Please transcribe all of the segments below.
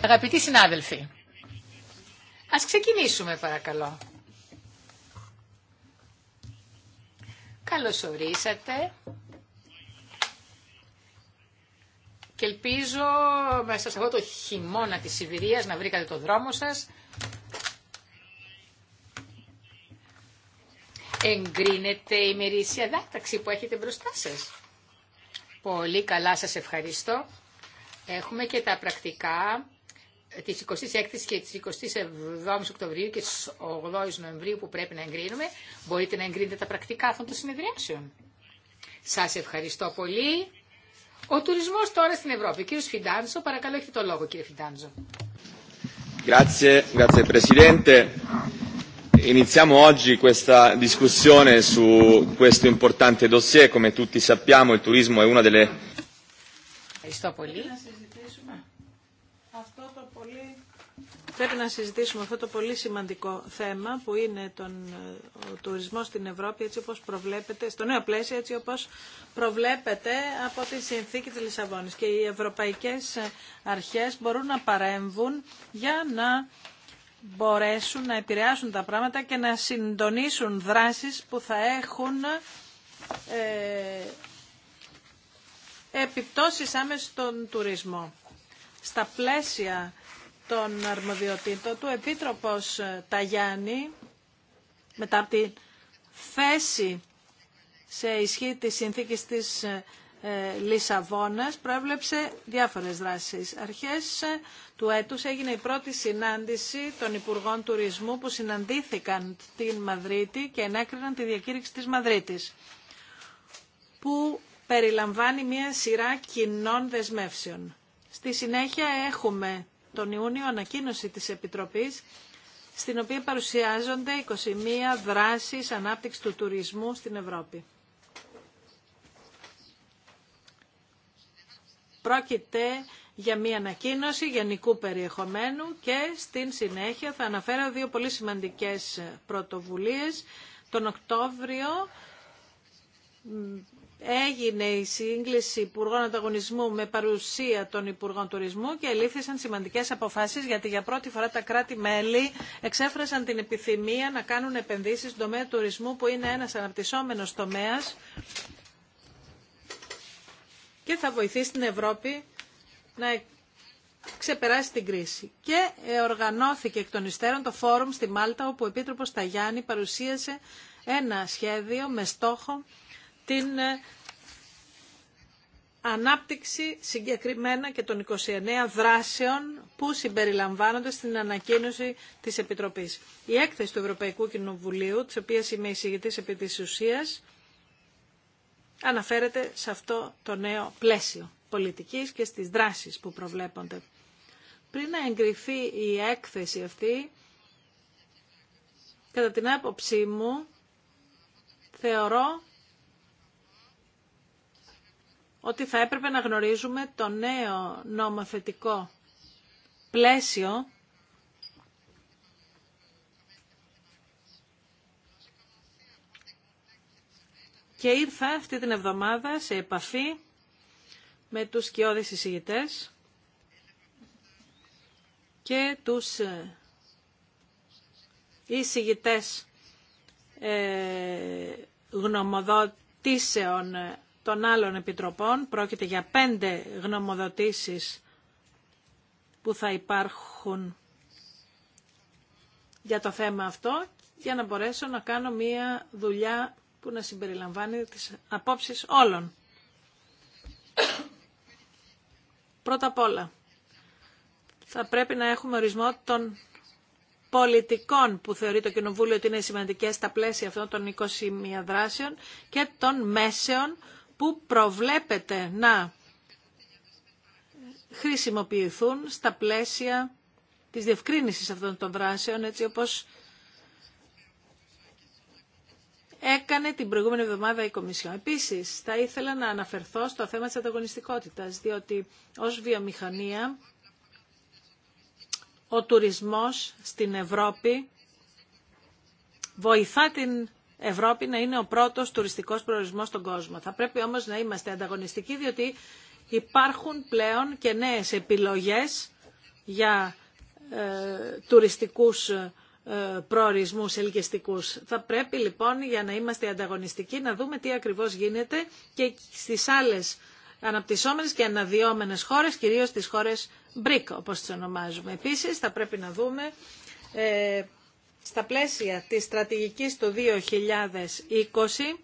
Αγαπητοί συνάδελφοι, ας ξεκινήσουμε παρακαλώ. Καλώς ορίσατε και ελπίζω μέσα σε αυτό το χειμώνα της Σιβηρίας να βρήκατε το δρόμο σας. Εγκρίνεται η μερίσια δάταξη που έχετε μπροστά σας. Πολύ καλά σας ευχαριστώ. Έχουμε και τα πρακτικά της 26ης και της 27ης Οκτωβρίου και της 8ης Νοεμβρίου που πρέπει να εγκρίνουμε. Μπορείτε να εγκρίνετε τα πρακτικά αυτών των συνεδριάσεων. Σας ευχαριστώ πολύ. Ο τουρισμός τώρα στην Ευρώπη. Κύριος Φιντάνζο, παρακαλώ έχετε το λόγο κύριε Φιντάνζο. Grazie, grazie Presidente. Iniziamo oggi questa discussione su questo importante dossier. Come tutti sappiamo il turismo è una delle Ευχαριστώ πολύ. Πρέπει να συζητήσουμε αυτό το πολύ... σημαντικό θέμα που είναι τον, ο τουρισμός στην Ευρώπη έτσι όπως προβλέπεται, στο νέο πλαίσιο έτσι όπως προβλέπεται από τη συνθήκη της Λισαβόνης και οι ευρωπαϊκές αρχές μπορούν να παρέμβουν για να μπορέσουν να επηρεάσουν τα πράγματα και να συντονίσουν δράσεις που θα έχουν ε, επιπτώσεις άμεσα στον τουρισμό. Στα πλαίσια των αρμοδιοτήτων του, Επίτροπος ε, Ταγιάννη, μετά από τη θέση σε ισχύ της συνθήκης της ε, ε, Λισαβόνας προέβλεψε διάφορες δράσεις. Αρχές του έτους έγινε η πρώτη συνάντηση των Υπουργών Τουρισμού που συναντήθηκαν την Μαδρίτη και ενέκριναν τη διακήρυξη της Μαδρίτης που περιλαμβάνει μία σειρά κοινών δεσμεύσεων. Στη συνέχεια έχουμε τον Ιούνιο ανακοίνωση της Επιτροπής, στην οποία παρουσιάζονται 21 δράσεις ανάπτυξης του τουρισμού στην Ευρώπη. Πρόκειται για μία ανακοίνωση γενικού περιεχομένου και στην συνέχεια θα αναφέρω δύο πολύ σημαντικές πρωτοβουλίες. Τον Οκτώβριο έγινε η σύγκληση Υπουργών Ανταγωνισμού με παρουσία των Υπουργών Τουρισμού και ελήφθησαν σημαντικές αποφάσεις γιατί για πρώτη φορά τα κράτη-μέλη εξέφρασαν την επιθυμία να κάνουν επενδύσεις στον τομέα τουρισμού που είναι ένας αναπτυσσόμενος τομέας και θα βοηθήσει την Ευρώπη να ξεπεράσει την κρίση. Και οργανώθηκε εκ των υστέρων το φόρουμ στη Μάλτα όπου ο Επίτροπος Ταγιάννη παρουσίασε ένα σχέδιο με στόχο την ε, ανάπτυξη συγκεκριμένα και των 29 δράσεων που συμπεριλαμβάνονται στην ανακοίνωση της Επιτροπής. Η έκθεση του Ευρωπαϊκού Κοινοβουλίου, της οποίας είμαι εισηγητής επί της ουσίας, αναφέρεται σε αυτό το νέο πλαίσιο πολιτικής και στις δράσεις που προβλέπονται. Πριν να εγκριθεί η έκθεση αυτή, κατά την άποψή μου, θεωρώ ότι θα έπρεπε να γνωρίζουμε το νέο νομοθετικό πλαίσιο και ήρθα αυτή την εβδομάδα σε επαφή με τους σκιώδεις εισηγητές και τους ε, εισηγητές ε, γνωμοδοτήσεων των άλλων επιτροπών. Πρόκειται για πέντε γνωμοδοτήσεις που θα υπάρχουν για το θέμα αυτό για να μπορέσω να κάνω μία δουλειά που να συμπεριλαμβάνει τις απόψεις όλων. Πρώτα απ' όλα, θα πρέπει να έχουμε ορισμό των πολιτικών που θεωρεί το Κοινοβούλιο ότι είναι σημαντικές στα πλαίσια αυτών των 21 δράσεων και των μέσεων που προβλέπεται να χρησιμοποιηθούν στα πλαίσια της διευκρίνησης αυτών των δράσεων, έτσι όπως έκανε την προηγούμενη εβδομάδα η Κομισιόν. Επίσης, θα ήθελα να αναφερθώ στο θέμα της ανταγωνιστικότητας, διότι ως βιομηχανία ο τουρισμός στην Ευρώπη βοηθά την Ευρώπη να είναι ο πρώτος τουριστικός προορισμός στον κόσμο. Θα πρέπει όμως να είμαστε ανταγωνιστικοί διότι υπάρχουν πλέον και νέες επιλογές για ε, τουριστικούς ε, προορισμούς ελκυστικούς. Θα πρέπει λοιπόν για να είμαστε ανταγωνιστικοί να δούμε τι ακριβώς γίνεται και στις άλλες αναπτυσσόμενες και αναδυόμενες χώρες, κυρίως τις χώρες BRIC όπως τις ονομάζουμε. Επίσης θα πρέπει να δούμε ε, στα πλαίσια της στρατηγικής του 2020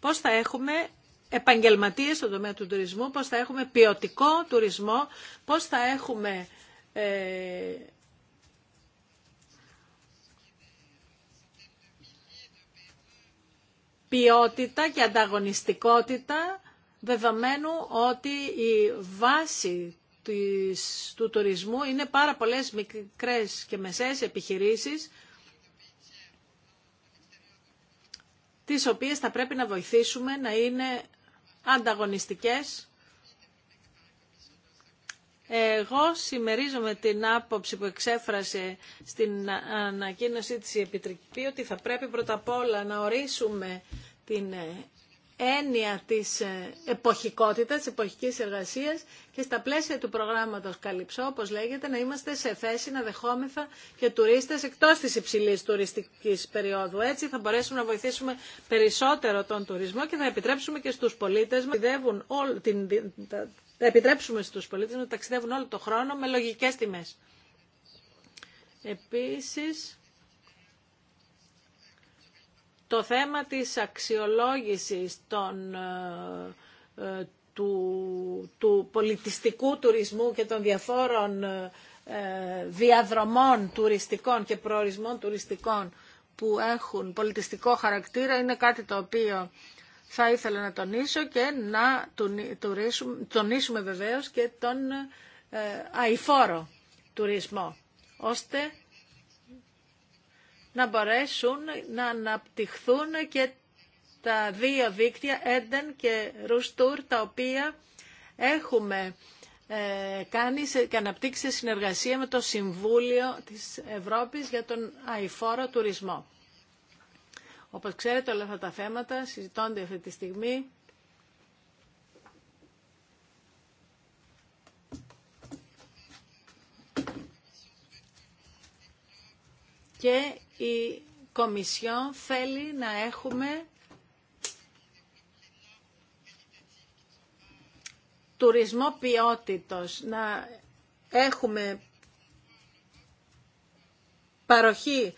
πώς θα έχουμε επαγγελματίες στον τομέα του τουρισμού, πώς θα έχουμε ποιοτικό τουρισμό, πώς θα έχουμε ε, ποιότητα και ανταγωνιστικότητα, δεδομένου ότι η βάση του τουρισμού είναι πάρα πολλές μικρές και μεσαίες επιχειρήσεις τις οποίες θα πρέπει να βοηθήσουμε να είναι ανταγωνιστικές. Εγώ συμμερίζομαι την άποψη που εξέφρασε στην ανακοίνωσή της η ότι θα πρέπει πρώτα απ' όλα να ορίσουμε την έννοια της ε, εποχικότητας, εποχικής εργασίας και στα πλαίσια του προγράμματος Καλυψό, όπως λέγεται, να είμαστε σε θέση να δεχόμεθα και τουρίστες εκτός της υψηλής τουριστικής περίοδου. Έτσι θα μπορέσουμε να βοηθήσουμε περισσότερο τον τουρισμό και θα επιτρέψουμε και στους πολίτες μας επιτρέψουμε στους πολίτες να ταξιδεύουν όλο το χρόνο με λογικές τιμές. Επίσης, το θέμα της αξιολόγησης των, ε, ε, του, πολιτιστικού τουρισμού και των διαφόρων ε, διαδρομών τουριστικών και προορισμών τουριστικών που έχουν πολιτιστικό χαρακτήρα είναι κάτι το οποίο θα ήθελα να τονίσω και να τονίσουμε βεβαίως και τον αηφόρο τουρισμό, ώστε να μπορέσουν να αναπτυχθούν και τα δύο δίκτυα Eden και Ρουστούρ, τα οποία έχουμε ε, κάνει και αναπτύξει συνεργασία με το Συμβούλιο της Ευρώπης για τον αηφόρο τουρισμό. Όπως ξέρετε όλα αυτά τα θέματα συζητώνται αυτή τη στιγμή και η Κομισιό θέλει να έχουμε τουρισμό ποιότητος, να έχουμε παροχή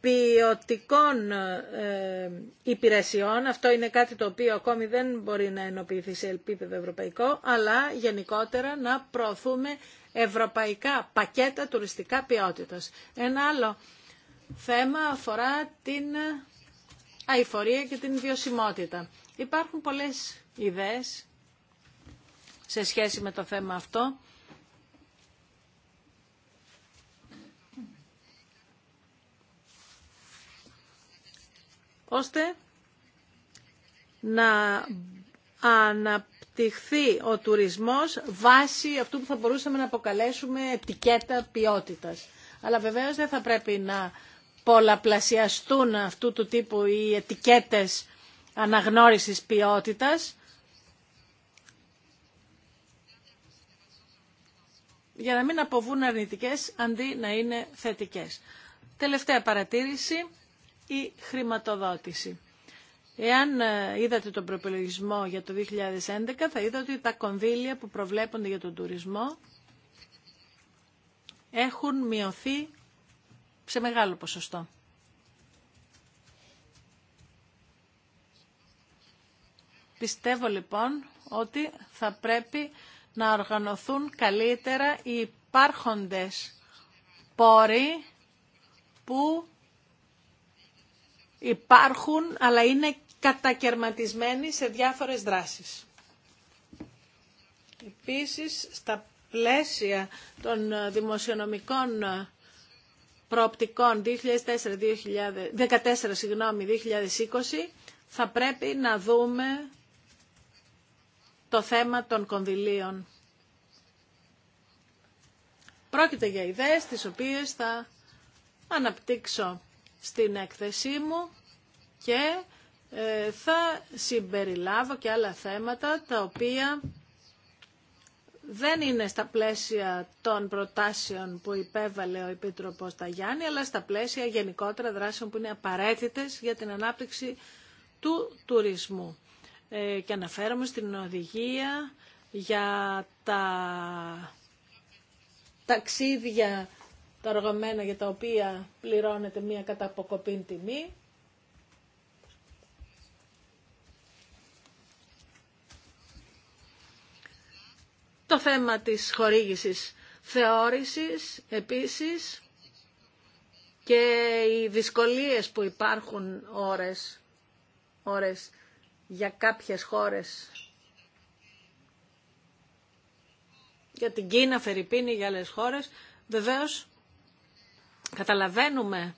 ποιοτικών ε, υπηρεσιών. Αυτό είναι κάτι το οποίο ακόμη δεν μπορεί να ενοποιηθεί σε επίπεδο ευρωπαϊκό, αλλά γενικότερα να προωθούμε ευρωπαϊκά πακέτα τουριστικά ποιότητας. Ένα άλλο θέμα αφορά την αηφορία και την βιωσιμότητα. Υπάρχουν πολλές ιδέες σε σχέση με το θέμα αυτό. ώστε να αναπτυχθεί ο τουρισμός βάσει αυτού που θα μπορούσαμε να αποκαλέσουμε ετικέτα ποιότητας. Αλλά βεβαίως δεν θα πρέπει να πολλαπλασιαστούν αυτού του τύπου οι ετικέτες αναγνώρισης ποιότητας. για να μην αποβούν αρνητικές αντί να είναι θετικές. Τελευταία παρατήρηση, η χρηματοδότηση. Εάν ε, είδατε τον προπολογισμό για το 2011, θα είδατε ότι τα κονδύλια που προβλέπονται για τον τουρισμό έχουν μειωθεί σε μεγάλο ποσοστό. Πιστεύω λοιπόν ότι θα πρέπει να οργανωθούν καλύτερα οι υπάρχοντες πόροι που υπάρχουν αλλά είναι κατακαιρματισμένοι σε διάφορες δράσεις. Επίσης, στα πλαίσια των δημοσιονομικών προοπτικών 2014, 2020 θα πρέπει να δούμε το θέμα των κονδυλίων. Πρόκειται για ιδέες τις οποίες θα αναπτύξω στην έκθεσή μου και ε, θα συμπεριλάβω και άλλα θέματα τα οποία δεν είναι στα πλαίσια των προτάσεων που υπέβαλε ο Επίτροπο Ταγιάννη, αλλά στα πλαίσια γενικότερα δράσεων που είναι απαραίτητε για την ανάπτυξη του τουρισμού. Ε, και αναφέρομαι στην οδηγία για τα ταξίδια τα οργανωμένα για τα οποία πληρώνεται μία καταποκοπή τιμή το θέμα της χορήγησης θεώρησης επίσης και οι δυσκολίες που υπάρχουν ώρες, ώρες για κάποιες χώρες για την Κίνα, Φερρυπίνη, για άλλες χώρες. Βεβαίως, καταλαβαίνουμε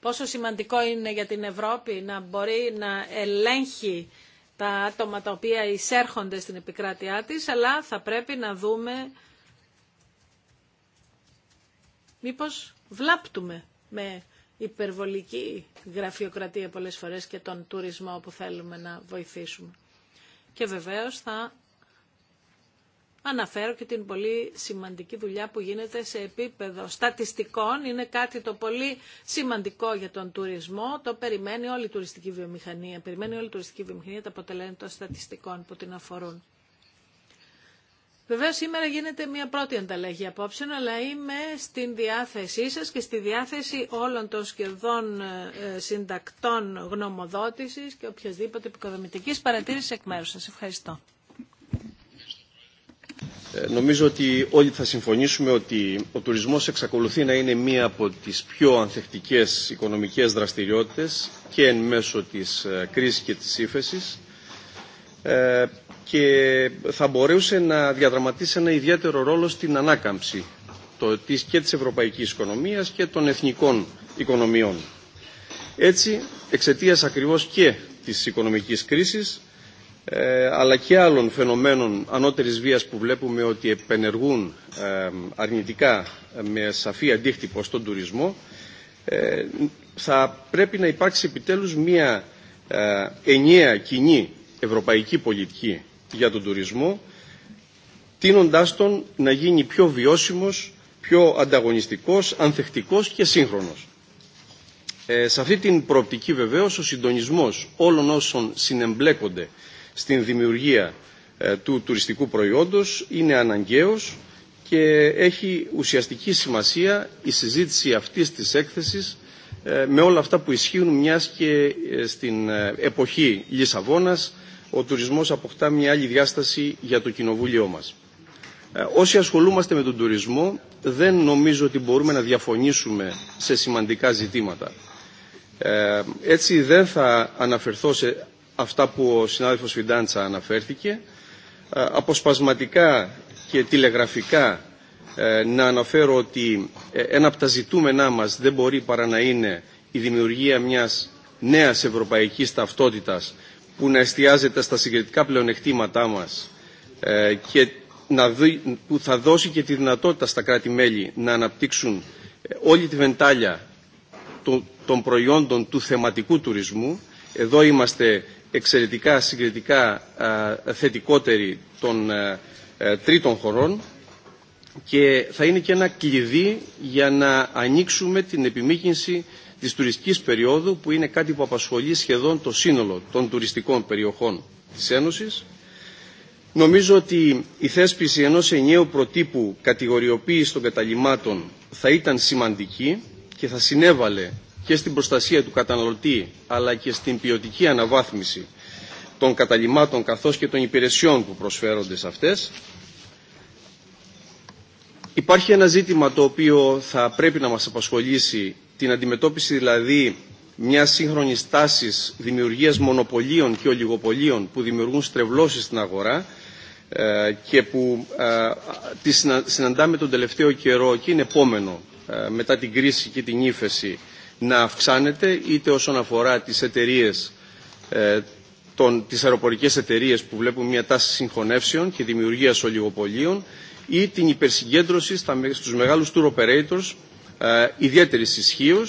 πόσο σημαντικό είναι για την Ευρώπη να μπορεί να ελέγχει τα άτομα τα οποία εισέρχονται στην επικράτειά της, αλλά θα πρέπει να δούμε μήπως βλάπτουμε με υπερβολική γραφειοκρατία πολλές φορές και τον τουρισμό που θέλουμε να βοηθήσουμε. Και βεβαίως θα αναφέρω και την πολύ σημαντική δουλειά που γίνεται σε επίπεδο στατιστικών. Είναι κάτι το πολύ σημαντικό για τον τουρισμό. Το περιμένει όλη η τουριστική βιομηχανία. Περιμένει όλη η τουριστική βιομηχανία τα αποτελέσματα των στατιστικών που την αφορούν. Βεβαίω σήμερα γίνεται μια πρώτη ανταλλαγή απόψεων, αλλά είμαι στην διάθεσή σα και στη διάθεση όλων των σχεδόν ε, συντακτών γνωμοδότηση και οποιασδήποτε επικοδομητική παρατήρηση εκ μέρου, σα Ευχαριστώ. Ε, νομίζω ότι όλοι θα συμφωνήσουμε ότι ο τουρισμός εξακολουθεί να είναι μία από τις πιο ανθεκτικές οικονομικές δραστηριότητες και εν μέσω της ε, κρίσης και της ύφεση ε, και θα μπορούσε να διαδραματίσει ένα ιδιαίτερο ρόλο στην ανάκαμψη και της ευρωπαϊκής οικονομίας και των εθνικών οικονομιών. Έτσι, εξαιτίας ακριβώς και της οικονομικής κρίσης, ε, αλλά και άλλων φαινομένων ανώτερης βίας που βλέπουμε ότι επενεργούν αρνητικά ε, με σαφή αντίκτυπο στον τουρισμό, ε, θα πρέπει να υπάρξει επιτέλους μια ενιαία κοινή ευρωπαϊκή πολιτική για τον τουρισμό, τίνοντάς τον να γίνει πιο βιώσιμος, πιο ανταγωνιστικός, ανθεκτικός και σύγχρονος. Ε, σε αυτή την προοπτική βεβαίως ο συντονισμός όλων όσων συνεμπλέκονται στην δημιουργία ε, του τουριστικού προϊόντος είναι αναγκαίος και έχει ουσιαστική σημασία η συζήτηση αυτής της έκθεσης ε, με όλα αυτά που ισχύουν μιας και ε, στην εποχή Λισαβόνας ο τουρισμός αποκτά μια άλλη διάσταση για το κοινοβούλιο μας. Όσοι ασχολούμαστε με τον τουρισμό δεν νομίζω ότι μπορούμε να διαφωνήσουμε σε σημαντικά ζητήματα. Έτσι δεν θα αναφερθώ σε αυτά που ο συνάδελφος Φιντάντσα αναφέρθηκε, ε, αποσπασματικά και τηλεγραφικά ε, να αναφέρω ότι ε, ένα από τα ζητούμενά μας δεν μπορεί παρά να είναι η δημιουργία μιας νέας ευρωπαϊκής ταυτότητας που να εστιάζεται στα συγκριτικά πλεονεκτήματά μας και που θα δώσει και τη δυνατότητα στα κράτη-μέλη να αναπτύξουν όλη τη βεντάλια των προϊόντων του θεματικού τουρισμού. Εδώ είμαστε εξαιρετικά συγκριτικά θετικότερη των τρίτων χωρών και θα είναι και ένα κλειδί για να ανοίξουμε την επιμήκυνση της τουριστικής περίοδου που είναι κάτι που απασχολεί σχεδόν το σύνολο των τουριστικών περιοχών της Ένωσης. Νομίζω ότι η θέσπιση ενός ενιαίου προτύπου κατηγοριοποίηση των καταλημάτων θα ήταν σημαντική και θα συνέβαλε και στην προστασία του καταναλωτή αλλά και στην ποιοτική αναβάθμιση των καταλημάτων καθώς και των υπηρεσιών που προσφέρονται σε αυτές. Υπάρχει ένα ζήτημα το οποίο θα πρέπει να μας απασχολήσει την αντιμετώπιση δηλαδή μια σύγχρονη τάση δημιουργίας μονοπωλίων και ολιγοπωλίων που δημιουργούν στρεβλώσεις στην αγορά ε, και που ε, τη συναντάμε τον τελευταίο καιρό και είναι επόμενο ε, μετά την κρίση και την ύφεση να αυξάνεται είτε όσον αφορά τις εταιρείες, ε, των, τις αεροπορικές εταιρείες που βλέπουν μια τάση συγχωνεύσεων και δημιουργίας ολιγοπολίων ή την υπερσυγκέντρωση στα, στους μεγάλους tour operators ε, ιδιαίτερης ισχύω,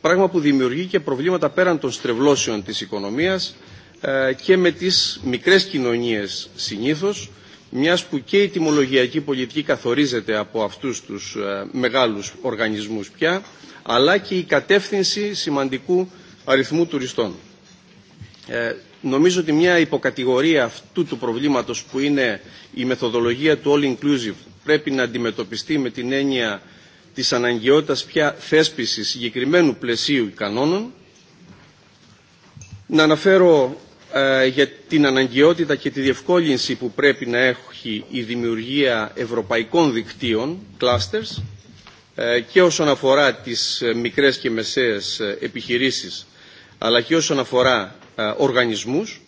πράγμα που δημιουργεί και προβλήματα πέραν των στρεβλώσεων της οικονομίας ε, και με τις μικρές κοινωνίες συνήθως, μιας που και η τιμολογιακή πολιτική καθορίζεται από αυτούς τους ε, μεγάλους οργανισμούς πια, αλλά και η κατεύθυνση σημαντικού αριθμού τουριστών. Ε, νομίζω ότι μια υποκατηγορία αυτού του προβλήματος που είναι η μεθοδολογία του all-inclusive πρέπει να αντιμετωπιστεί με την έννοια της αναγκαιότητας πια θέσπισης συγκεκριμένου πλαισίου κανόνων. Να αναφέρω ε, για την αναγκαιότητα και τη διευκόλυνση που πρέπει να έχει η δημιουργία ευρωπαϊκών δικτύων, clusters, ε, και όσον αφορά τις ε, μικρές και μεσαίες ε, επιχειρήσεις αλλά και όσον αφορά οργανισμούς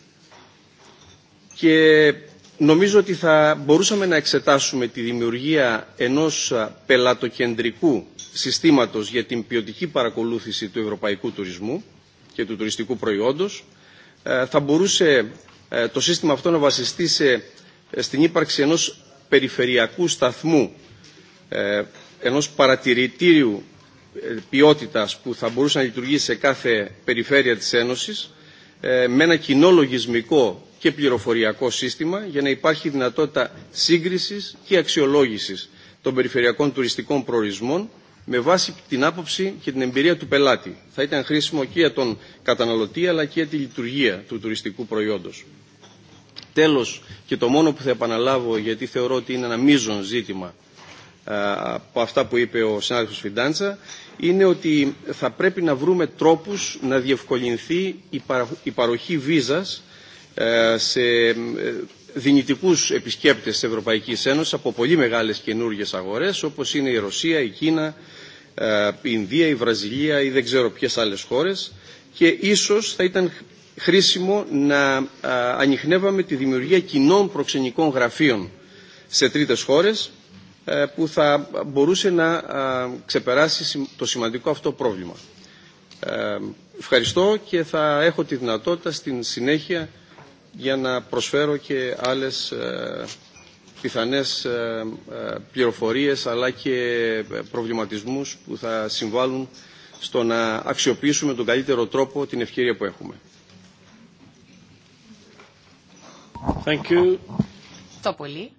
και νομίζω ότι θα μπορούσαμε να εξετάσουμε τη δημιουργία ενός πελατοκεντρικού συστήματος για την ποιοτική παρακολούθηση του ευρωπαϊκού τουρισμού και του τουριστικού προϊόντος θα μπορούσε το σύστημα αυτό να βασιστεί στην ύπαρξη ενός περιφερειακού σταθμού ενός παρατηρητήριου ε, ποιότητας που θα μπορούσε να λειτουργήσει σε κάθε περιφέρεια της Ένωσης ε, με ένα κοινό λογισμικό και πληροφοριακό σύστημα για να υπάρχει δυνατότητα σύγκρισης και αξιολόγησης των περιφερειακών τουριστικών προορισμών με βάση την άποψη και την εμπειρία του πελάτη. Θα ήταν χρήσιμο και για τον καταναλωτή αλλά και για τη λειτουργία του τουριστικού προϊόντος. Τέλος, και το μόνο που θα επαναλάβω γιατί θεωρώ ότι είναι ένα μείζον ζήτημα ε, από αυτά που είπε ο συνάδελφος Φιντάντσα είναι ότι θα πρέπει να βρούμε τρόπους να διευκολυνθεί η παροχή βίζας ε, σε ε, δυνητικούς επισκέπτες της Ευρωπαϊκής Ένωσης από πολύ μεγάλες καινούργιε αγορές όπως είναι η Ρωσία, η Κίνα, η Ινδία, η Βραζιλία ή δεν ξέρω ποιες άλλες χώρες και ίσως θα ήταν χρήσιμο να ανοιχνεύαμε τη δημιουργία κοινών προξενικών γραφείων σε τρίτες χώρες ε, που θα μπορούσε να ε, ξεπεράσει το σημαντικό αυτό πρόβλημα. Ε, ευχαριστώ και θα έχω τη δυνατότητα στην συνέχεια για να προσφέρω και άλλες πιθανές πληροφορίες αλλά και προβληματισμούς που θα συμβάλλουν στο να αξιοποιήσουμε τον καλύτερο τρόπο την ευκαιρία που έχουμε. Thank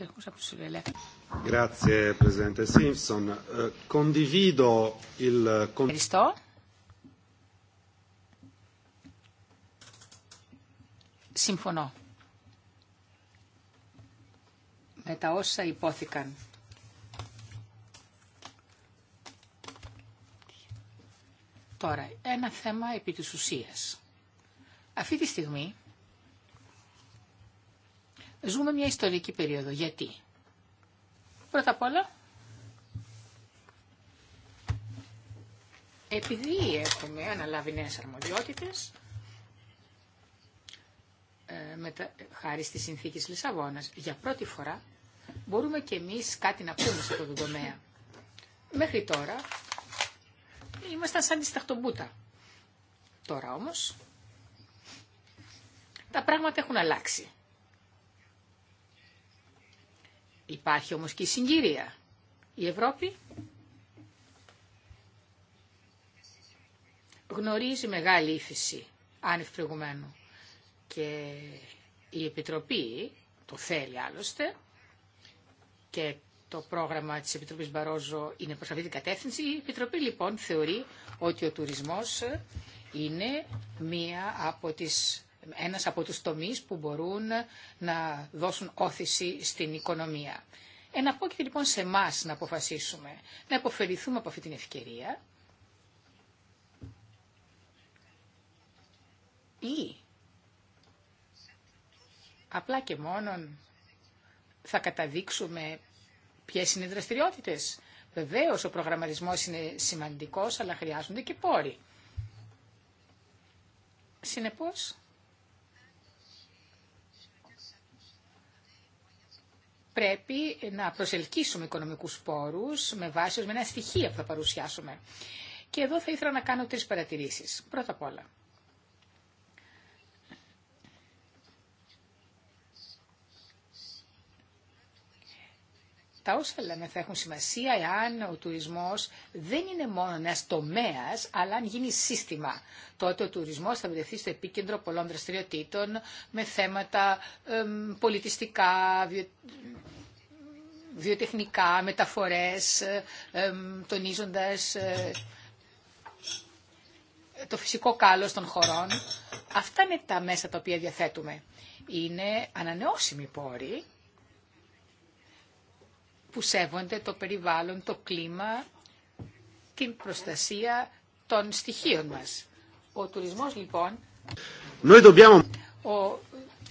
ε, Ευχαριστώ. Συμφωνώ με τα όσα υπόθηκαν. Τώρα, ένα θέμα επί της ουσίας. Αυτή τη στιγμή Ζούμε μια ιστορική περίοδο. Γιατί. Πρώτα απ' όλα, επειδή έχουμε αναλάβει νέες αρμοδιότητες, ε, μετα... χάρη στις συνθήκες Λισαβόνας, για πρώτη φορά μπορούμε και εμείς κάτι να πούμε σε αυτό το τομέα. Μέχρι τώρα ήμασταν σαν τη σταχτομπούτα. Τώρα όμως τα πράγματα έχουν αλλάξει. Υπάρχει όμως και η συγκυρία. Η Ευρώπη γνωρίζει μεγάλη ύφεση άνευ προηγουμένου και η Επιτροπή το θέλει άλλωστε και το πρόγραμμα της Επιτροπής Μπαρόζο είναι προς αυτή την κατεύθυνση. Η Επιτροπή λοιπόν θεωρεί ότι ο τουρισμός είναι μία από τις ένας από τους τομείς που μπορούν να δώσουν όθηση στην οικονομία. Εναπόκειται λοιπόν σε εμά να αποφασίσουμε, να υποφεληθούμε από αυτή την ευκαιρία ή απλά και μόνον θα καταδείξουμε ποιες είναι οι δραστηριότητες. Βεβαίω ο προγραμματισμός είναι σημαντικός αλλά χρειάζονται και πόροι. Συνεπώς, πρέπει να προσελκύσουμε οικονομικούς πόρους με βάση ένα στοιχεία που θα παρουσιάσουμε. Και εδώ θα ήθελα να κάνω τρεις παρατηρήσεις. Πρώτα απ' όλα, τα όσα λέμε θα έχουν σημασία εάν ο τουρισμός δεν είναι μόνο ένας τομέας, αλλά αν γίνει σύστημα. Τότε ο τουρισμός θα βρεθεί στο επίκεντρο πολλών δραστηριοτήτων με θέματα πολιτιστικά, βιοτεχνικά, μεταφορές, τονίζοντα τονίζοντας ε, το φυσικό καλό των χωρών. Αυτά είναι τα μέσα τα οποία διαθέτουμε. Είναι ανανεώσιμοι πόροι που σέβονται το περιβάλλον, το κλίμα, την προστασία των στοιχείων μας. Ο τουρισμός λοιπόν... Ο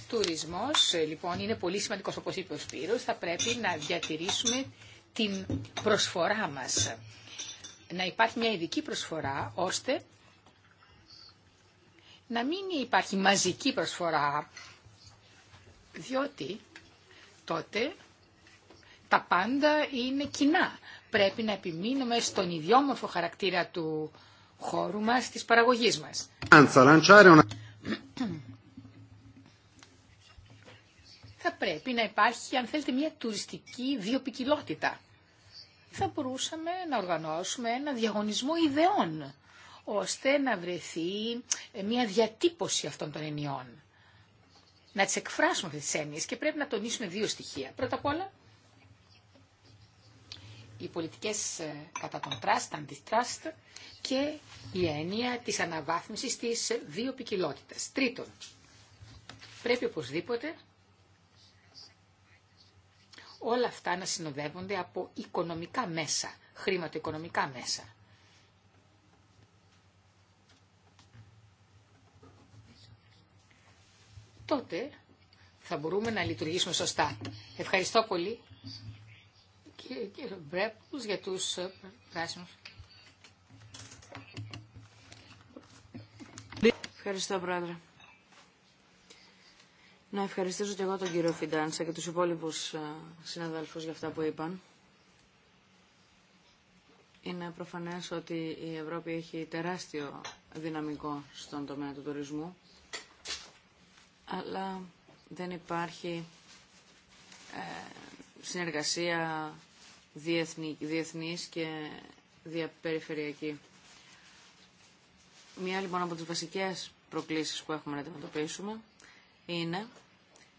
τουρισμός λοιπόν είναι πολύ σημαντικός όπως είπε ο Σπύρος. Θα πρέπει να διατηρήσουμε την προσφορά μας. Να υπάρχει μια ειδική προσφορά ώστε να μην υπάρχει μαζική προσφορά διότι τότε τα πάντα είναι κοινά. Πρέπει να επιμείνουμε στον ιδιόμορφο χαρακτήρα του χώρου μας, της παραγωγής μας. Θα πρέπει να υπάρχει, αν θέλετε, μια τουριστική βιοπικιλότητα. Θα μπορούσαμε να οργανώσουμε ένα διαγωνισμό ιδεών, ώστε να βρεθεί ε, μια διατύπωση αυτών των ενιών. Να τις εκφράσουμε αυτές τις έννοιες και πρέπει να τονίσουμε δύο στοιχεία. Πρώτα απ' όλα, οι πολιτικές ε, κατά τον τραστ, αντιτραστ και η έννοια της αναβάθμισης της πικιλότητες Τρίτον, πρέπει οπωσδήποτε όλα αυτά να συνοδεύονται από οικονομικά μέσα, χρηματοοικονομικά μέσα. Τότε θα μπορούμε να λειτουργήσουμε σωστά. Ευχαριστώ πολύ για τους ε, πράσινους. Ευχαριστώ, Πρόεδρε. Να ευχαριστήσω και εγώ τον κύριο Φιντάνσα και τους υπόλοιπους ε, συναδέλφους για αυτά που είπαν. Είναι προφανές ότι η Ευρώπη έχει τεράστιο δυναμικό στον τομέα του τουρισμού, αλλά δεν υπάρχει ε, συνεργασία διεθνή, διεθνής και διαπεριφερειακή. Μία λοιπόν από τις βασικές προκλήσεις που έχουμε να αντιμετωπίσουμε είναι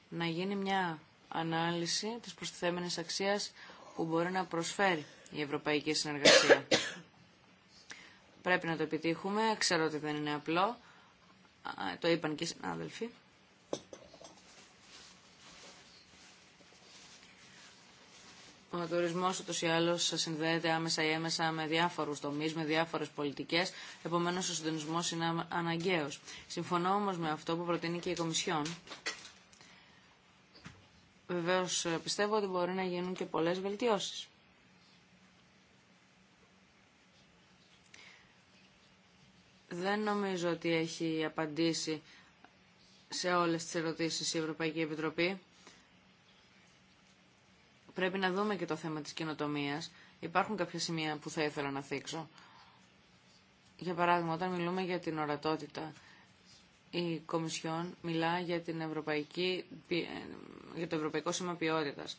να γίνει μια ανάλυση της προστιθέμενης αξίας που μπορεί να προσφέρει η ευρωπαϊκή συνεργασία. Πρέπει να το επιτύχουμε, ξέρω ότι δεν είναι απλό, το είπαν και οι συνάδελφοι. Ο τουρισμός ούτως ή άλλως συνδέεται άμεσα ή έμεσα με διάφορους τομείς, με διάφορες πολιτικές, επομένως ο συντονισμό είναι αναγκαίος. Συμφωνώ όμως με αυτό που προτείνει και η Κομισιόν. Βεβαίως πιστεύω ότι μπορεί να γίνουν και πολλές βελτιώσεις. Δεν νομίζω ότι έχει απαντήσει σε όλες τις ερωτήσεις η Ευρωπαϊκή Επιτροπή πρέπει να δούμε και το θέμα της καινοτομία. Υπάρχουν κάποια σημεία που θα ήθελα να θίξω. Για παράδειγμα, όταν μιλούμε για την ορατότητα, η Κομισιόν μιλά για, την Ευρωπαϊκή, ε, για το Ευρωπαϊκό Σήμα Ποιότητας.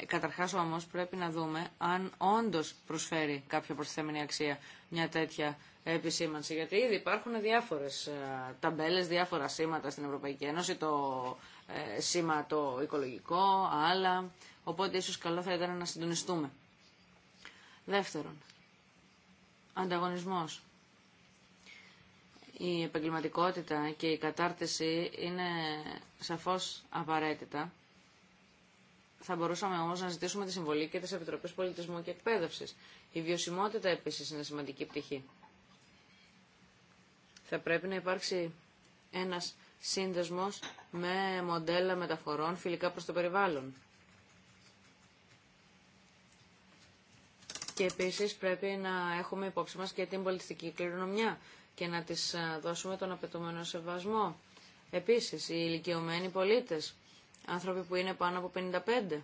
Ε, καταρχάς όμως πρέπει να δούμε αν όντως προσφέρει κάποια προσθέμενη αξία μια τέτοια επισήμανση. Γιατί ήδη υπάρχουν διάφορες ε, ταμπέλες, διάφορα σήματα στην Ευρωπαϊκή Ένωση. Το ε, σήμα το οικολογικό, άλλα, οπότε ίσως καλό θα ήταν να συντονιστούμε. Δεύτερον, ανταγωνισμός. Η επαγγελματικότητα και η κατάρτιση είναι σαφώς απαραίτητα. Θα μπορούσαμε όμως να ζητήσουμε τη συμβολή και της Επιτροπής Πολιτισμού και Εκπαίδευσης. Η βιωσιμότητα επίσης είναι σημαντική πτυχή. Θα πρέπει να υπάρξει ένας σύνδεσμος με μοντέλα μεταφορών φιλικά προς το περιβάλλον. Και επίσης πρέπει να έχουμε υπόψη μας και την πολιτιστική κληρονομιά και να τις ε, δώσουμε τον απαιτούμενο σεβασμό. Επίσης, οι ηλικιωμένοι πολίτες, άνθρωποι που είναι πάνω από 55,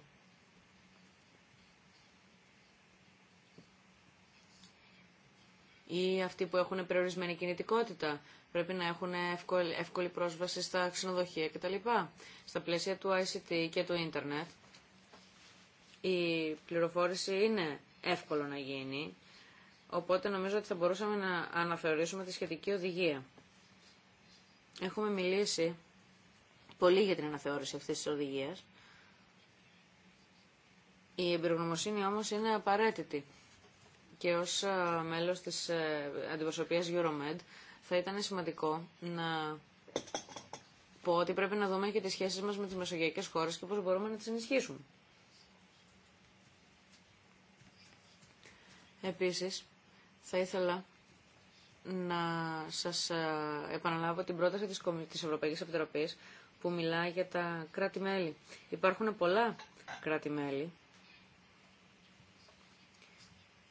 ή αυτοί που έχουν περιορισμένη κινητικότητα, πρέπει να έχουν εύκολη, εύκολη πρόσβαση στα ξενοδοχεία κτλ. Στα πλαίσια του ICT και του ίντερνετ η πληροφόρηση είναι εύκολο να γίνει, οπότε νομίζω ότι θα μπορούσαμε να αναθεωρήσουμε τη σχετική οδηγία. Έχουμε μιλήσει πολύ για την αναθεώρηση αυτής της οδηγίας. Η εμπειρογνωμοσύνη όμως είναι απαραίτητη και ως ε, μέλος της ε, αντιπροσωπείας Euromed θα ήταν σημαντικό να πω ότι πρέπει να δούμε και τις σχέσεις μας με τις μεσογειακές χώρες και πώς μπορούμε να τις ενισχύσουμε. Επίσης, θα ήθελα να σας ε, επαναλάβω την πρόταση της Ευρωπαϊκής Επιτροπής που μιλά για τα κράτη-μέλη. Υπάρχουν πολλά κράτη-μέλη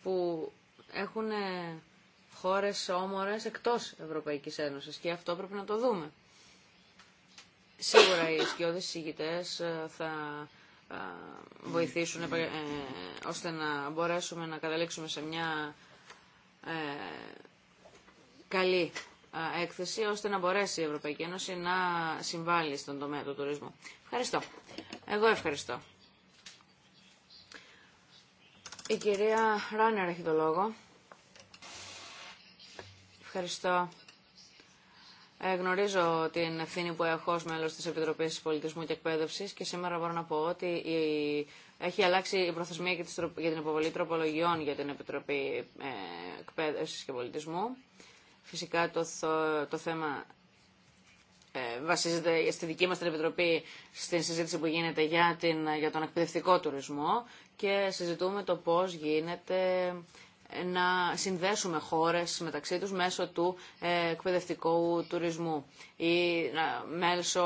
που έχουν χώρες όμορες εκτός Ευρωπαϊκής Ένωσης και αυτό πρέπει να το δούμε. Σίγουρα οι σκιώδεις συγητές ε, θα ε, βοηθήσουν ε, ώστε να μπορέσουμε να καταλήξουμε σε μια καλή έκθεση ώστε να μπορέσει η Ευρωπαϊκή Ένωση να συμβάλλει στον τομέα του τουρισμού. Ευχαριστώ. Εγώ ευχαριστώ. Η κυρία Ράνερ έχει το λόγο. Ευχαριστώ. Ε, γνωρίζω την ευθύνη που έχω ως μέλος της Επιτροπής Πολιτισμού και Εκπαίδευσης και σήμερα μπορώ να πω ότι η... έχει αλλάξει η προθεσμία για την υποβολή τροπολογιών για την Επιτροπή ε, Εκπαίδευσης και Πολιτισμού. Φυσικά το, το θέμα ε, βασίζεται στη δική μας την Επιτροπή στην συζήτηση που γίνεται για, την... για τον εκπαιδευτικό τουρισμό και συζητούμε το πώς γίνεται να συνδέσουμε χώρες μεταξύ τους μέσω του ε, εκπαιδευτικού τουρισμού ή ε, μέσω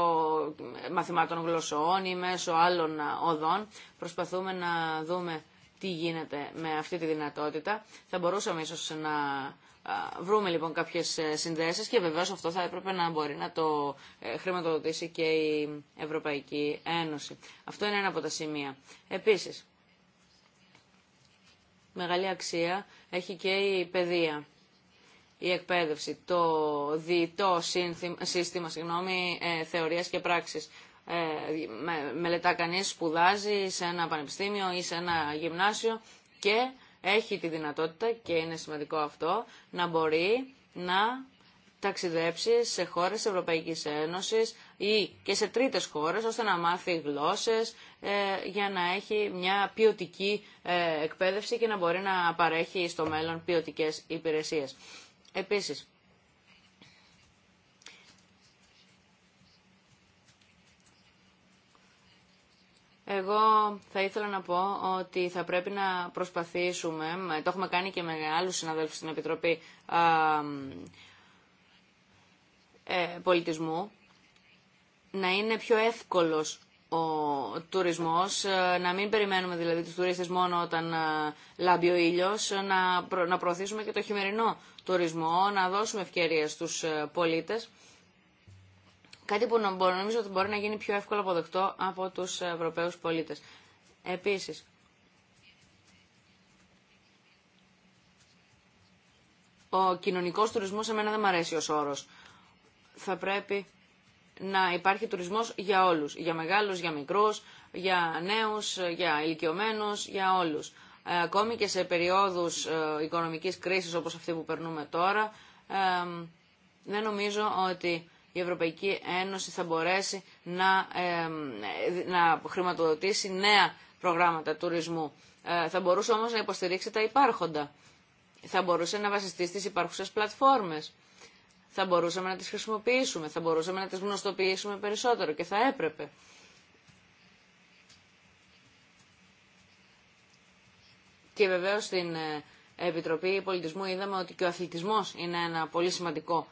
μαθημάτων γλωσσών ή μέσω άλλων ε, οδών. Προσπαθούμε να δούμε τι γίνεται με αυτή τη δυνατότητα. Θα μπορούσαμε ίσως να βρούμε λοιπόν κάποιες συνδέσεις και βεβαίως αυτό θα έπρεπε να μπορεί να το χρηματοδοτήσει και η Ευρωπαϊκή Ένωση. Αυτό είναι ένα από τα σημεία. Επίσης, μεγάλη αξία έχει και η παιδεία, η εκπαίδευση, το διητό σύστημα συγγνώμη, ε, θεωρίας και πράξης. Ε, μελετά κανείς, σπουδάζει σε ένα πανεπιστήμιο ή σε ένα γυμνάσιο και έχει τη δυνατότητα, και είναι σημαντικό αυτό, να μπορεί να ταξιδέψει σε χώρες Ευρωπαϊκής Ένωσης, ή και σε τρίτες χώρες ώστε να μάθει γλώσσες ε, για να έχει μια ποιοτική ε, εκπαίδευση και να μπορεί να παρέχει στο μέλλον ποιοτικέ υπηρεσίες. Επίσης, Εγώ θα ήθελα να πω ότι θα πρέπει να προσπαθήσουμε, το έχουμε κάνει και με άλλους συναδέλφους στην Επιτροπή ε, Πολιτισμού, να είναι πιο εύκολος ο τουρισμός, ε, να μην περιμένουμε δηλαδή τους τουρίστες μόνο όταν ε, λάμπει ο ήλιος, ε, να, να προωθήσουμε και το χειμερινό τουρισμό, να δώσουμε ευκαιρίες στους πολίτες. Κάτι που νομίζω ότι μπορεί να γίνει πιο εύκολο αποδεκτό από τους Ευρωπαίους πολίτες. Επίσης, ο κοινωνικός τουρισμός σε μένα δεν μου αρέσει ως όρος. Θα πρέπει να υπάρχει τουρισμός για όλους, για μεγάλους, για μικρούς, για νέους, για ηλικιωμένους, για όλους. Ε, ακόμη και σε περιόδους ε, οικονομικής κρίσης όπως αυτή που περνούμε τώρα, ε, δεν νομίζω ότι η Ευρωπαϊκή Ένωση θα μπορέσει να, να χρηματοδοτήσει νέα προγράμματα τουρισμού. Θα μπορούσε όμως να υποστηρίξει τα υπάρχοντα. Θα μπορούσε να βασιστεί στις υπάρχουσες πλατφόρμες θα μπορούσαμε να τις χρησιμοποιήσουμε, θα μπορούσαμε να τις γνωστοποιήσουμε περισσότερο και θα έπρεπε. Και βεβαίως στην ε, Επιτροπή Πολιτισμού είδαμε ότι και ο αθλητισμός είναι ένα πολύ σημαντικό,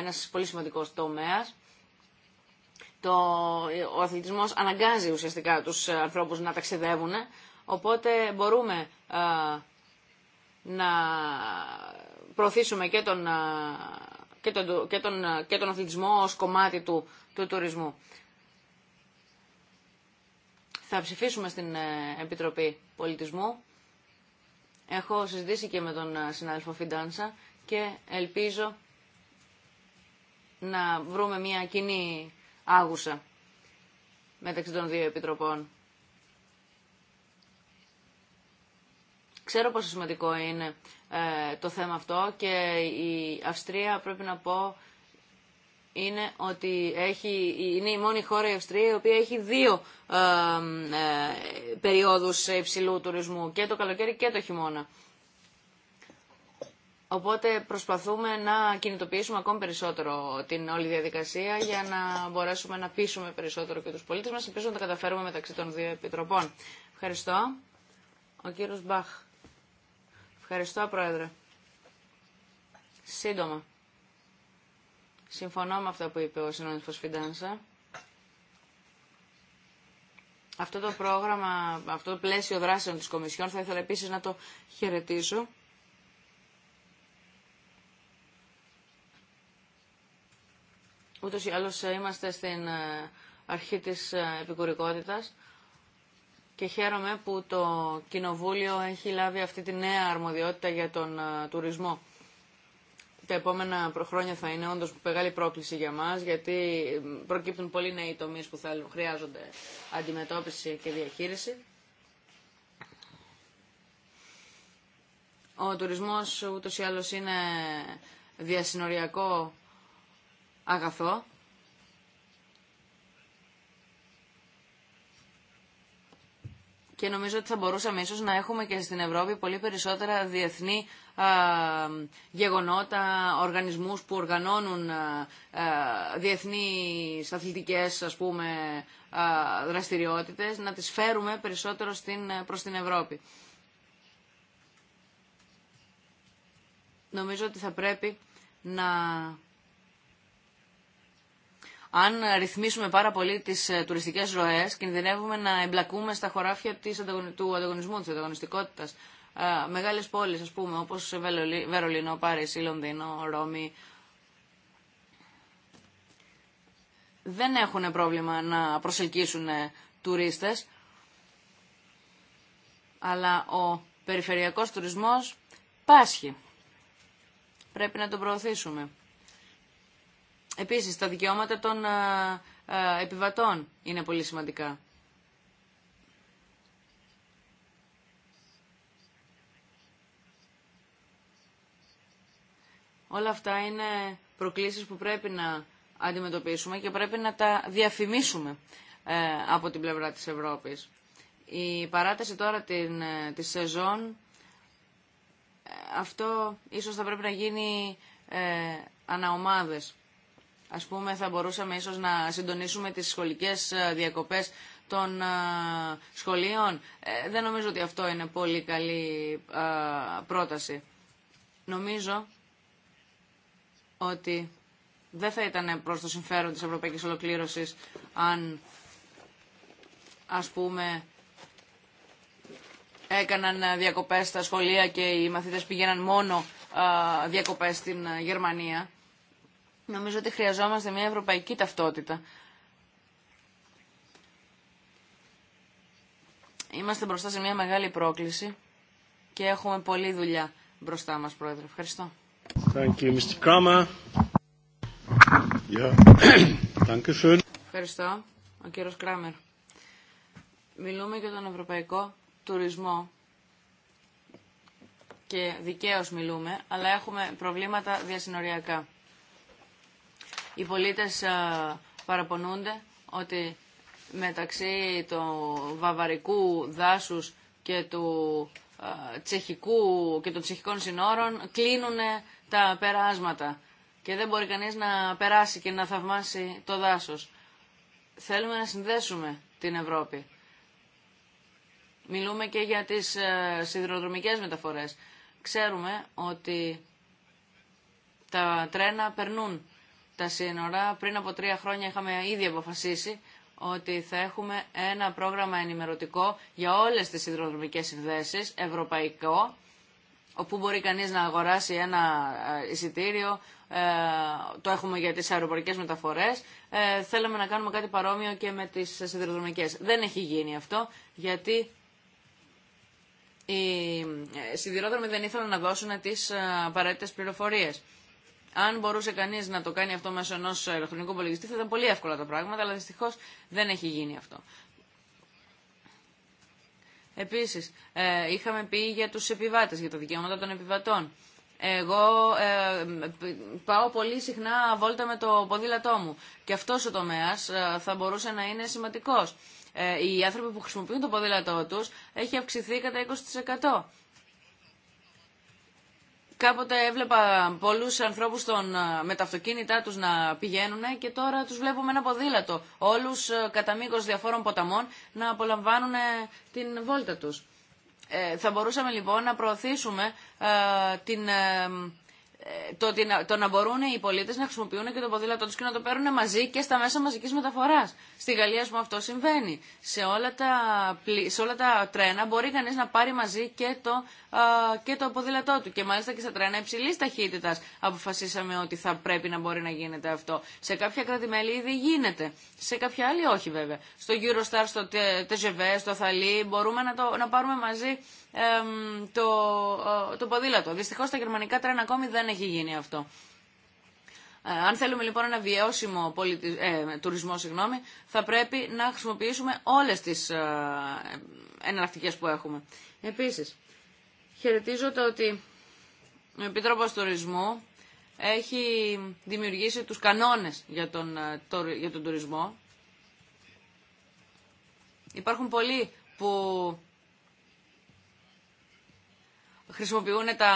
ένας πολύ σημαντικός τομέας. Το, ο αθλητισμός αναγκάζει ουσιαστικά τους ε, ανθρώπους να ταξιδεύουν, οπότε μπορούμε να προωθήσουμε και τον και τον, και τον, ε, και τον αθλητισμό ως κομμάτι του, του τουρισμού. Θα ψηφίσουμε στην ε, Επιτροπή Πολιτισμού. Έχω συζητήσει και με τον ε, συνάδελφο Φιντάνσα και ελπίζω να βρούμε μια κοινή άγουσα μεταξύ των δύο επιτροπών. Ξέρω πόσο σημαντικό είναι ε, το θέμα αυτό και η Αυστρία πρέπει να πω είναι ότι έχει, είναι η μόνη χώρα η Αυστρία η οποία έχει δύο ε, ε, περιόδους υψηλού τουρισμού και το καλοκαίρι και το χειμώνα. Οπότε προσπαθούμε να κινητοποιήσουμε ακόμη περισσότερο την όλη διαδικασία για να μπορέσουμε να πείσουμε περισσότερο και τους πολίτες μας. Ελπίζω να τα καταφέρουμε μεταξύ των δύο επιτροπών. Ευχαριστώ. Ο κύριος Μπαχ. Ευχαριστώ, Πρόεδρε. Σύντομα. Συμφωνώ με αυτά που είπε ο συνάδελφος Φιντάνσα. Αυτό το πρόγραμμα, αυτό το πλαίσιο δράσεων της Κομισιόν θα ήθελα επίσης να το χαιρετήσω. Ούτως ή άλλως ε, είμαστε στην ε, αρχή της ε, επικουρικότητας και χαίρομαι που το Κοινοβούλιο έχει λάβει αυτή τη νέα αρμοδιότητα για τον ε, τουρισμό. Τα επόμενα χρόνια θα είναι όντως μεγάλη πρόκληση για μας, γιατί προκύπτουν πολλοί νέοι τομείς που θα χρειάζονται αντιμετώπιση και διαχείριση. Ο τουρισμός ούτως ή άλλως είναι διασυνοριακό αγαθό και νομίζω ότι θα μπορούσαμε ίσως να έχουμε και στην Ευρώπη πολύ περισσότερα διεθνή γεγονότα, οργανισμούς που οργανώνουν διεθνείς αθλητικές ας πούμε, δραστηριότητες, να τις φέρουμε περισσότερο στην, προς την Ευρώπη. Νομίζω ότι θα πρέπει να αν ρυθμίσουμε πάρα πολύ τις ε, τουριστικές ροέ κινδυνεύουμε να εμπλακούμε στα χωράφια της, του ανταγωνισμού, της ανταγωνιστικότητας. Ε, μεγάλες πόλεις, ας πούμε, όπως Βερολίνο, Παρίσι, Λονδίνο, Ρώμη, δεν έχουν πρόβλημα να προσελκύσουν ε, τουρίστες, αλλά ο περιφερειακός τουρισμός πάσχει. Πρέπει να τον προωθήσουμε. Επίσης, τα δικαιώματα των ε, ε, επιβατών είναι πολύ σημαντικά. Όλα αυτά είναι προκλήσεις που πρέπει να αντιμετωπίσουμε και πρέπει να τα διαφημίσουμε ε, από την πλευρά της Ευρώπης. Η παράταση τώρα την, της σεζόν, αυτό ίσως θα πρέπει να γίνει ε, αναομάδες. Ας πούμε θα μπορούσαμε ίσως να συντονίσουμε τις σχολικές ε, διακοπές των ε, σχολείων. Ε, δεν νομίζω ότι αυτό είναι πολύ καλή πρόταση. Νομίζω ότι δεν θα ήταν προς το συμφέρον της ευρωπαϊκής ολοκλήρωσης αν ας πούμε έκαναν διακοπές στα σχολεία και οι μαθητές πηγαίναν μόνο διακοπές στην Γερμανία. Νομίζω ότι χρειαζόμαστε μια ευρωπαϊκή ταυτότητα. Είμαστε μπροστά σε μια μεγάλη πρόκληση και έχουμε πολλή δουλειά μπροστά μας, Πρόεδρε. Ευχαριστώ. Ευχαριστώ. Ο κύριος Κράμερ. Μιλούμε για τον ευρωπαϊκό τουρισμό και δικαίως μιλούμε, αλλά έχουμε προβλήματα διασυνοριακά. Οι πολίτες ε, παραπονούνται ότι μεταξύ του βαβαρικού δάσους και του ε, τσεχικού και των τσεχικών συνόρων κλείνουν τα περάσματα και δεν μπορεί κανείς να περάσει και να θαυμάσει το δάσος. Θέλουμε να συνδέσουμε την Ευρώπη. Μιλούμε και για τις ε, σιδηροδρομικές μεταφορές. Ξέρουμε ότι τα τρένα περνούν τα σύνορα. Πριν από τρία χρόνια είχαμε ήδη αποφασίσει ότι θα έχουμε ένα πρόγραμμα ενημερωτικό για όλες τις υδροδρομικές συνδέσεις, ευρωπαϊκό, όπου μπορεί κανείς να αγοράσει ένα ε, εισιτήριο, ε, το έχουμε για τις αεροπορικές μεταφορές, ε, θέλαμε να κάνουμε κάτι παρόμοιο και με τις σιδηροδρομικές. Δεν έχει γίνει αυτό, γιατί οι ε, σιδηρόδρομοι δεν ήθελαν να δώσουν τις απαραίτητες πληροφορίες. Αν μπορούσε κανείς να το κάνει αυτό μέσω ενό ηλεκτρονικού υπολογιστή θα ήταν πολύ εύκολα τα πράγματα, αλλά δυστυχώς δεν έχει γίνει αυτό. Επίσης, ε, είχαμε πει για του επιβάτες, για τα δικαιώματα των επιβατών. Εγώ ε, πάω πολύ συχνά βόλτα με το ποδήλατό μου και αυτός ο τομέας ε, θα μπορούσε να είναι σημαντικός. Ε, οι άνθρωποι που χρησιμοποιούν το ποδήλατό του έχει αυξηθεί κατά 20%. Κάποτε έβλεπα πολλούς ανθρώπους με τα αυτοκίνητά τους να πηγαίνουν και τώρα τους βλέπουμε ένα ποδήλατο. Όλους κατά μήκος διαφόρων ποταμών να απολαμβάνουν την βόλτα τους. Ε, θα μπορούσαμε λοιπόν να προωθήσουμε την... Ε, ε, το, ότι να, το μπορούν οι πολίτε να χρησιμοποιούν και το ποδήλατό του και να το παίρνουν μαζί και στα μέσα μαζικής μεταφορά. Στη Γαλλία πούμε αυτό συμβαίνει. Σε όλα τα, όλα τα τρένα μπορεί κανεί να πάρει μαζί και το, α, και το ποδήλατό του. Και μάλιστα και στα τρένα υψηλή ταχύτητα, αποφασίσαμε ότι θα πρέπει να μπορεί να γίνεται αυτό. Σε κάποια κρατημέλη ήδη γίνεται. Σε κάποια άλλη όχι βέβαια. Στο Eurostar, στο TGV, στο Θαλή μπορούμε να, το, να πάρουμε μαζί το, το ποδήλατο. Δυστυχώ στα γερμανικά τρένα ακόμη δεν έχει γίνει αυτό. Ε, αν θέλουμε λοιπόν ένα βιώσιμο πολιτι... ε, τουρισμό, θα πρέπει να χρησιμοποιήσουμε όλες τις ε, που έχουμε. Επίσης, χαιρετίζω το ότι ο επίτροπο Τουρισμού έχει δημιουργήσει τους κανόνες για τον, ε, για τον τουρισμό. Υπάρχουν πολλοί που χρησιμοποιούν τα,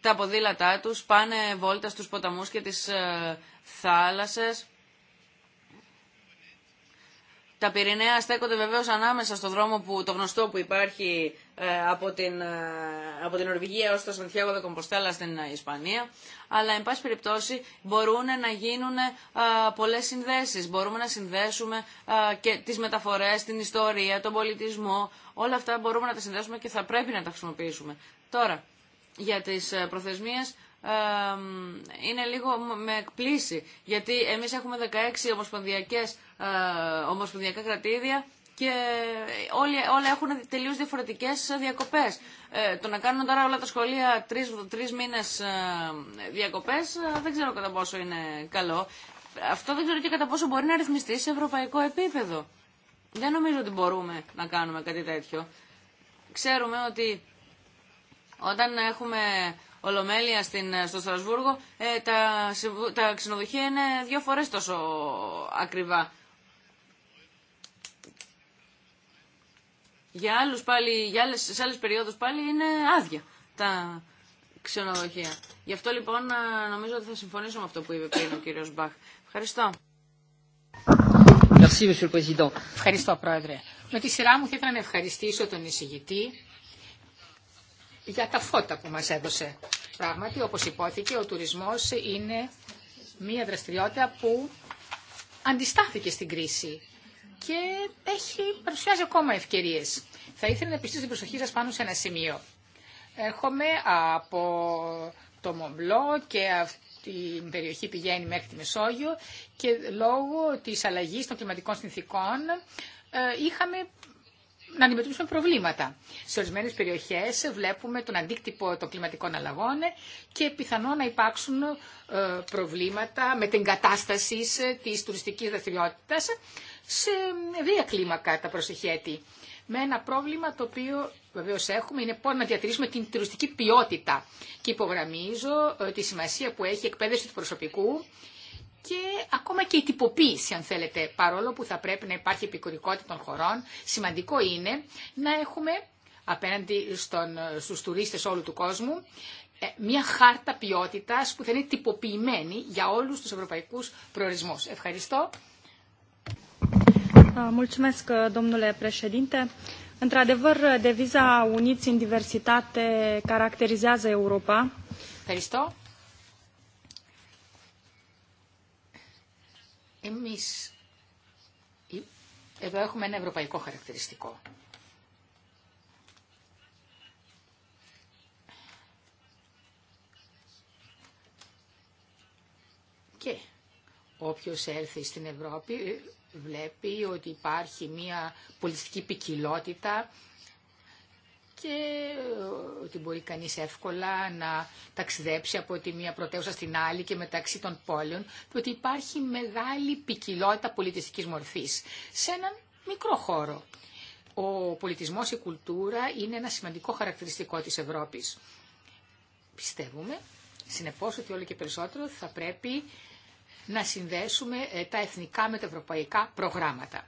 τα ποδήλατά τους, πάνε βόλτα στους ποταμούς και τις ε, θάλασσες. Τα Πυρηναία στέκονται βεβαίως ανάμεσα στο δρόμο που, το γνωστό που υπάρχει ε, από, την, ε, από την Ορβηγία ως το Σαντιάγο Δε Κομποστέλα στην Ισπανία. Αλλά, εν πάση περιπτώσει, μπορούν να γίνουν πολλές συνδέσεις. Μπορούμε να συνδέσουμε και τις μεταφορές, την ιστορία, τον πολιτισμό. Όλα αυτά μπορούμε να τα συνδέσουμε και θα πρέπει να τα χρησιμοποιήσουμε. Τώρα, για τις ε, προθεσμίες ε, είναι λίγο με εκπλήσει, γιατί εμείς έχουμε 16 ομοσπονδιακές, ε, ομοσπονδιακά κρατήδια και όλοι, όλα έχουν τελείως διαφορετικές διακοπές. το να κάνουν τώρα όλα τα σχολεία τρεις, τρεις μήνες διακοπές δεν ξέρω κατά πόσο είναι καλό. Αυτό δεν ξέρω και κατά πόσο μπορεί να ρυθμιστεί σε ευρωπαϊκό επίπεδο. Δεν νομίζω ότι μπορούμε να κάνουμε κάτι τέτοιο. Ξέρουμε ότι όταν έχουμε ολομέλεια στην, στο Στρασβούργο, ε, τα, τα ξενοδοχεία είναι δύο φορές τόσο ακριβά. Για, άλλους πάλι, για άλλες, σε άλλες περιόδους πάλι είναι άδεια τα ξενοδοχεία. Γι' αυτό λοιπόν ε, νομίζω ότι θα συμφωνήσω με αυτό που είπε πριν ο κύριος Μπαχ. Ευχαριστώ. Ευχαριστώ, Πρόεδρε. Με τη σειρά μου θα ήθελα να ευχαριστήσω τον εισηγητή για τα φώτα που μας έδωσε. Πράγματι, όπως υπόθηκε, ο τουρισμός είναι μία δραστηριότητα που αντιστάθηκε στην κρίση και έχει, παρουσιάζει ακόμα ευκαιρίες. Θα ήθελα να πιστήσω την προσοχή σας πάνω σε ένα σημείο. Έρχομαι από το Μομπλό και αυτή η περιοχή πηγαίνει μέχρι τη Μεσόγειο και λόγω της αλλαγής των κλιματικών συνθήκων ε, είχαμε να αντιμετωπίσουμε προβλήματα. Σε ορισμένες περιοχές βλέπουμε τον αντίκτυπο των κλιματικών αλλαγών και πιθανό να υπάρξουν ε, προβλήματα με την κατάσταση της ε, τουριστικής δραστηριότητα σε δύο ε, κλίμακα τα προσεχέτη. Με ένα πρόβλημα το οποίο βεβαίω έχουμε είναι πώ να διατηρήσουμε την τουριστική ποιότητα. Και υπογραμμίζω τη σημασία που έχει η εκπαίδευση του προσωπικού και ακόμα και η τυποποίηση, αν θέλετε, παρόλο που θα πρέπει να υπάρχει επικουρικότητα των χωρών, σημαντικό είναι να έχουμε απέναντι στον, στους τουρίστες όλου του κόσμου ε, μια χάρτα ποιότητας που θα είναι τυποποιημένη για όλους τους ευρωπαϊκούς προορισμούς. Ευχαριστώ. Mulțumesc, domnule președinte. Într-adevăr, deviza Uniți în diversitate caracterizează Europa. Ευχαριστώ. Εμείς εδώ έχουμε ένα ευρωπαϊκό χαρακτηριστικό. Και όποιος έρθει στην Ευρώπη ε, βλέπει ότι υπάρχει μια πολιτική ποικιλότητα και ε, ότι μπορεί κανείς εύκολα να ταξιδέψει από τη μία πρωτεύουσα στην άλλη και μεταξύ των πόλεων και ότι υπάρχει μεγάλη ποικιλότητα πολιτιστικής μορφής σε έναν μικρό χώρο. Ο πολιτισμός, η κουλτούρα είναι ένα σημαντικό χαρακτηριστικό της Ευρώπης. Πιστεύουμε, συνεπώς, ότι όλο και περισσότερο θα πρέπει να συνδέσουμε ε, τα εθνικά με τα ευρωπαϊκά προγράμματα.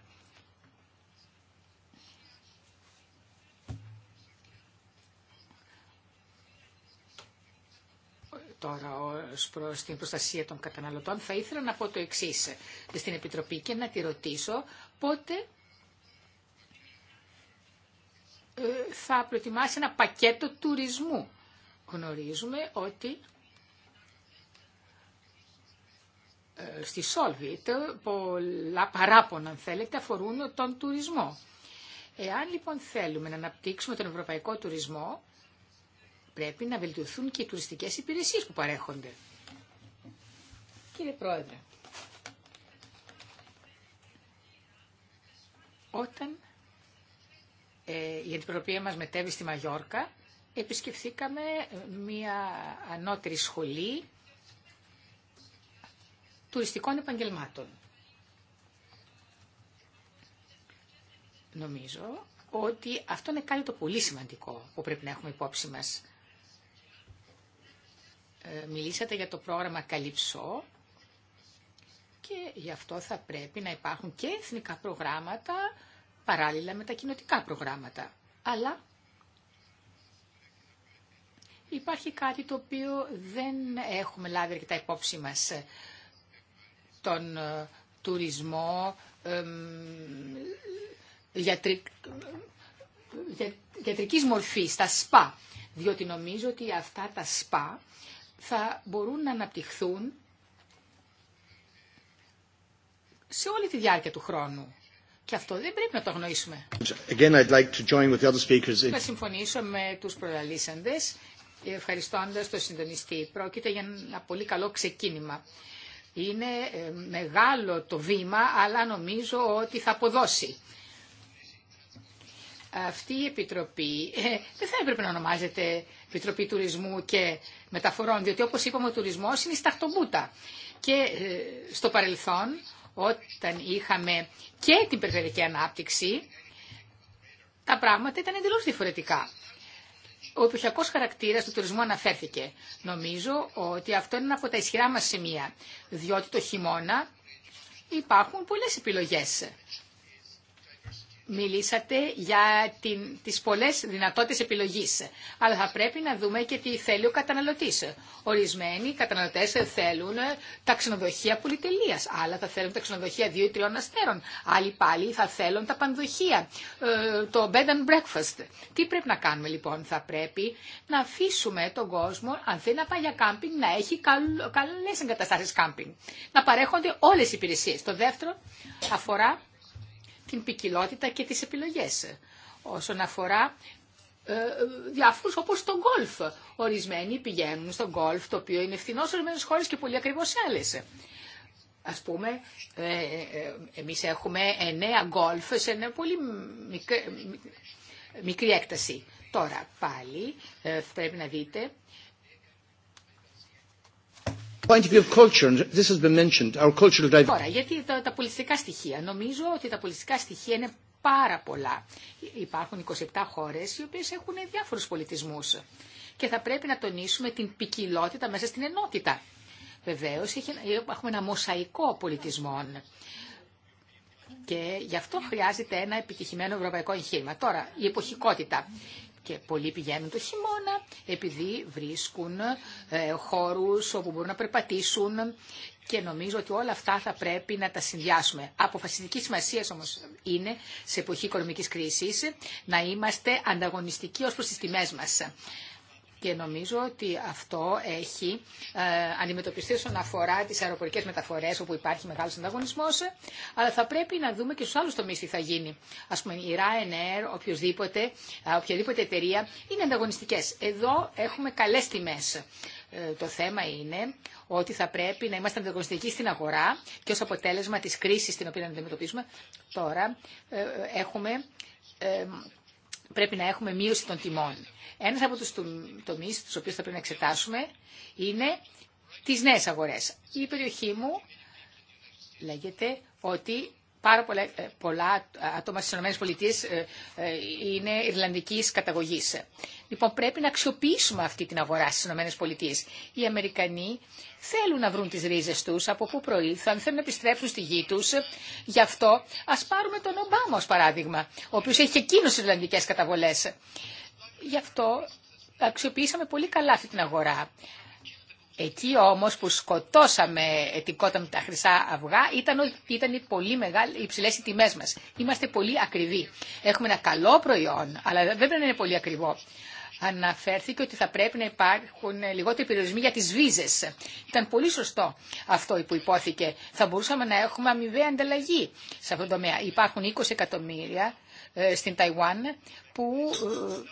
τώρα ως προς την προστασία των καταναλωτών, θα ήθελα να πω το εξή ε, στην Επιτροπή και να τη ρωτήσω πότε ε, θα προετοιμάσει ένα πακέτο τουρισμού. Γνωρίζουμε ότι ε, στη Σόλβιτ πολλά παράπονα, αν θέλετε, αφορούν τον τουρισμό. Εάν λοιπόν θέλουμε να αναπτύξουμε τον ευρωπαϊκό τουρισμό, πρέπει να βελτιωθούν και οι τουριστικές υπηρεσίες που παρέχονται. Κύριε Πρόεδρε, όταν ε, η αντιπροπία μας μετέβη στη Μαγιόρκα, επισκεφθήκαμε μια ανώτερη σχολή τουριστικών επαγγελμάτων. Νομίζω ότι αυτό είναι κάτι το πολύ σημαντικό που πρέπει να έχουμε υπόψη μας. Ε, μιλήσατε για το πρόγραμμα Καλυψό και γι' αυτό θα πρέπει να υπάρχουν και εθνικά προγράμματα παράλληλα με τα κοινοτικά προγράμματα. Αλλά υπάρχει κάτι το οποίο δεν έχουμε λάβει αρκετά υπόψη μας. Τον ε, τουρισμό, γιατρικ... Ε, γιατρικής μορφής, τα σπα. Διότι νομίζω ότι αυτά τα σπα θα μπορούν να αναπτυχθούν σε όλη τη διάρκεια του χρόνου. Και αυτό δεν πρέπει να το αγνοήσουμε. Θα συμφωνήσω με τους προλαλήσαντες, ευχαριστώντας τον συντονιστή. Πρόκειται για ένα πολύ καλό ξεκίνημα. Είναι ε, μεγάλο το βήμα, αλλά νομίζω ότι θα αποδώσει αυτή η επιτροπή ε, δεν θα έπρεπε να ονομάζεται Επιτροπή Τουρισμού και Μεταφορών, διότι όπως είπαμε ο τουρισμός είναι σταχτομπούτα. Και ε, στο παρελθόν, όταν είχαμε και την περιφερειακή ανάπτυξη, τα πράγματα ήταν εντελώς διαφορετικά. Ο επιχειακός χαρακτήρας του τουρισμού αναφέρθηκε. Νομίζω ότι αυτό είναι ένα από τα ισχυρά μας σημεία, διότι το χειμώνα υπάρχουν πολλές επιλογές. Μιλήσατε για την, τις πολλές δυνατότητες επιλογής, αλλά θα πρέπει να δούμε και τι θέλει ο καταναλωτής. Ορισμένοι καταναλωτές θέλουν τα ξενοδοχεία πολυτελείας, άλλα θα θέλουν τα ξενοδοχεία δύο ή τριών αστέρων, άλλοι πάλι θα θέλουν τα πανδοχεία, ε, το bed and breakfast. Τι πρέπει να κάνουμε λοιπόν, θα πρέπει να αφήσουμε τον κόσμο, αν θέλει να πάει για κάμπινγκ, να έχει καλές εγκαταστάσεις κάμπινγκ, να παρέχονται όλες οι υπηρεσίες. Το δεύτερο αφορά την ποικιλότητα και τις επιλογές. Όσον αφορά ε, διάφορους όπως το γκολφ. Ορισμένοι πηγαίνουν στο γκολφ το οποίο είναι φθηνό σε ορισμένες χώρες και πολύ ακριβώς σε άλλες. Ας πούμε, ε, ε εμείς έχουμε εννέα γκολφ σε μια πολύ μικρή, μικρή έκταση. Τώρα πάλι ε, πρέπει να δείτε Τώρα, γιατί τα, στοιχεία. Νομίζω ότι τα πολιτιστικά στοιχεία είναι πάρα πολλά. Υπάρχουν 27 χώρες οι οποίες έχουν διάφορους πολιτισμούς και θα πρέπει να τονίσουμε την ποικιλότητα μέσα στην ενότητα. Βεβαίω, έχουμε ένα μοσαϊκό πολιτισμών. Και γι' αυτό χρειάζεται ένα επιτυχημένο ευρωπαϊκό εγχείρημα. Τώρα, η εποχικότητα και πολλοί πηγαίνουν το χειμώνα επειδή βρίσκουν ε, χώρους όπου μπορούν να περπατήσουν και νομίζω ότι όλα αυτά θα πρέπει να τα συνδυάσουμε. Αποφασιστική σημασία όμω είναι σε εποχή οικονομική κρίσης να είμαστε ανταγωνιστικοί ως προ τις τιμές μας και νομίζω ότι αυτό έχει ε, αντιμετωπιστεί όσον αφορά τι αεροπορικές μεταφορές όπου υπάρχει μεγάλο ανταγωνισμό, αλλά θα πρέπει να δούμε και στου άλλου τομεί τι θα γίνει. Α πούμε η Ryanair, οποιοδήποτε, ε, οποιαδήποτε εταιρεία είναι ανταγωνιστικέ. Εδώ έχουμε καλές τιμές. Ε, το θέμα είναι ότι θα πρέπει να είμαστε ανταγωνιστικοί στην αγορά και ω αποτέλεσμα τη κρίση την οποία αντιμετωπίζουμε τώρα έχουμε πρέπει να έχουμε μείωση των τιμών. Ένα από του τομεί, τους οποίου θα πρέπει να εξετάσουμε είναι τις νέες αγορές. Η περιοχή μου λέγεται ότι πάρα πολλά, ε, άτομα στι ΗΠΑ ε, ε, είναι Ιρλανδική καταγωγή. Λοιπόν, πρέπει να αξιοποιήσουμε αυτή την αγορά στι ΗΠΑ. Οι Αμερικανοί θέλουν να βρουν τι ρίζε του, από πού προήλθαν, θέλουν να επιστρέψουν στη γη του. Γι' αυτό α πάρουμε τον Ομπάμα ω παράδειγμα, ο οποίο έχει και εκείνο Ιρλανδικέ καταβολέ. Γι' αυτό αξιοποιήσαμε πολύ καλά αυτή την αγορά. Εκεί όμως που σκοτώσαμε την με τα χρυσά αυγά ήταν ότι ήταν πολύ μεγάλη, υψηλές οι τιμές μας. Είμαστε πολύ ακριβοί. Έχουμε ένα καλό προϊόν, αλλά δεν πρέπει να είναι πολύ ακριβό. Αναφέρθηκε ότι θα πρέπει να υπάρχουν λιγότεροι περιορισμοί για τις βίζες. Ήταν πολύ σωστό αυτό που υπόθηκε. Θα μπορούσαμε να έχουμε αμοιβαία ανταλλαγή σε αυτό το τομέα. Υπάρχουν 20 εκατομμύρια ε, στην Ταϊουάν που ε,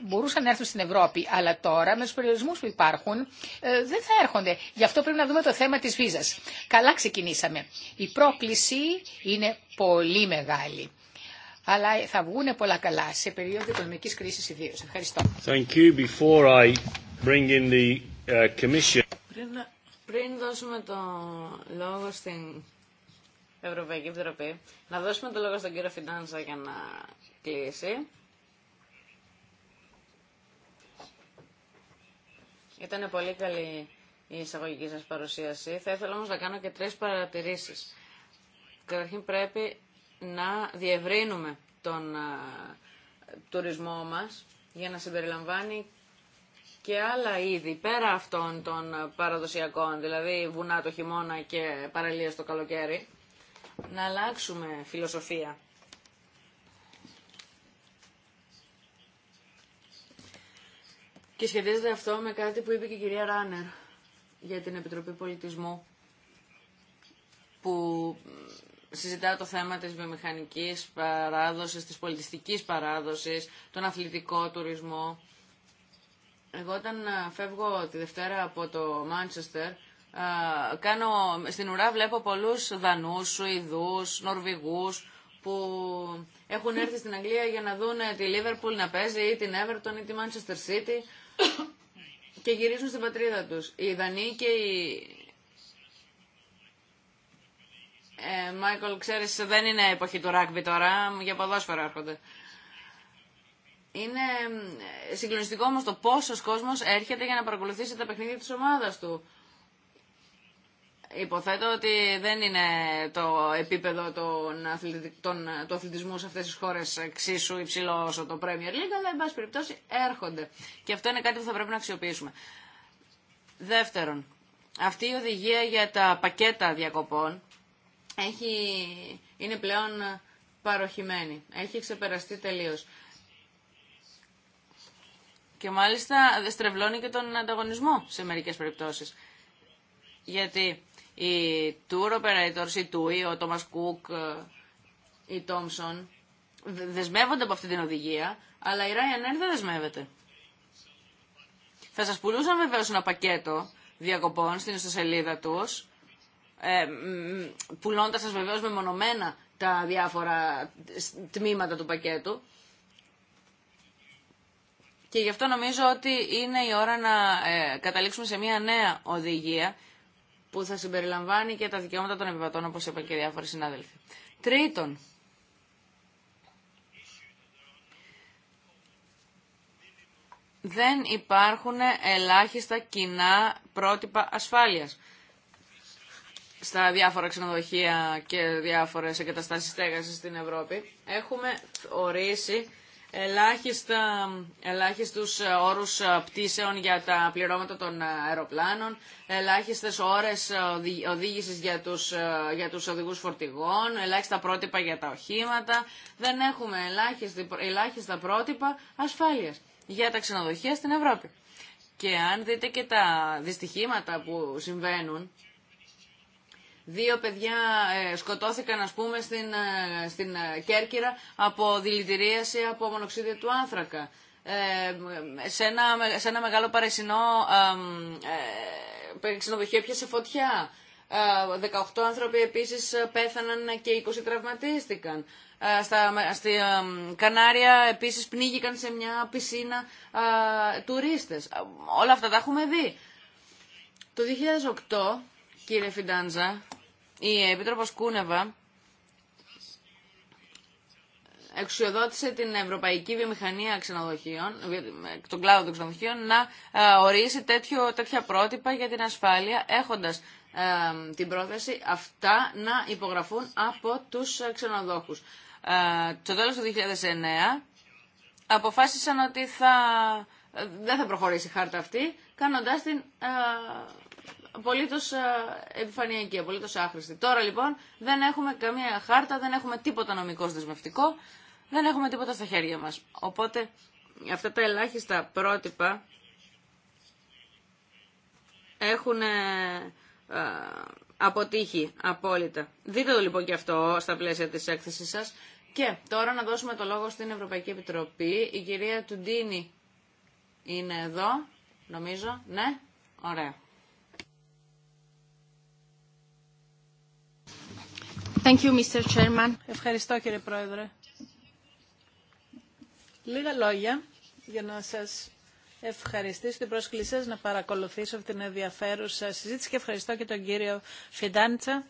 μπορούσαν να έρθουν στην Ευρώπη, αλλά τώρα με του περιορισμού που υπάρχουν ε, δεν θα έρχονται. Γι' αυτό πρέπει να δούμε το θέμα τη βίζα. Καλά ξεκινήσαμε. Η πρόκληση είναι πολύ μεγάλη. Αλλά θα βγουν πολλά καλά σε περίοδο οικονομική κρίση ιδίω. Ευχαριστώ. Thank you. Before I bring in the uh, commission... πριν, πριν δώσουμε το λόγο στην Ευρωπαϊκή Επιτροπή, να δώσουμε το λόγο στον κύριο Φιντάνσα για να κλείσει. Ήταν πολύ καλή η εισαγωγική σας παρουσίαση. Θα ήθελα όμως να κάνω και τρεις παρατηρήσεις. Καταρχήν πρέπει να διευρύνουμε τον τουρισμό μας για να συμπεριλαμβάνει και άλλα είδη πέρα αυτών των παραδοσιακών, δηλαδή βουνά το χειμώνα και παραλία το καλοκαίρι, να αλλάξουμε φιλοσοφία. Και σχετίζεται αυτό με κάτι που είπε και η κυρία Ράνερ για την Επιτροπή Πολιτισμού που συζητά το θέμα της βιομηχανικής παράδοσης, της πολιτιστικής παράδοσης, τον αθλητικό τουρισμό. Εγώ όταν ε, φεύγω τη Δευτέρα από το Μάντσεστερ, κάνω, στην ουρά βλέπω πολλούς Δανούς, Σουηδούς, Νορβηγούς, που έχουν έρθει στην Αγγλία για να δουν τη Λίβερπουλ να παίζει ή την Everton ή τη Manchester City και γυρίζουν στην πατρίδα τους. Οι Δανείοι και οι... Ε, ξέρεις, δεν είναι εποχή του ράγκμπι τώρα, για ποδόσφαιρα έρχονται. Είναι ε, συγκλονιστικό όμως το πόσος κόσμος έρχεται για να παρακολουθήσει τα παιχνίδια της ομάδας του. Υποθέτω ότι δεν είναι το επίπεδο των των, του αθλητισμού σε αυτές τις χώρες εξίσου υψηλό όσο το Premier League, αλλά εν πάση περιπτώσει έρχονται. Και αυτό είναι κάτι που θα πρέπει να αξιοποιήσουμε. Δεύτερον, αυτή η οδηγία για τα πακέτα διακοπών έχει, είναι πλέον παροχημένη. Έχει ξεπεραστεί τελείως. Και μάλιστα στρεβλώνει και τον ανταγωνισμό σε μερικές περιπτώσεις. Γιατί οι tour operators, οι TUI, ο Thomas Cook, ε, η Thompson δεσμεύονται από αυτή την οδηγία, αλλά η Ryanair δεν δεσμεύεται. Θα σας πουλούσαν βεβαίως ένα πακέτο διακοπών στην ιστοσελίδα τους, ε, πουλώντας σας βεβαίως μεμονωμένα τα διάφορα τμήματα του πακέτου. Και γι' αυτό νομίζω ότι είναι η ώρα να ε, καταλήξουμε σε μια νέα οδηγία που θα συμπεριλαμβάνει και τα δικαιώματα των επιβατών, όπως είπα και διάφοροι συνάδελφοι. Τρίτον, δεν υπάρχουν ελάχιστα κοινά πρότυπα ασφάλειας στα διάφορα ξενοδοχεία και διάφορες εγκαταστάσεις στέγασης στην Ευρώπη. Έχουμε ορίσει ελάχιστα, ελάχιστους ε, όρους ε, πτήσεων για τα πληρώματα των ε, αεροπλάνων, ελάχιστες ώρες οδήγησης για τους, για τους οδηγούς φορτηγών, ελάχιστα πρότυπα για τα οχήματα. Δεν έχουμε ελάχιστα πρότυπα ασφάλειας για τα ξενοδοχεία στην Ευρώπη. Και αν δείτε και τα δυστυχήματα που συμβαίνουν, Δύο παιδιά ε, σκοτώθηκαν, ας πούμε, στην, ε, στην ε, Κέρκυρα από δηλητηρίαση από μονοξίδιο του άνθρακα. σε, ένα, σε ένα μεγάλο παρεσινό ε, ε, ξενοδοχείο πιασε φωτιά. 18 άνθρωποι επίσης πέθαναν και 20 τραυματίστηκαν. Στα, στη Κανάρια επίσης πνίγηκαν σε μια πισίνα τουρίστες. Όλα αυτά τα έχουμε δει. Το 2008, κύριε Φιντάντζα, η Επίτροπος Κούνεβα εξουσιοδότησε την Ευρωπαϊκή Βιομηχανία Ξενοδοχείων, τον κλάδο των ξενοδοχείων, να ε, ορίσει τέτοιο, τέτοια πρότυπα για την ασφάλεια, έχοντας ε, την πρόθεση αυτά να υπογραφούν από τους ξενοδόχους. Ε, το τέλος του 2009 αποφάσισαν ότι θα, ε, δεν θα προχωρήσει η χάρτα αυτή, κάνοντας την απολύτω ε, επιφανειακή, απολύτω άχρηστη. Τώρα λοιπόν δεν έχουμε καμία χάρτα, δεν έχουμε τίποτα νομικό δεσμευτικό, δεν έχουμε τίποτα στα χέρια μα. Οπότε αυτά τα ελάχιστα πρότυπα έχουν ε, ε, αποτύχει απόλυτα. Δείτε το λοιπόν και αυτό στα πλαίσια της έκθεσης σας. Και τώρα να δώσουμε το λόγο στην Ευρωπαϊκή Επιτροπή. Η κυρία Τουντίνη είναι εδώ, νομίζω. Ναι, ωραία. Ευχαριστώ κύριε Πρόεδρε. Λίγα λόγια για να σας ευχαριστήσω την πρόσκλησή σας να παρακολουθήσω αυτην την ενδιαφέρουσα συζήτηση και ευχαριστώ και τον κύριο Φιντάντσα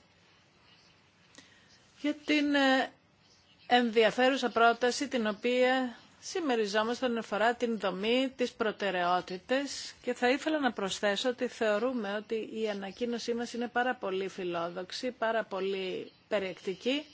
για την ε, ενδιαφέρουσα πρόταση την οποία Σημεριζόμαστε τον αφορά την δομή, της προτεραιότητες και θα ήθελα να προσθέσω ότι θεωρούμε ότι η ανακοίνωσή μας είναι πάρα πολύ φιλόδοξη, πάρα πολύ περιεκτική,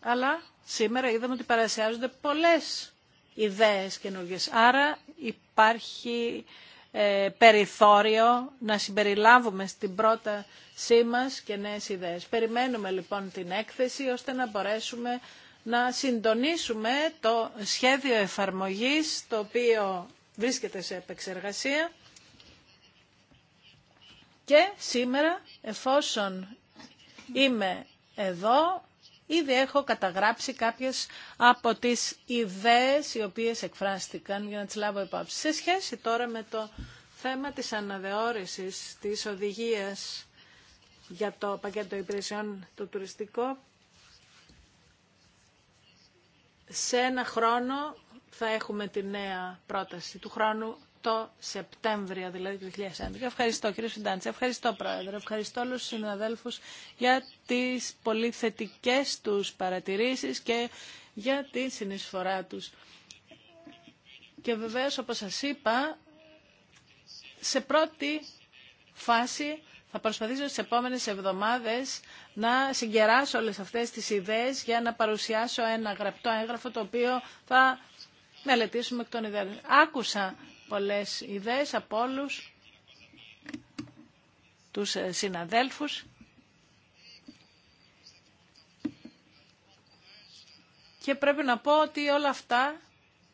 αλλά σήμερα είδαμε ότι παρασιάζονται πολλές ιδέες καινούργιες. Άρα υπάρχει ε, περιθώριο να συμπεριλάβουμε στην πρότασή μας και νέες ιδέες. Περιμένουμε λοιπόν την έκθεση ώστε να μπορέσουμε να συντονίσουμε το σχέδιο εφαρμογής το οποίο βρίσκεται σε επεξεργασία και σήμερα εφόσον είμαι εδώ Ήδη έχω καταγράψει κάποιες από τις ιδέες οι οποίες εκφράστηκαν για να τις λάβω υπόψη. Σε σχέση τώρα με το θέμα της αναδεώρησης της οδηγίας για το πακέτο υπηρεσιών το τουριστικό, σε ένα χρόνο θα έχουμε τη νέα πρόταση του χρόνου Δηλαδή το Σεπτέμβριο, δηλαδή του 2011. Ευχαριστώ κύριε Σουντάντση, ευχαριστώ πρόεδρε, ευχαριστώ όλους τους συναδέλφους για τις πολύ θετικέ τους παρατηρήσεις και για τη συνεισφορά τους. Και βεβαίως όπως σας είπα, σε πρώτη φάση θα προσπαθήσω στις επόμενες εβδομάδες να συγκεράσω όλες αυτές τις ιδέες για να παρουσιάσω ένα γραπτό έγγραφο το οποίο θα μελετήσουμε εκ των ιδέων. Άκουσα πολλές ιδέες από όλους τους ε, συναδέλφους και πρέπει να πω ότι όλα αυτά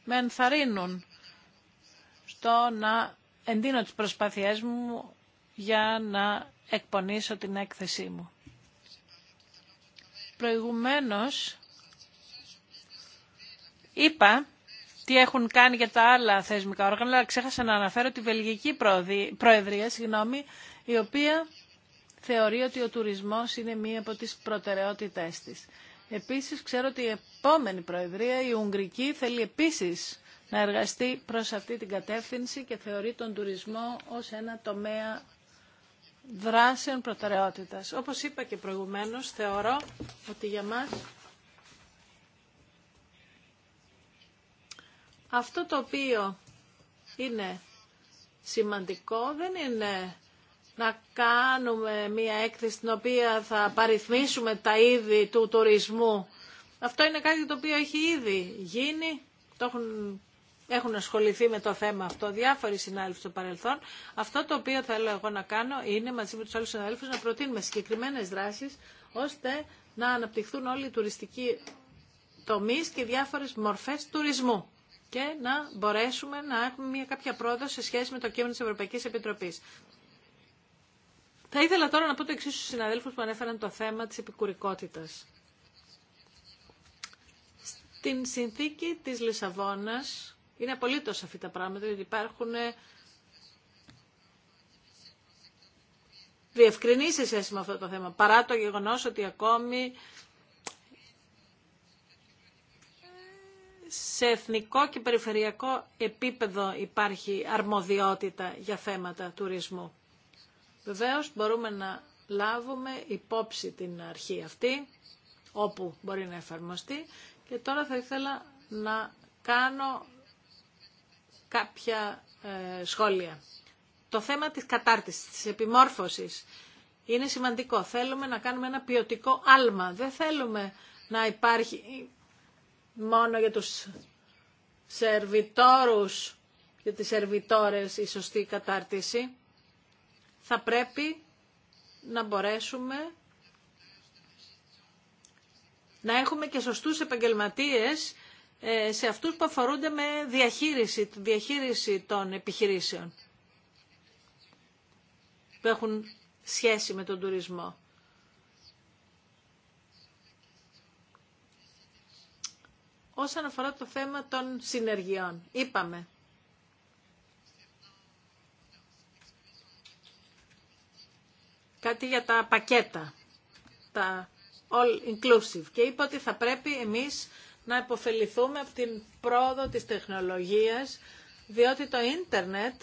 με ενθαρρύνουν στο να εντείνω τις προσπάθειές μου για να εκπονήσω την έκθεσή μου. Προηγουμένως είπα τι έχουν κάνει για τα άλλα θεσμικά όργανα, αλλά ξέχασα να αναφέρω τη Βελγική Προεδρία, συγγνώμη, η οποία θεωρεί ότι ο τουρισμός είναι μία από τις προτεραιότητές της. Επίσης, ξέρω ότι η επόμενη Προεδρία, η Ουγγρική, θέλει επίσης να εργαστεί προς αυτή την κατεύθυνση και θεωρεί τον τουρισμό ως ένα τομέα δράσεων προτεραιότητας. Όπως είπα και προηγουμένως, θεωρώ ότι για μας Αυτό το οποίο είναι σημαντικό δεν είναι να κάνουμε μία έκθεση στην οποία θα παριθμίσουμε τα είδη του τουρισμού. Αυτό είναι κάτι το οποίο έχει ήδη γίνει, το έχουν, έχουν ασχοληθεί με το θέμα αυτό διάφοροι συνάδελφοι στο παρελθόν. Αυτό το οποίο θέλω εγώ να κάνω είναι μαζί με τους άλλους συναδέλφους να προτείνουμε συγκεκριμένες δράσεις ώστε να αναπτυχθούν όλοι οι τουριστικοί τομείς και διάφορες μορφές τουρισμού και να μπορέσουμε να έχουμε μια κάποια πρόοδο σε σχέση με το κείμενο της Ευρωπαϊκής Επιτροπής. Θα ήθελα τώρα να πω το εξή στους συναδέλφους που ανέφεραν το θέμα της επικουρικότητας. Στην συνθήκη της Λισαβόνας είναι απολύτω αυτή τα πράγματα, γιατί υπάρχουν ε, διευκρινήσεις σχέση με αυτό το θέμα, παρά το γεγονός ότι ακόμη σε εθνικό και περιφερειακό επίπεδο υπάρχει αρμοδιότητα για θέματα τουρισμού. Βεβαίως μπορούμε να λάβουμε υπόψη την αρχή αυτή, όπου μπορεί να εφαρμοστεί. Και τώρα θα ήθελα να κάνω κάποια ε, σχόλια. Το θέμα της κατάρτισης, της επιμόρφωσης είναι σημαντικό. Θέλουμε να κάνουμε ένα ποιοτικό άλμα. Δεν θέλουμε να υπάρχει μόνο για τους σερβιτόρους, για τις σερβιτόρες η σωστή κατάρτιση. Θα πρέπει να μπορέσουμε να έχουμε και σωστούς επαγγελματίες ε, σε αυτούς που αφορούνται με διαχείριση, διαχείριση των επιχειρήσεων που έχουν σχέση με τον τουρισμό. όσον αφορά το θέμα των συνεργειών. Είπαμε. Κάτι για τα πακέτα, τα all inclusive. Και είπα ότι θα πρέπει εμείς να υποφεληθούμε από την πρόοδο της τεχνολογίας, διότι το ίντερνετ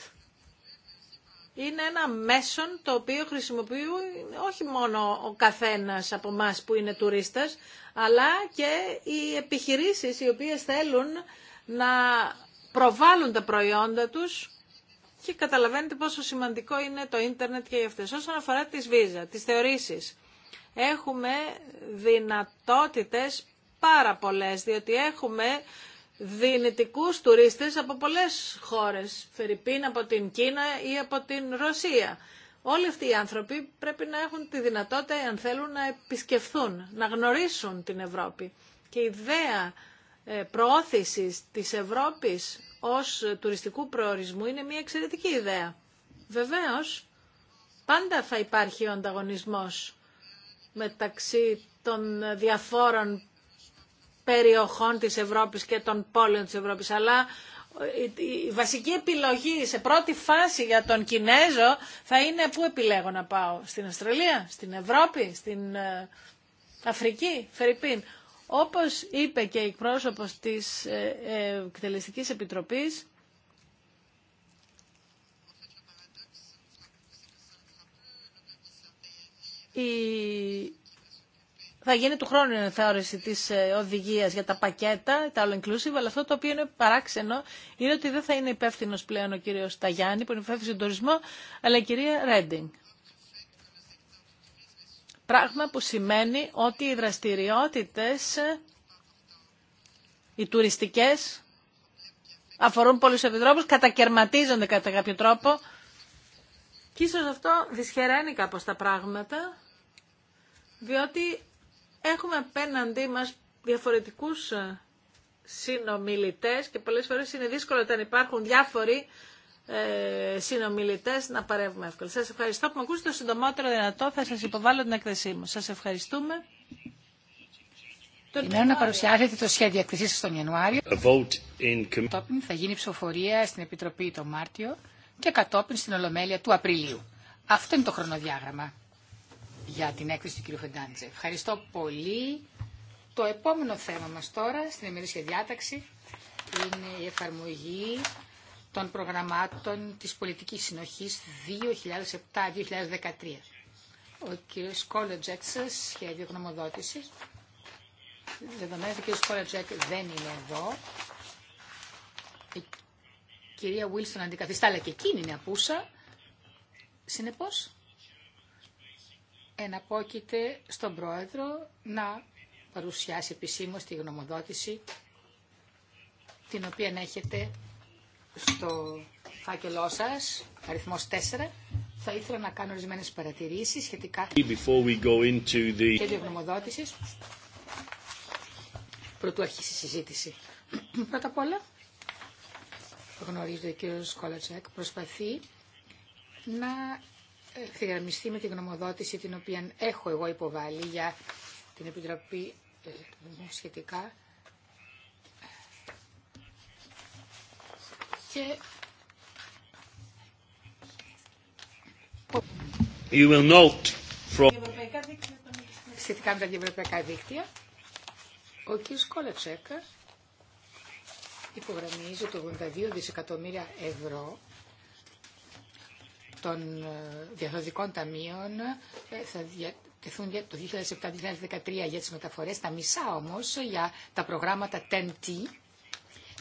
είναι ένα μέσον το οποίο χρησιμοποιούν όχι μόνο ο καθένας από εμά που είναι τουρίστας, αλλά και οι επιχειρήσεις οι οποίες θέλουν να προβάλλουν τα προϊόντα τους και καταλαβαίνετε πόσο σημαντικό είναι το ίντερνετ και για αυτές. Όσον αφορά τις βίζα, τις θεωρήσεις, έχουμε δυνατότητες πάρα πολλές, διότι έχουμε δυνητικούς τουρίστες από πολλές χώρες, Φερρυπίν, από την Κίνα ή από την Ρωσία. Όλοι αυτοί οι άνθρωποι πρέπει να έχουν τη δυνατότητα, αν θέλουν, να επισκεφθούν, να γνωρίσουν την Ευρώπη. Και η ιδέα ε, προώθησης της Ευρώπης ως τουριστικού προορισμού είναι μια εξαιρετική ιδέα. Βεβαίως, πάντα θα υπάρχει ο ανταγωνισμός μεταξύ των διαφόρων περιοχών της Ευρώπης και των πόλεων της Ευρώπης, αλλά η βασική επιλογή σε πρώτη φάση για τον Κινέζο θα είναι πού επιλέγω να πάω, στην Αυστραλία, στην Ευρώπη, στην ε, Αφρική, Φερρυπίν. Όπως είπε και η εκπρόσωπος της ε, ε, Εκτελεστικής Επιτροπής, η θα γίνει του χρόνου η θεώρηση τη ε, οδηγία για τα πακέτα, τα all inclusive, αλλά αυτό το οποίο είναι παράξενο είναι ότι δεν θα είναι υπεύθυνο πλέον ο κύριο Ταγιάννη, που είναι υπεύθυνο τον τουρισμό, αλλά η κυρία Ρέντινγκ. Πράγμα που σημαίνει ότι οι δραστηριότητε, οι τουριστικέ, αφορούν πολλού επιτρόπου, κατακαιρματίζονται κατά κάποιο τρόπο. Και ίσως αυτό δυσχεραίνει κάπως τα πράγματα, διότι έχουμε απέναντί μας διαφορετικούς ε, συνομιλητές και πολλές φορές είναι δύσκολο όταν υπάρχουν διάφοροι ε, συνομιλητές να παρεύουμε εύκολα. Σας ευχαριστώ που με ακούσετε το συντομότερο δυνατό. Θα σας υποβάλω την εκθεσή μου. Σας ευχαριστούμε. Περιμένω να παρουσιάσετε το σχέδιο εκθεσή τον Ιανουάριο. In... Κατόπιν θα γίνει ψηφοφορία στην Επιτροπή το Μάρτιο και κατόπιν στην Ολομέλεια του Απριλίου. Αυτό είναι το χρονοδιάγραμμα για την έκθεση του κ. Φεντάντζε. Ευχαριστώ πολύ. Το επόμενο θέμα μας τώρα στην ημερήσια διάταξη είναι η εφαρμογή των προγραμμάτων της πολιτικής συνοχής 2007-2013. Ο κ. Σκόλετζεκ σας σχέδιο γνωμοδότησης. Δεδομένου ότι ο κ. Τζέκ δεν είναι εδώ. Η κυρία Βίλσον αντικαθιστά, αλλά και εκείνη είναι απούσα. Συνεπώς, εναπόκειται στον Πρόεδρο να παρουσιάσει επισήμως τη γνωμοδότηση την οποία έχετε στο φάκελό σας, αριθμός 4. Θα ήθελα να κάνω ορισμένες παρατηρήσεις σχετικά με την go into the... σχέδιο γνωμοδότησης πρωτού αρχίσει η συζήτηση. Πρώτα απ' όλα, γνωρίζετε ο κ. Σκόλατσεκ, προσπαθεί να ευθυγραμμιστεί με την γνωμοδότηση την οποία έχω εγώ υποβάλει για την Επιτροπή ε, σχετικά You will note from... σχετικά με τα ευρωπαϊκά δίκτυα ο κ. Κόλετσέκ υπογραμμίζει το 82 δισεκατομμύρια ευρώ των ε, διαθροτικών ταμείων ε, θα διατεθούν το 2007-2013 για τις μεταφορές, τα μισά όμως για τα προγράμματα TEN-T,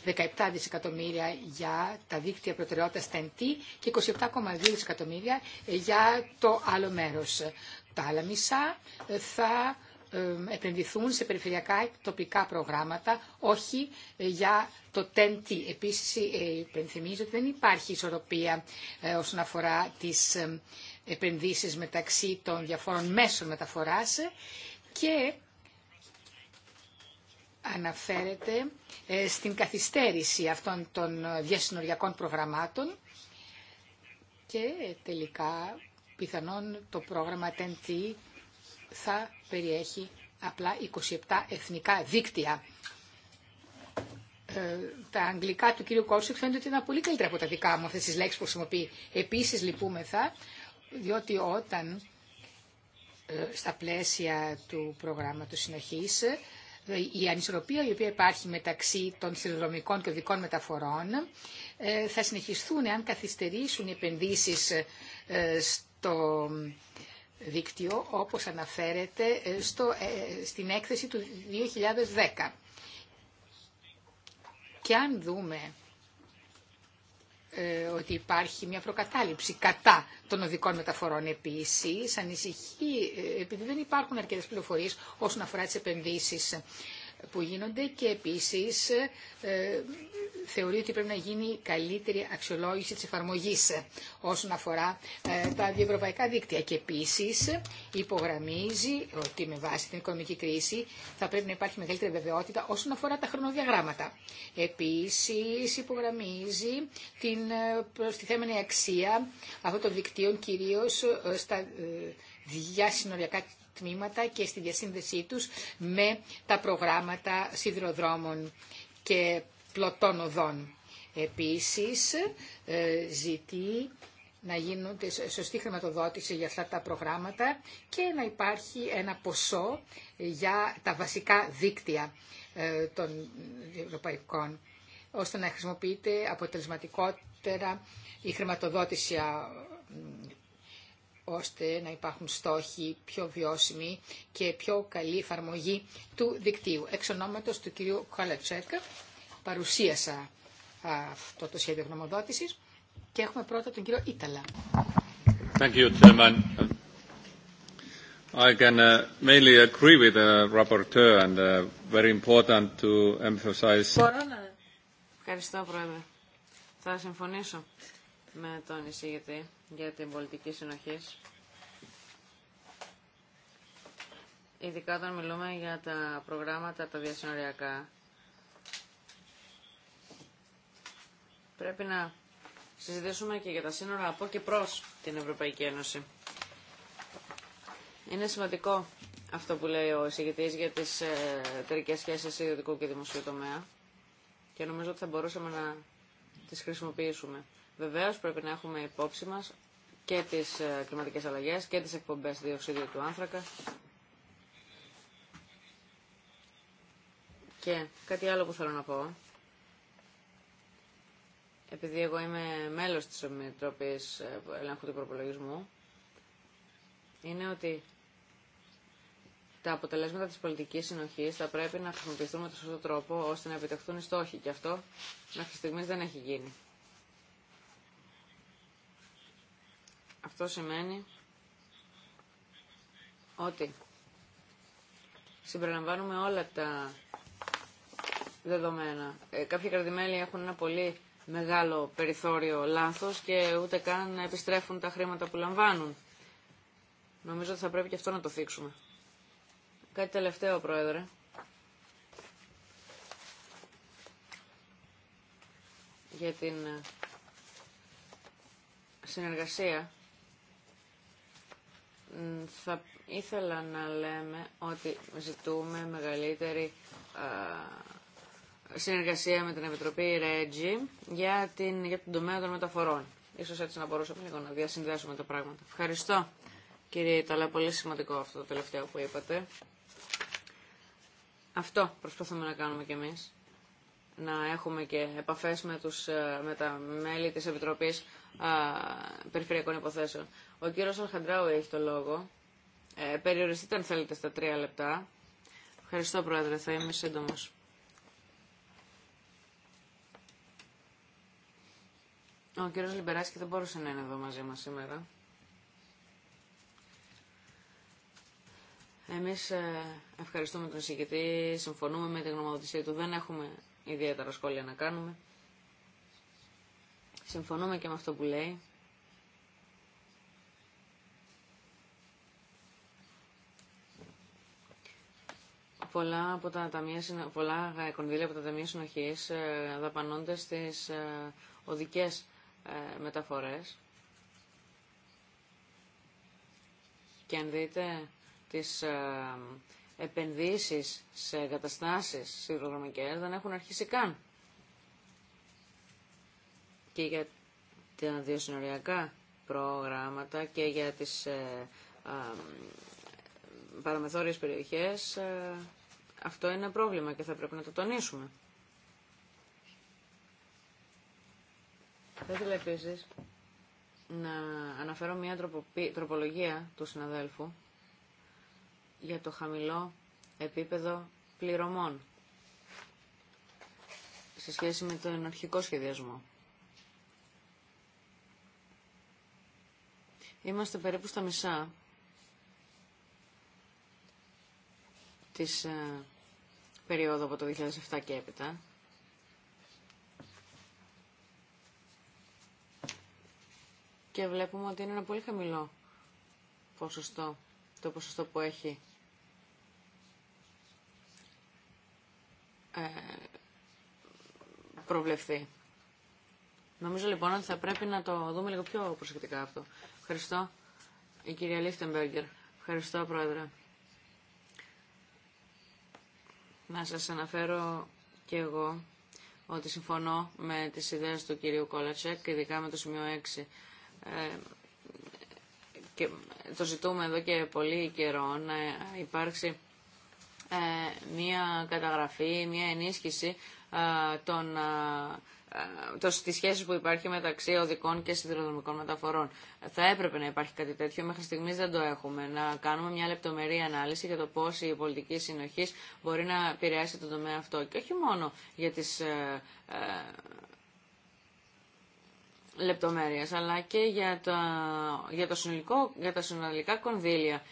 17 δισεκατομμύρια για τα δίκτυα προτεραιότητας TEN-T και 27,2 δισεκατομμύρια για το άλλο μέρος. Τα άλλα μισά θα επενδυθούν σε περιφερειακά τοπικά προγράμματα, όχι ε, για το TEN-T. Επίσης, ε, υπενθυμίζω ότι δεν υπάρχει ισορροπία ε, όσον αφορά τις επενδύσεις μεταξύ των διαφόρων μέσων μεταφοράς και αναφέρεται στην καθυστέρηση αυτών των διασυνοριακών προγραμμάτων και τελικά πιθανόν το πρόγραμμα TEN-T θα περιέχει απλά 27 εθνικά δίκτυα. Ε, τα αγγλικά του κύριου Κόρσουκ φαίνεται ότι είναι πολύ καλύτερα από τα δικά μου αυτές τις λέξεις που χρησιμοποιεί. Επίσης λυπούμεθα, διότι όταν ε, στα πλαίσια του προγράμματος συνοχής ε, η ανισορροπία η οποία υπάρχει μεταξύ των σιδηροδρομικών και οδικών μεταφορών θα συνεχιστούν αν καθυστερήσουν οι επενδύσεις στο δίκτυο, όπως αναφέρεται ε, στο, ε, στην έκθεση του 2010. Και αν δούμε ε, ότι υπάρχει μια προκατάληψη κατά των οδικών μεταφορών επίσης, ανησυχεί επειδή δεν υπάρχουν αρκετές πληροφορίες όσον αφορά τις επενδύσεις που γίνονται και επίσης ε, θεωρεί ότι πρέπει να γίνει καλύτερη αξιολόγηση της εφαρμογής όσον αφορά ε, τα διευρωπαϊκά δίκτυα και επίσης υπογραμμίζει ότι με βάση την οικονομική κρίση θα πρέπει να υπάρχει μεγαλύτερη βεβαιότητα όσον αφορά τα χρονοδιαγράμματα. Επίσης υπογραμμίζει την ε, προστιθέμενη αξία αυτών των δικτύων κυρίως στα ε, διασυνοριακά τμήματα και στη διασύνδεσή τους με τα προγράμματα σιδηροδρόμων και πλωτών οδών. Επίσης, ε, ζητεί να γίνονται ε, σωστή χρηματοδότηση για αυτά τα προγράμματα και να υπάρχει ένα ποσό για τα βασικά δίκτυα ε, των ευρωπαϊκών, ώστε να χρησιμοποιείται αποτελεσματικότερα η χρηματοδότηση ώστε να υπάρχουν στόχοι πιο βιώσιμοι και πιο καλή εφαρμογή του δικτύου. Εξ ονόματος του κυρίου Κάλατσέκα παρουσίασα αυτό το σχέδιο γνωμοδότησης και έχουμε πρώτα τον κύριο Ήταλα. Thank you, I can uh, mainly agree with the rapporteur and uh, very important to emphasize. Μπορώ Ευχαριστώ, Πρόεδρε. Θα συμφωνήσω με τον εισηγητή για την πολιτική συνοχή. Ειδικά όταν μιλούμε για τα προγράμματα τα διασυνοριακά. Πρέπει να συζητήσουμε και για τα σύνορα από και προς την Ευρωπαϊκή Ένωση. Είναι σημαντικό αυτό που λέει ο εισηγητής για τις ε, εταιρικές σχέσεις ιδιωτικού και δημοσίου τομέα και νομίζω ότι θα μπορούσαμε να τις χρησιμοποιήσουμε. Βεβαίως πρέπει να έχουμε υπόψη μας και τις ε, κλιματικές αλλαγές και τις εκπομπές διοξίδιου του άνθρακα. Και κάτι άλλο που θέλω να πω, επειδή εγώ είμαι μέλος της Επιτροπής ε, Ελέγχου του Προπολογισμού, είναι ότι τα αποτελέσματα της πολιτικής συνοχής θα πρέπει να χρησιμοποιηθούν με τον σωστό τρόπο ώστε να επιτευχθούν οι στόχοι. Και αυτό μέχρι στιγμής δεν έχει γίνει. Αυτό σημαίνει ότι συμπεριλαμβάνουμε όλα τα δεδομένα. Ε, κάποιοι έχουν ένα πολύ μεγάλο περιθώριο λάθος και ούτε καν επιστρέφουν τα χρήματα που λαμβάνουν. Νομίζω ότι θα πρέπει και αυτό να το θίξουμε. Κάτι τελευταίο, Πρόεδρε. Για την συνεργασία θα ήθελα να λέμε ότι ζητούμε μεγαλύτερη συνεργασία με την Επιτροπή Ρέτζι για, την, για τον τομέα των μεταφορών. Ίσως έτσι να μπορούσαμε λίγο να διασυνδέσουμε τα πράγματα. Ευχαριστώ κύριε Ιταλά, πολύ σημαντικό αυτό το τελευταίο που είπατε. Αυτό προσπαθούμε να κάνουμε κι εμείς. Να έχουμε και επαφές με, ε, τα μέλη της Επιτροπής Περιφερειακών Υποθέσεων. Ο κύριος Αλχαντράου έχει το λόγο. Ε, περιοριστείτε αν θέλετε στα τρία λεπτά. Ευχαριστώ Πρόεδρε, θα είμαι σύντομος. Ο κύριος Λιμπεράσκη δεν μπορούσε να είναι εδώ μαζί μας σήμερα. Εμείς ε, ευχαριστούμε τον συγκεκριτή, συμφωνούμε με την γνωμοδοτησία του, δεν έχουμε ιδιαίτερα σχόλια να κάνουμε. Συμφωνούμε και με αυτό που λέει. πολλά, από τα ταμεία, πολλά κονδύλια από τα ταμεία συνοχής ε, δαπανώνται στις ε, οδικές ε, μεταφορές. Και αν δείτε τις επενδύσεις σε εγκαταστάσεις σιδηροδρομικές δεν έχουν αρχίσει καν και για τα συνοριακά προγράμματα και για τις ε, παραμεθόριες περιοχές, ε, αυτό είναι πρόβλημα και θα πρέπει να το τονίσουμε. Θα ήθελα επίση να αναφέρω μια τροπολογία του συναδέλφου για το χαμηλό επίπεδο πληρωμών σε σχέση με τον αρχικό σχεδιασμό. Είμαστε περίπου στα μισά της ε, περίοδου από το 2007 και έπειτα. Και βλέπουμε ότι είναι ένα πολύ χαμηλό ποσοστό, το ποσοστό που έχει ε, προβλεφθεί. Νομίζω λοιπόν ότι θα πρέπει να το δούμε λίγο πιο προσεκτικά αυτό. Ευχαριστώ. Η κυρία Λίφτεμπεργκερ. Ευχαριστώ, Πρόεδρε. Να σας αναφέρω και εγώ ότι συμφωνώ με τις ιδέες του κυρίου Κόλατσεκ, ειδικά με το σημείο 6. Ε, το ζητούμε εδώ και πολύ καιρό να υπάρξει ε, μία καταγραφή, μία ενίσχυση ε, των ε, ε, τις σχέσεις που υπάρχει μεταξύ οδικών και σιδηροδρομικών μεταφορών. Θα έπρεπε να υπάρχει κάτι τέτοιο, μέχρι στιγμή δεν το έχουμε. Να κάνουμε μια λεπτομερή ανάλυση για το πώς η πολιτική συνοχή μπορεί να επηρεάσει τον τομέα αυτό. Και όχι μόνο για τι ε, ε, λεπτομέρειες, αλλά και για, το, για, το συνολικό, για τα συνολικά κονδύλια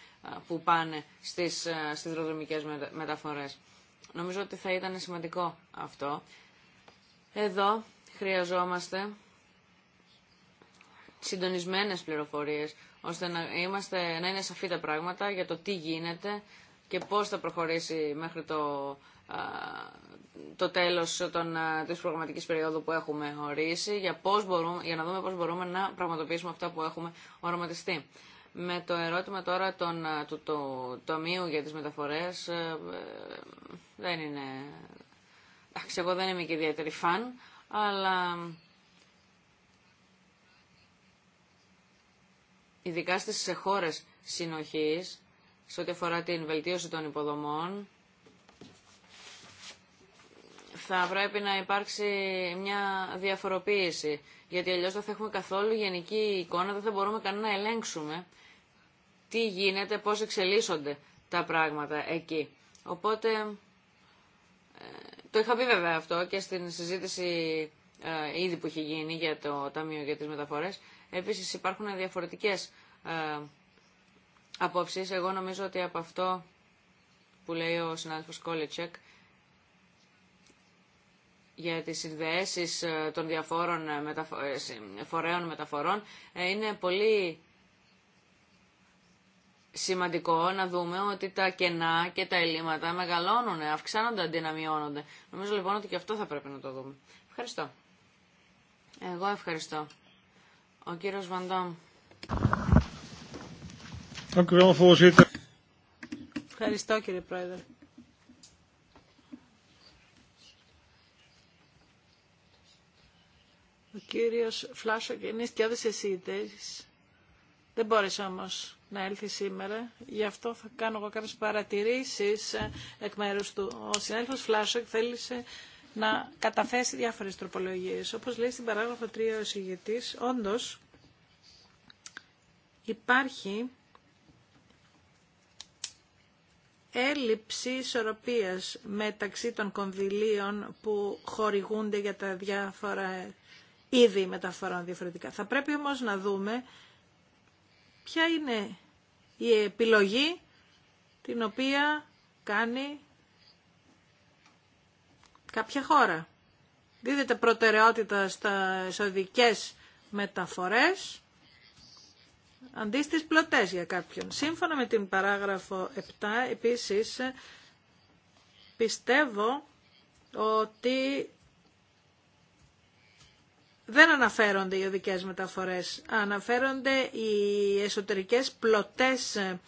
που πάνε στις, στις μεταφορές. Νομίζω ότι θα ήταν σημαντικό αυτό. Εδώ χρειαζόμαστε συντονισμένες πληροφορίες, ώστε να, είμαστε, να είναι σαφή τα πράγματα για το τι γίνεται και πώς θα προχωρήσει μέχρι το, το τέλος των, της προγραμματικής περίοδου που έχουμε ορίσει, για, πώς μπορούμε, για να δούμε πώς μπορούμε να πραγματοποιήσουμε αυτά που έχουμε οραματιστεί. Με το ερώτημα τώρα των, του, τομείου για τις μεταφορές, ε, ε, δεν είναι Εντάξει, εγώ δεν είμαι και ιδιαίτερη φαν, αλλά ειδικά στις χώρες συνοχής, σε ό,τι αφορά την βελτίωση των υποδομών, θα πρέπει να υπάρξει μια διαφοροποίηση, γιατί αλλιώς δεν θα έχουμε καθόλου γενική εικόνα, δεν θα μπορούμε καν να ελέγξουμε τι γίνεται, πώς εξελίσσονται τα πράγματα εκεί. Οπότε ε, το είχα πει βέβαια αυτό και στην συζήτηση ε, ήδη που έχει γίνει για το Ταμείο για τις Μεταφορές. Επίσης υπάρχουν διαφορετικές ε, απόψεις. Εγώ νομίζω ότι από αυτό που λέει ο συνάδελφος Κόλιτσεκ για τις συνδέσεις ε, των διαφόρων φορέων μεταφορών είναι πολύ σημαντικό να δούμε ότι τα κενά και τα ελλείμματα μεγαλώνουν, αυξάνονται αντί να μειώνονται. Νομίζω λοιπόν ότι και αυτό θα πρέπει να το δούμε. Ευχαριστώ. Εγώ ευχαριστώ. Ο κύριος Βαντόμ. Ευχαριστώ κύριε Πρόεδρε. Ο κύριος Φλάσο και είναι σκιώδης εσείς; Δεν μπόρεσε όμως να έλθει σήμερα. Γι' αυτό θα κάνω εγώ κάποιες παρατηρήσεις ε, εκ μέρους του. Ο συνάδελφος Φλάσοκ θέλησε να καταθέσει διάφορες τροπολογίες. Όπως λέει στην παράγραφο 3 ο συγγετής, όντως υπάρχει έλλειψη ισορροπίας μεταξύ των κονδυλίων που χορηγούνται για τα διάφορα είδη μεταφορών διαφορετικά. Θα πρέπει όμως να δούμε ποια είναι η επιλογή την οποία κάνει κάποια χώρα. Δίδεται προτεραιότητα στα εσωδικές μεταφορές αντί στις πλωτές για κάποιον. Σύμφωνα με την παράγραφο 7, επίσης, πιστεύω ότι δεν αναφέρονται οι οδικές μεταφορές, αναφέρονται οι εσωτερικές πλωτές ε,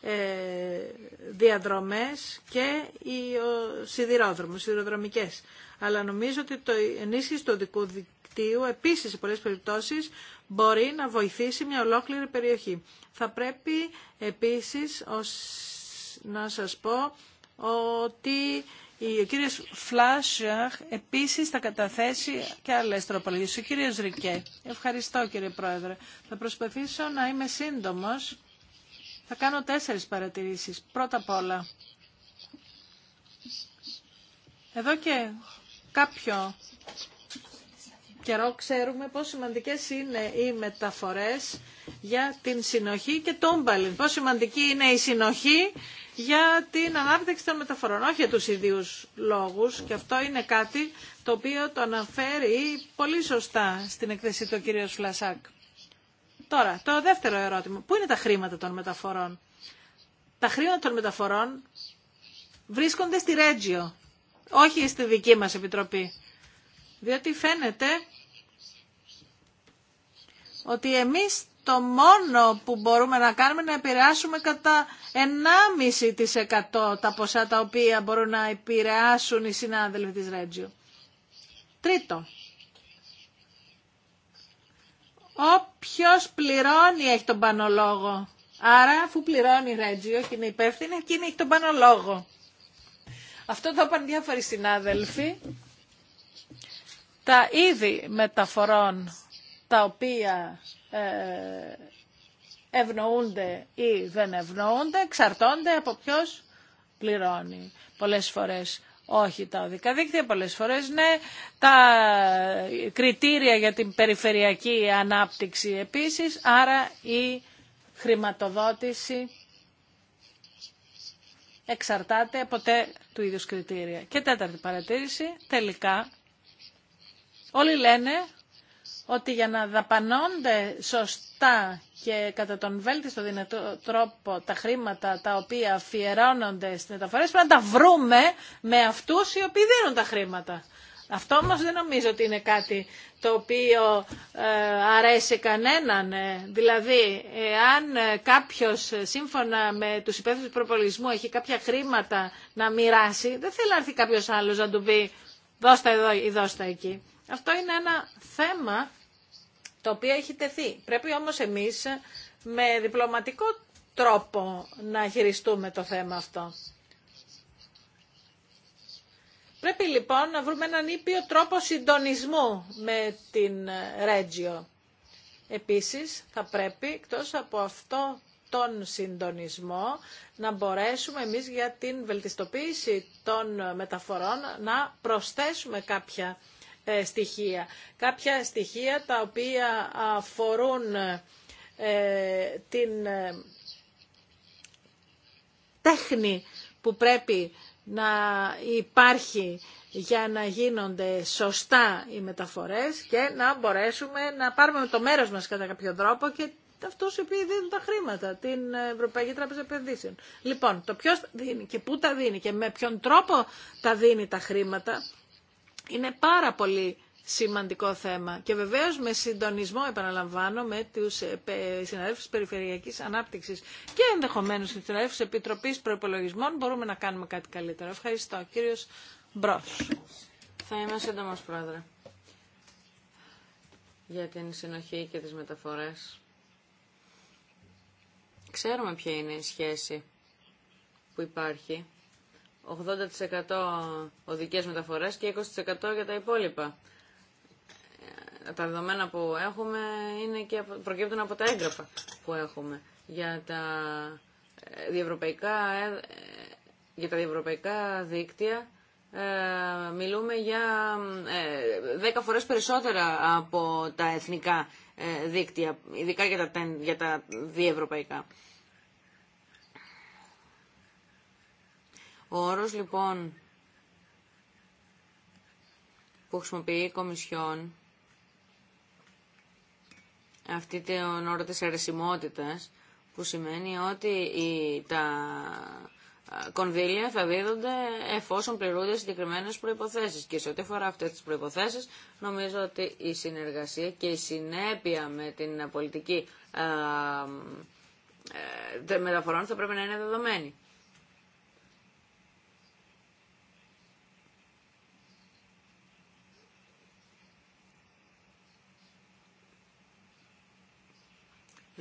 ε, διαδρομές και οι σιδηρόδρομοι, σιδηροδρομικές. Αλλά νομίζω ότι το ενίσχυση του οδικού δικτύου επίσης σε πολλές περιπτώσεις μπορεί να βοηθήσει μια ολόκληρη περιοχή. Θα πρέπει επίσης να σας πω ότι ο κύριος Φλάσιαχ επίσης θα καταθέσει και άλλες τροπολογίες. Ο κύριος Ρικέ. Ευχαριστώ κύριε Πρόεδρε. Θα προσπαθήσω να είμαι σύντομος. Θα κάνω τέσσερις παρατηρήσεις. Πρώτα απ' όλα. Εδώ και κάποιο καιρό ξέρουμε πόσο σημαντικές είναι οι μεταφορές για την συνοχή και τον Πόσο σημαντική είναι η συνοχή για την ανάπτυξη των μεταφορών, όχι για τους ιδίους λόγους και αυτό είναι κάτι το οποίο το αναφέρει πολύ σωστά στην εκθέση του κ. Φλασάκ. Τώρα, το δεύτερο ερώτημα. Πού είναι τα χρήματα των μεταφορών. Τα χρήματα των μεταφορών βρίσκονται στη Ρέτζιο, όχι στη δική μας Επιτροπή. Διότι φαίνεται ότι εμείς το μόνο που μπορούμε να κάνουμε είναι να επηρεάσουμε κατά 1,5% τα ποσά τα οποία μπορούν να επηρεάσουν οι συνάδελφοι της Ρέτζιου. Τρίτο. Όποιος πληρώνει έχει τον πανολόγο. Άρα αφού πληρώνει η Ρέτζιο και είναι υπεύθυνη, εκείνη έχει τον πανολόγο. Αυτό το είπαν διάφοροι συνάδελφοι. Τα είδη μεταφορών τα οποία ε, ευνοούνται ή δεν ευνοούνται, εξαρτώνται από ποιος πληρώνει. Πολλές φορές όχι τα οδικά δίκτυα, πολλές φορές ναι. Τα κριτήρια για την περιφερειακή ανάπτυξη επίσης, άρα η χρηματοδότηση εξαρτάται ποτέ του ίδιους κριτήρια. Και τέταρτη παρατήρηση, τελικά όλοι λένε ότι για να δαπανώνται σωστά και κατά τον βέλτιστο δυνατό τρόπο τα χρήματα τα οποία αφιερώνονται στις μεταφορές πρέπει να τα βρούμε με αυτούς οι οποίοι δίνουν τα χρήματα. Αυτό όμω δεν νομίζω ότι είναι κάτι το οποίο ε, αρέσει κανέναν. Ε, δηλαδή, αν ε, κάποιος σύμφωνα με τους υπεύθυνους του προπολισμού έχει κάποια χρήματα να μοιράσει, δεν θέλει να έρθει κάποιος άλλος να του πει δώστε εδώ ή δώστε εκεί. Αυτό είναι ένα θέμα το οποίο έχει τεθεί. Πρέπει όμως εμείς με διπλωματικό τρόπο να χειριστούμε το θέμα αυτό. Πρέπει λοιπόν να βρούμε έναν ήπιο τρόπο συντονισμού με την Ρέτζιο. Επίσης θα πρέπει εκτός από αυτό τον συντονισμό να μπορέσουμε εμείς για την βελτιστοποίηση των μεταφορών να προσθέσουμε κάποια ε, στοιχεία. Κάποια στοιχεία τα οποία αφορούν ε, την ε, τέχνη που πρέπει να υπάρχει για να γίνονται σωστά οι μεταφορές και να μπορέσουμε να πάρουμε το μέρος μας κατά κάποιο τρόπο και αυτούς οι οποίοι δίνουν τα χρήματα, την Ευρωπαϊκή Τράπεζα Επενδύσεων. Λοιπόν, το ποιος δίνει και πού τα δίνει και με ποιον τρόπο τα δίνει τα χρήματα, είναι πάρα πολύ σημαντικό θέμα και βεβαίως με συντονισμό επαναλαμβάνω με τους ε, συναδέλφους περιφερειακής ανάπτυξης και ενδεχομένως τους συναδέλφους Επιτροπής Προϋπολογισμών μπορούμε να κάνουμε κάτι καλύτερο. Ευχαριστώ. Κύριος Μπρος. Θα είμαι σύντομο Πρόεδρε για την συνοχή και τις μεταφορές. Ξέρουμε ποια είναι η σχέση που υπάρχει 80% οδικές μεταφορές και 20% για τα υπόλοιπα. Τα δεδομένα που έχουμε είναι και προκύπτουν από τα έγγραφα που έχουμε. Για τα ε, διευρωπαϊκά, ε, για τα διευρωπαϊκά δίκτυα ε, μιλούμε για 10 φορές περισσότερα από τα εθνικά δίκτυα, ειδικά για τα, για τα διευρωπαϊκά. Ο όρος λοιπόν που χρησιμοποιεί η Κομισιόν αυτή την όρο της αρεσιμότητας που σημαίνει ότι η, τα κονδύλια θα δίδονται εφόσον πληρούνται συγκεκριμένες προϋποθέσεις και σε ό,τι αφορά αυτές τις προϋποθέσεις νομίζω ότι η συνεργασία και η συνέπεια με την πολιτική α, ε, μεταφορών θα πρέπει να είναι δεδομένη.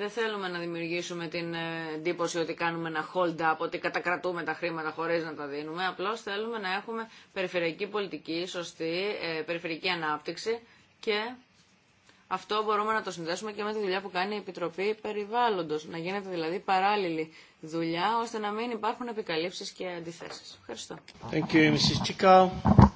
Δεν θέλουμε να δημιουργήσουμε την ε, εντύπωση ότι κάνουμε ένα hold-up, ότι κατακρατούμε τα χρήματα χωρίς να τα δίνουμε. Απλώς θέλουμε να έχουμε περιφερειακή πολιτική, σωστή, ε, περιφερειακή ανάπτυξη και αυτό μπορούμε να το συνδέσουμε και με τη δουλειά που κάνει η Επιτροπή Περιβάλλοντος. Να γίνεται δηλαδή παράλληλη δουλειά ώστε να μην υπάρχουν επικαλύψεις και αντιθέσεις. Ευχαριστώ. Thank you, Mrs.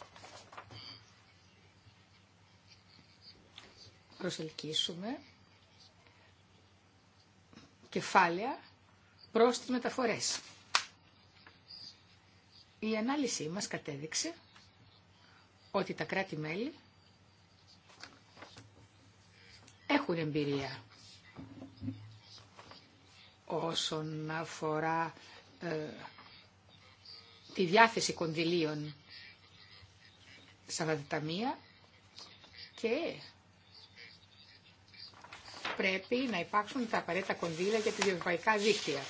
προσελκύσουμε κεφάλαια προς τις μεταφορές. Η ανάλυση μας κατέδειξε ότι τα κράτη-μέλη έχουν εμπειρία όσον αφορά ε, τη διάθεση κονδυλίων σαν τα και πρέπει να υπάρξουν τα απαραίτητα κονδύλια για τη διευρωπαϊκά δίκτυα.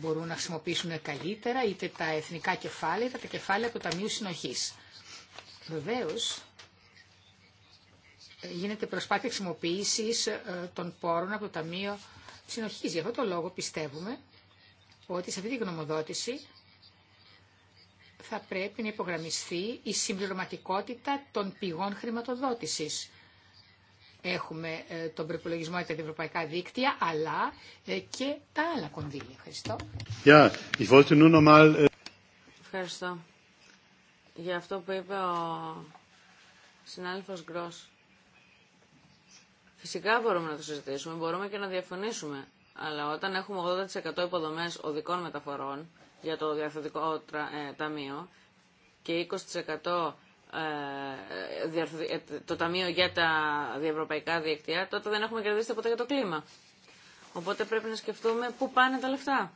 Μπορούν να χρησιμοποιήσουν καλύτερα είτε τα εθνικά κεφάλαια είτε τα κεφάλαια του Ταμείου Συνοχής. σε αυτή τη γνωδότηση γίνεται προσπάθεια χρησιμοποίηση ε, των πόρων από το Ταμείο συνοχη Γι' αυτό το λόγο πιστεύουμε ότι σε αυτή τη γνωμοδότηση θα πρέπει να υπογραμμιστεί η συμπληρωματικότητα των πηγών χρηματοδότησης έχουμε ε, τον προπολογισμό για τα ευρωπαϊκά δίκτυα, αλλά ε, και τα άλλα κονδύλια. Ευχαριστώ. Äh, Ευχαριστώ. Για αυτό που είπε ο συνάδελφος Γκρός. Φυσικά μπορούμε να το συζητήσουμε, μπορούμε και να διαφωνήσουμε. Αλλά όταν έχουμε 80% υποδομές οδικών μεταφορών για το διαφορετικό ε, ταμείο και 20% ε, ε, το Ταμείο για τα Διευρωπαϊκά Διεκτυά, τότε δεν έχουμε κερδίσει τίποτα για το κλίμα. Οπότε πρέπει να σκεφτούμε πού πάνε τα λεφτά.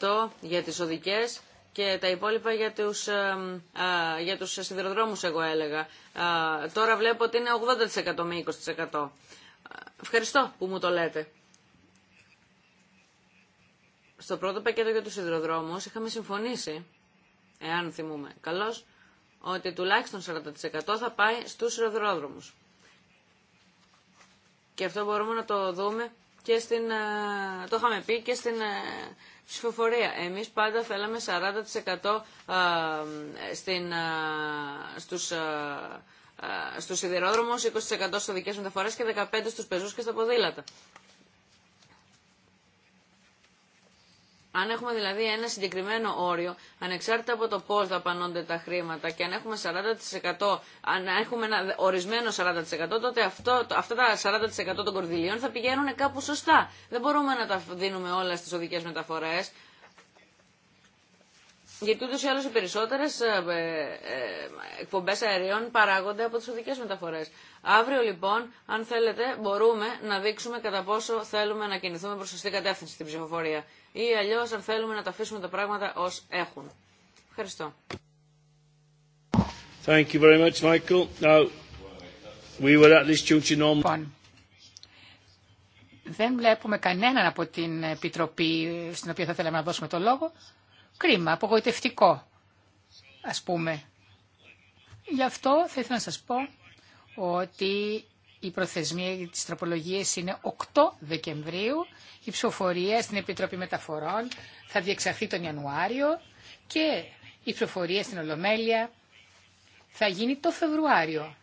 60% για τις οδικές και τα υπόλοιπα για τους, ε, για τους σιδηροδρόμους εγώ έλεγα. Τώρα βλέπω ότι είναι 80% με 20%. Ευχαριστώ που μου το λέτε. Στο πρώτο πακέτο για τους σιδηροδρόμους είχαμε συμφωνήσει εάν θυμούμε καλώς, ότι τουλάχιστον 40% θα πάει στους σιδηροδρόμους. Και αυτό μπορούμε να το δούμε και στην, ε, το είχαμε πει και στην ε, ψηφοφορία. Εμείς πάντα θέλαμε 40% ε, στην, στους, στους σιδηρόδρομους, 20% στις οδικές μεταφορές και 15% στους πεζούς και στα ποδήλατα. Αν έχουμε δηλαδή ένα συγκεκριμένο όριο, ανεξάρτητα από το πώ δαπανώνται τα χρήματα και αν έχουμε 40%, αν έχουμε ένα ορισμένο 40%, τότε αυτό, αυτά τα 40% των κορδιλίων θα πηγαίνουν κάπου σωστά. Δεν μπορούμε να τα δίνουμε όλα στις οδικές μεταφορές. Γιατί ούτως ή άλλως οι περισσότερες ε, ε, εκπομπές αερίων παράγονται από τις οδικές μεταφορές. Αύριο λοιπόν, αν θέλετε, μπορούμε να δείξουμε κατά πόσο θέλουμε να κινηθούμε προς σωστή κατεύθυνση στην ψηφοφορία ή αλλιώ αν θέλουμε να τα αφήσουμε τα πράγματα ω έχουν. Ευχαριστώ. Thank you very much, Michael. Now, we were at this λοιπόν, δεν βλέπουμε κανέναν από την Επιτροπή στην οποία θα θέλαμε να δώσουμε το λόγο. Κρίμα, απογοητευτικό, ας πούμε. Γι' αυτό θα ήθελα να σας πω ότι η προθεσμία για τις τροπολογίες είναι 8 Δεκεμβρίου. Η ψηφοφορία στην Επιτροπή Μεταφορών θα διεξαχθεί τον Ιανουάριο και η ψηφοφορία στην Ολομέλεια θα γίνει το Φεβρουάριο.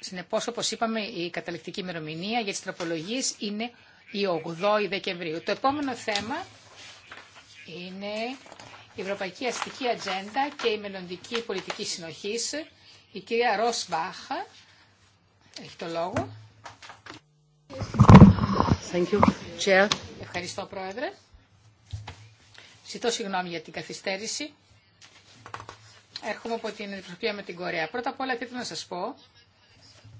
Συνεπώς, όπως είπαμε, η καταληκτική ημερομηνία για τις τροπολογίες είναι η 8η Δεκεμβρίου. Το επόμενο θέμα είναι η Ευρωπαϊκή Αστική Ατζέντα και η Μελλοντική Πολιτική Συνοχής. Η κυρία Ροσμπάχα έχει το λόγο. Thank you, Chair. Ευχαριστώ, Πρόεδρε. Ζητώ συγγνώμη για την καθυστέρηση. Έρχομαι από την Επιτροπή με την Κορέα. Πρώτα απ' όλα θέλω να σας πω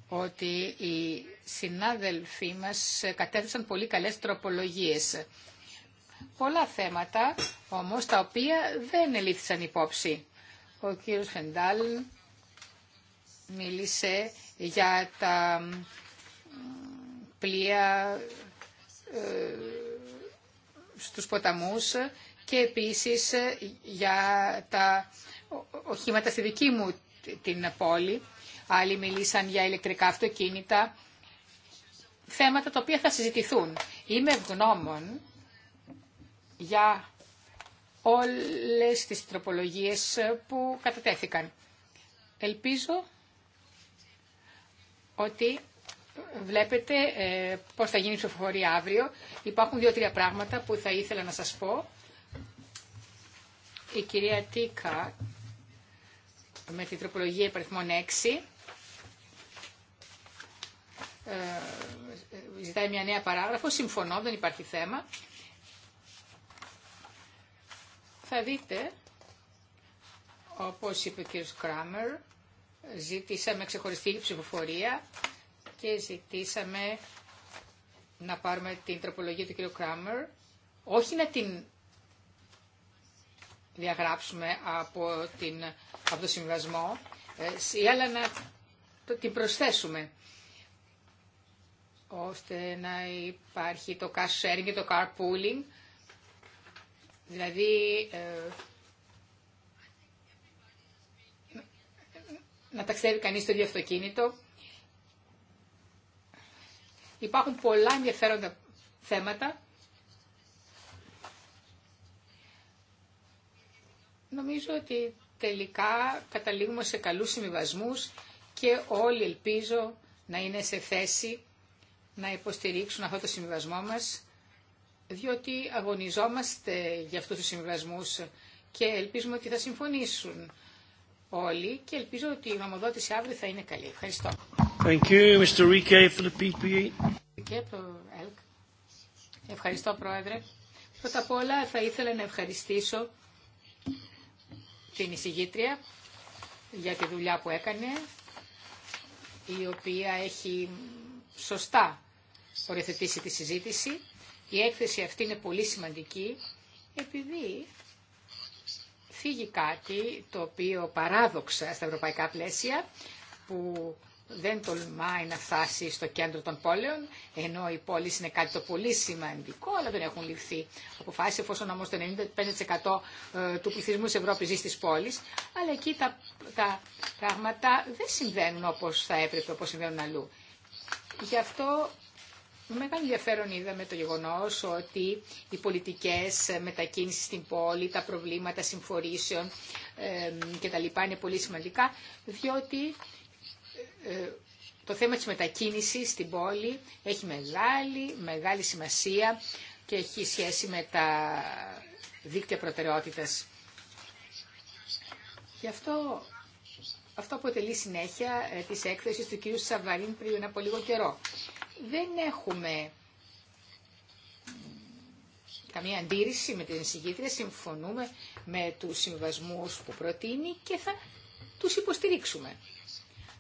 ότι οι συνάδελφοί μας κατέθεσαν πολύ καλές τροπολογίες. Πολλά θέματα όμως τα οποία δεν ελήφθησαν υπόψη. Ο κύριος Φεντάλ, μίλησε για τα πλοία ε, στους ποταμούς και επίσης για τα οχήματα στη δική μου την πόλη. Άλλοι μιλήσαν για ηλεκτρικά αυτοκίνητα, θέματα τα οποία θα συζητηθούν. Είμαι ευγνώμων για όλες τις τροπολογίες που κατατέθηκαν. Ελπίζω ότι βλέπετε ε, πώς θα γίνει η ψηφοφορία αύριο. Υπάρχουν δύο-τρία πράγματα που θα ήθελα να σας πω. Η κυρία Τίκα με την τροπολογία υπαριθμών 6 ε, ζητάει μια νέα παράγραφο. Συμφωνώ, δεν υπάρχει θέμα. Θα δείτε, όπως είπε ο κ. Κράμερ, Ζήτησαμε ξεχωριστή ψηφοφορία και ζητήσαμε να πάρουμε την τροπολογία του κ. Κράμερ, όχι να την διαγράψουμε από, την, από το συμβασμό, ή ε, αλλά να το, την προσθέσουμε ώστε να υπάρχει το cash sharing και το car δηλαδή ε, να ταξιδεύει κανείς το ίδιο αυτοκίνητο. Υπάρχουν πολλά ενδιαφέροντα θέματα. Νομίζω ότι τελικά καταλήγουμε σε καλούς συμβιβασμού και όλοι ελπίζω να είναι σε θέση να υποστηρίξουν αυτό το συμβιβασμό μας, διότι αγωνιζόμαστε για αυτούς τους συμβιβασμούς και ελπίζουμε ότι θα συμφωνήσουν όλοι και ελπίζω ότι η γνωμοδότηση αύριο θα είναι καλή. Ευχαριστώ. Thank you, Mr. Rike, for the e. Ευχαριστώ, Πρόεδρε. Πρώτα απ' όλα θα ήθελα να ευχαριστήσω την εισηγήτρια για τη δουλειά που έκανε, η οποία έχει σωστά οριοθετήσει τη συζήτηση. Η έκθεση αυτή είναι πολύ σημαντική, επειδή Φύγει κάτι το οποίο παράδοξα στα ευρωπαϊκά πλαίσια που δεν τολμάει να φτάσει στο κέντρο των πόλεων, ενώ οι πόλη είναι κάτι το πολύ σημαντικό, αλλά δεν έχουν ληφθεί αποφάσεις, εφόσον όμως το 95% ε, του πληθυσμού της Ευρώπης ζει στις πόλεις, αλλά εκεί τα, τα πράγματα δεν συμβαίνουν όπως θα έπρεπε, όπως συμβαίνουν αλλού. Γι' αυτό με μεγάλο ενδιαφέρον είδαμε το γεγονός ότι οι πολιτικές μετακίνηση στην πόλη, τα προβλήματα συμφορήσεων ε, και τα λοιπά είναι πολύ σημαντικά, διότι ε, το θέμα της μετακίνησης στην πόλη έχει μεγάλη, μεγάλη σημασία και έχει σχέση με τα δίκτυα προτεραιότητας. Γι' αυτό, αυτό αποτελεί συνέχεια ε, της έκθεσης του κ. Σαβαρίν πριν από λίγο καιρό δεν έχουμε καμία αντίρρηση με την συγκήτρια, συμφωνούμε με τους συμβασμούς που προτείνει και θα τους υποστηρίξουμε.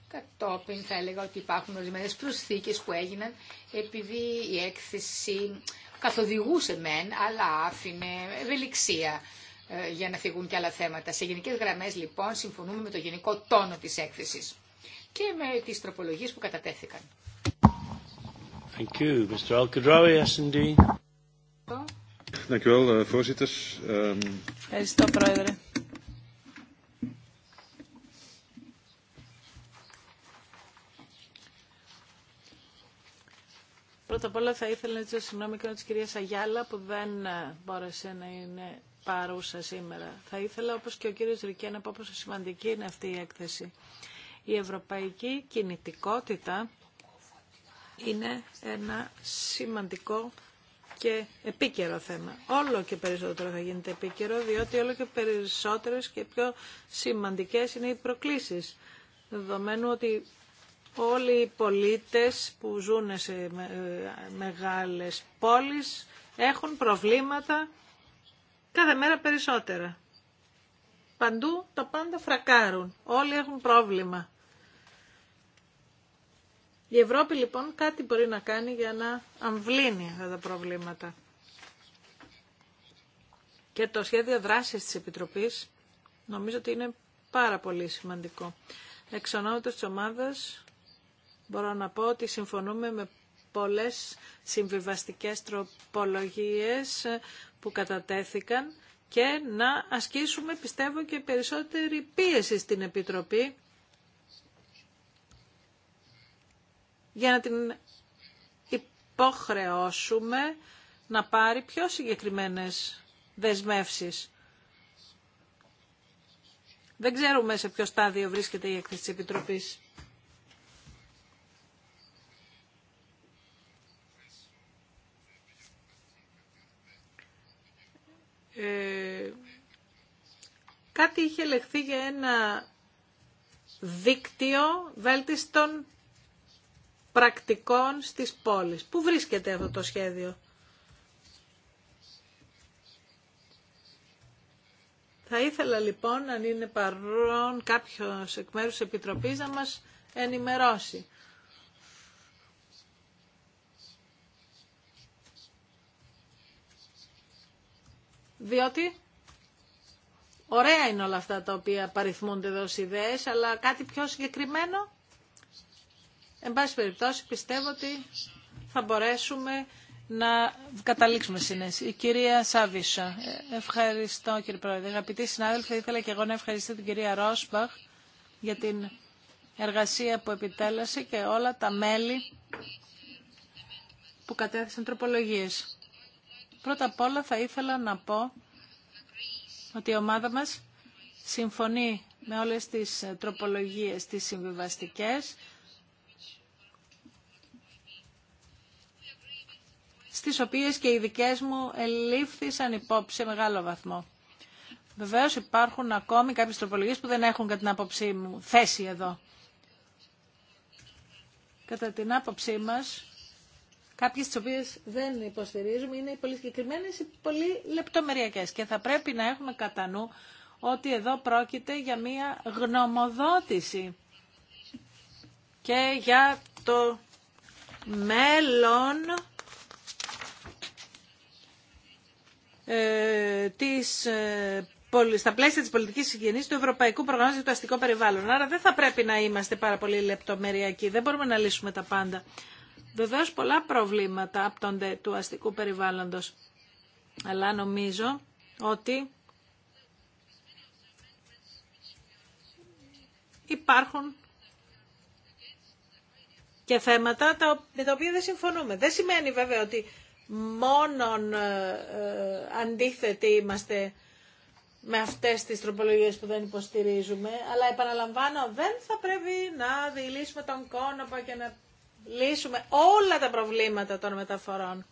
Κατόπιν θα έλεγα ότι υπάρχουν ορισμένες προσθήκες που έγιναν επειδή η έκθεση καθοδηγούσε μεν, αλλά άφηνε ευελιξία ε, για να φύγουν και άλλα θέματα. Σε γενικές γραμμές λοιπόν συμφωνούμε με το γενικό τόνο της έκθεσης και με τις τροπολογίες που κατατέθηκαν. Uh, voorzitter. Um, Ευχαριστώ, Πρόεδρε. Πρώτα απ' όλα θα ήθελα να ζητήσω συγγνώμη και τη κυρία Αγιάλα που δεν ε, μπόρεσε να είναι παρούσα σήμερα. Θα ήθελα όπως και ο κύριος Ρικέ να πω πόσο σημαντική είναι αυτή η έκθεση. Η ευρωπαϊκή κινητικότητα είναι ένα σημαντικό και επίκαιρο θέμα. Όλο και περισσότερο θα γίνεται επίκαιρο, διότι όλο και περισσότερες και πιο σημαντικές είναι οι προκλήσεις. Δεδομένου ότι όλοι οι πολίτες που ζουν σε ε, μεγάλες πόλεις έχουν προβλήματα κάθε μέρα περισσότερα. Παντού τα πάντα φρακάρουν. Όλοι έχουν πρόβλημα. Η Ευρώπη λοιπόν κάτι μπορεί να κάνει για να αμβλύνει αυτά τα προβλήματα. Και το σχέδιο δράσης της Επιτροπής νομίζω ότι είναι πάρα πολύ σημαντικό. Εξ της ομάδας μπορώ να πω ότι συμφωνούμε με πολλές συμβιβαστικές τροπολογίες που κατατέθηκαν και να ασκήσουμε πιστεύω και περισσότερη πίεση στην Επιτροπή για να την υποχρεώσουμε να πάρει πιο συγκεκριμένες δεσμεύσεις. Δεν ξέρουμε σε ποιο στάδιο βρίσκεται η έκθεση της Επιτροπής. Ε, κάτι είχε λεχθεί για ένα δίκτυο βέλτιστων πρακτικών στις πόλεις. Πού βρίσκεται αυτό το σχέδιο. Θα ήθελα λοιπόν, αν είναι παρόν κάποιος εκ μέρους της Επιτροπής, να μας ενημερώσει. Διότι ωραία είναι όλα αυτά τα οποία παριθμούνται εδώ ως ιδέες, αλλά κάτι πιο συγκεκριμένο Εν πάση περιπτώσει πιστεύω ότι θα μπορέσουμε να καταλήξουμε συνέση. Η κυρία Σάβισα Ευχαριστώ κύριε Πρόεδρε. Αγαπητοί συνάδελφοι, ήθελα και εγώ να ευχαριστήσω την κυρία Ρόσπαχ για την εργασία που επιτέλεσε και όλα τα μέλη που κατέθεσαν τροπολογίες. Πρώτα απ' όλα θα ήθελα να πω ότι η ομάδα μας συμφωνεί με όλες τις τροπολογίες τις συμβιβαστικές στις οποίες και οι δικές μου ελήφθησαν υπόψη σε μεγάλο βαθμό. Βεβαίως υπάρχουν ακόμη κάποιες τροπολογίες που δεν έχουν κατά την άποψή μου θέση εδώ. Κατά την άποψή μας, κάποιες τις οποίες δεν υποστηρίζουμε είναι πολύ συγκεκριμένε ή πολύ λεπτομεριακές και θα πρέπει να έχουμε κατά νου ότι εδώ πρόκειται για μία γνωμοδότηση και για το μέλλον Ε, της ε, στα πλαίσια της πολιτικής συγγενής του Ευρωπαϊκού Προγράμματος για το Αστικό Περιβάλλον. Άρα δεν θα πρέπει να είμαστε πάρα πολύ λεπτομεριακοί. Δεν μπορούμε να λύσουμε τα πάντα. Βεβαίω πολλά προβλήματα απτώνται του αστικού Περιβάλλοντος. Αλλά νομίζω ότι υπάρχουν και θέματα με τα οποία δεν συμφωνούμε. Δεν σημαίνει βέβαια ότι μόνον ε, ε, αντίθετοι είμαστε με αυτές τις τροπολογίες που δεν υποστηρίζουμε, αλλά επαναλαμβάνω, δεν θα πρέπει να διηλύσουμε τον κόνοπα και να λύσουμε όλα τα προβλήματα των μεταφορών.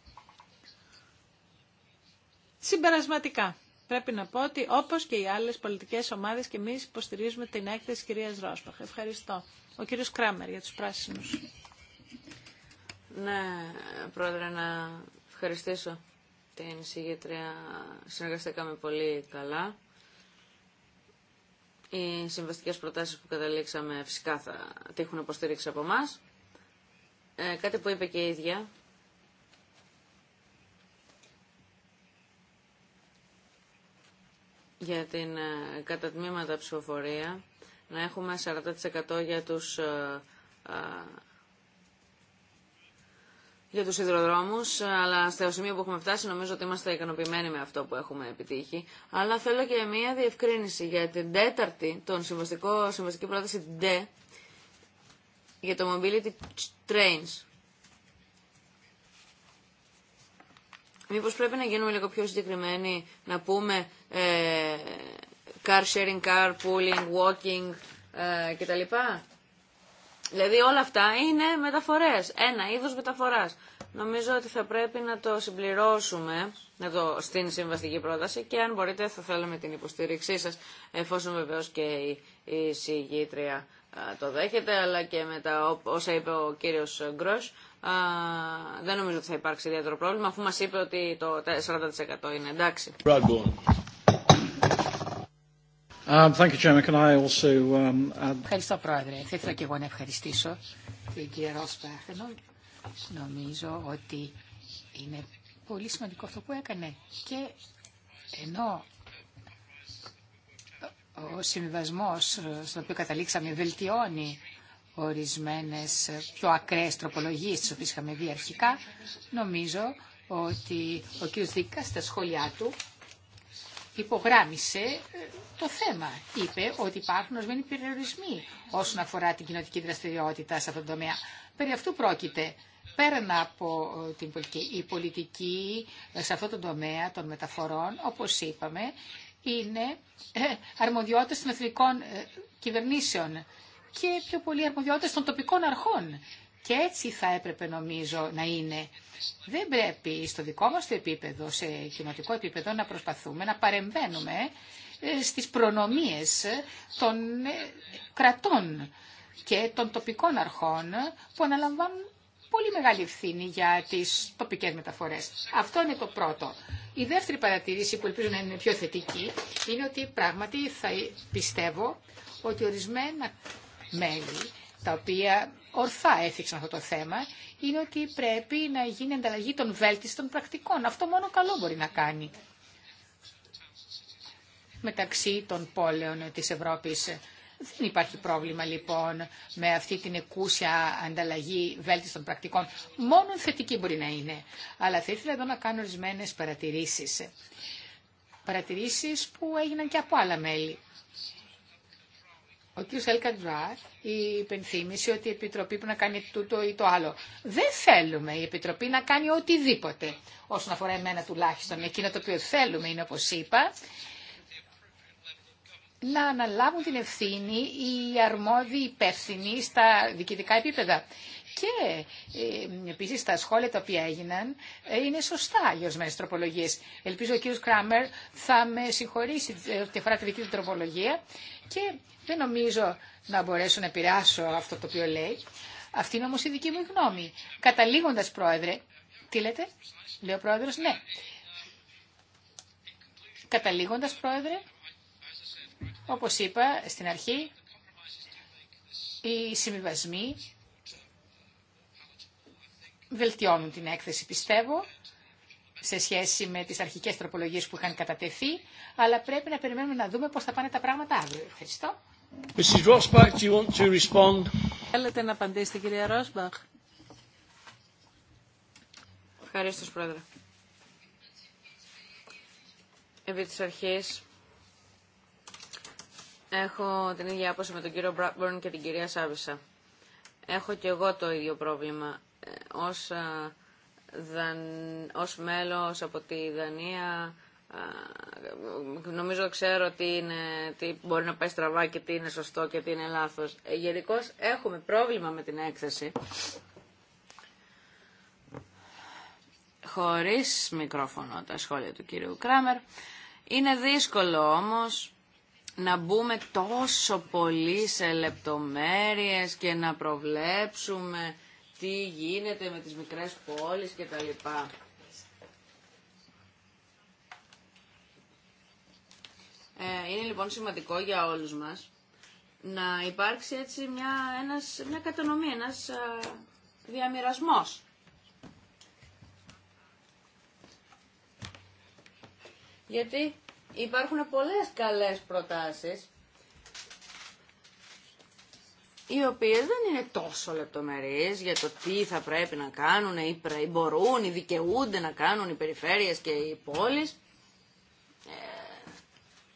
Συμπερασματικά, πρέπει να πω ότι όπως και οι άλλες πολιτικές ομάδες και εμείς υποστηρίζουμε την έκθεση της κυρίας Ρόσπαχ. Ευχαριστώ. Ο κύριος Κράμερ για τους πράσινους. Ναι, πρόεδρε, να ευχαριστήσω την συγγετρία. Συνεργαστήκαμε πολύ καλά. Οι συμβαστικέ προτάσεις που καταλήξαμε φυσικά θα τύχουν υποστήριξη από εμά. Ε, κάτι που είπε και η ίδια. για την ε, κατατμήματα ψηφοφορία να έχουμε 40% για τους ε, για τους σιδηροδρόμους, αλλά στο σημείο που έχουμε φτάσει νομίζω ότι είμαστε ικανοποιημένοι με αυτό που έχουμε επιτύχει. Αλλά θέλω και μία διευκρίνηση για την τέταρτη, τον συμβαστικό, συμβαστική πρόταση D, για το mobility trains. Μήπως πρέπει να γίνουμε λίγο πιο συγκεκριμένοι, να πούμε ε, car sharing, car pooling, walking ε, κτλ. Δηλαδή όλα αυτά είναι μεταφορές, ένα είδος μεταφοράς. Νομίζω ότι θα πρέπει να το συμπληρώσουμε να στην συμβαστική πρόταση και αν μπορείτε θα θέλαμε την υποστήριξή σας εφόσον βεβαίως και η, η συγγήτρια το δέχεται αλλά και μετά όσα είπε ο κύριος Γκρός δεν νομίζω ότι θα υπάρξει ιδιαίτερο πρόβλημα αφού μας είπε ότι το 40% είναι εντάξει. Um, um, Ευχαριστώ, Πρόεδρε. Θα ήθελα και εγώ να ευχαριστήσω την κυρία Ρόσπαχ. Νομίζω ότι είναι πολύ σημαντικό αυτό που έκανε. Και ενώ ο συμβιβασμό στον οποίο καταλήξαμε βελτιώνει ορισμένες πιο ακραίες τροπολογίες τις οποίες είχαμε δει αρχικά, νομίζω ότι ο κ. Δίκα στα σχόλιά του υπογράμισε ε, το θέμα. Είπε ότι υπάρχουν ορισμένοι περιορισμοί όσον αφορά την κοινωτική δραστηριότητα σε αυτόν τον τομέα. Περί αυτού πρόκειται. Πέραν από ε, την πολιτική, η πολιτική ε, σε αυτόν τον τομέα των μεταφορών, όπως είπαμε, είναι αρμοδιότητες των εθνικών κυβερνήσεων και πιο πολύ αρμοδιότητες των τοπικών αρχών. Και έτσι θα έπρεπε νομίζω να είναι. Δεν πρέπει στο δικό μας το επίπεδο, σε κοινοτικό επίπεδο, να προσπαθούμε να παρεμβαίνουμε ε, στις προνομίες των ε, κρατών και των τοπικών αρχών που αναλαμβάνουν πολύ μεγάλη ευθύνη για τις τοπικές μεταφορές. Αυτό είναι το πρώτο. Η δεύτερη παρατήρηση που ελπίζω να είναι πιο θετική είναι ότι πράγματι θα ε, πιστεύω ότι ορισμένα μέλη τα οποία ορθά έθιξαν αυτό το θέμα, είναι ότι πρέπει να γίνει ανταλλαγή των βέλτιστων πρακτικών. Αυτό μόνο καλό μπορεί να κάνει μεταξύ των πόλεων της Ευρώπης. Δεν υπάρχει πρόβλημα λοιπόν με αυτή την εκούσια ανταλλαγή βέλτιστων πρακτικών. Μόνο θετική μπορεί να είναι. Αλλά θα ήθελα εδώ να κάνω ορισμένε παρατηρήσεις. Παρατηρήσεις που έγιναν και από άλλα μέλη. Ο κ. η υπενθύμησε ότι η Επιτροπή που να κάνει τούτο ή το άλλο. Δεν θέλουμε η Επιτροπή να κάνει οτιδήποτε, όσον αφορά εμένα τουλάχιστον. Εκείνο το οποίο θέλουμε είναι, όπως είπα, να αναλάβουν την ευθύνη οι αρμόδιοι υπεύθυνοι στα διοικητικά επίπεδα. Και ε, επίση τα σχόλια τα οποία έγιναν ε, είναι σωστά για ορισμένε τροπολογίε. Ελπίζω ο κ. Κράμερ θα με συγχωρήσει ε, ό,τι αφορά τη δική του τροπολογία και δεν νομίζω να μπορέσω να επηρεάσω αυτό το οποίο λέει. Αυτή είναι όμως η δική μου γνώμη. Καταλήγοντας, Πρόεδρε, τι λέτε, λέει ο ναι. Καταλήγοντας, Πρόεδρε, όπως είπα στην αρχή, οι συμβιβασμοί βελτιώνουν την έκθεση, πιστεύω, σε σχέση με τις αρχικές τροπολογίες που είχαν κατατεθεί, αλλά πρέπει να περιμένουμε να δούμε πώς θα πάνε τα πράγματα αύριο. Ευχαριστώ. Mrs. Rosbach, do you Θέλετε να απαντήσετε, κυρία Ρόσμπαχ. Ευχαριστώ, Πρόεδρε. Επί τη αρχή. έχω την ίδια άποψη με τον κύριο Μπράτμπορν και την κυρία Σάβησα. Έχω και εγώ το ίδιο πρόβλημα. Ε, Ω ε, δαν, μέλος από τη Δανία νομίζω ξέρω τι, είναι, μπορεί να πάει στραβά και τι είναι σωστό και τι είναι λάθος. Ε, Γενικώ έχουμε πρόβλημα με την έκθεση. Χωρίς μικρόφωνο τα σχόλια του κύριου Κράμερ. Είναι δύσκολο όμως να μπούμε τόσο πολύ σε λεπτομέρειες και να προβλέψουμε τι γίνεται με τις μικρές πόλεις και τα λοιπά. Ε, είναι λοιπόν σημαντικό για όλους μας να υπάρξει έτσι μια, ένας, μια κατανομή, ένας ε, διαμοιρασμός. Γιατί υπάρχουν πολλές καλές προτάσεις οι οποίες δεν είναι τόσο λεπτομερείς για το τι θα πρέπει να κάνουν ή μπορούν ή δικαιούνται να κάνουν οι περιφέρειες και οι πόλεις. Ε,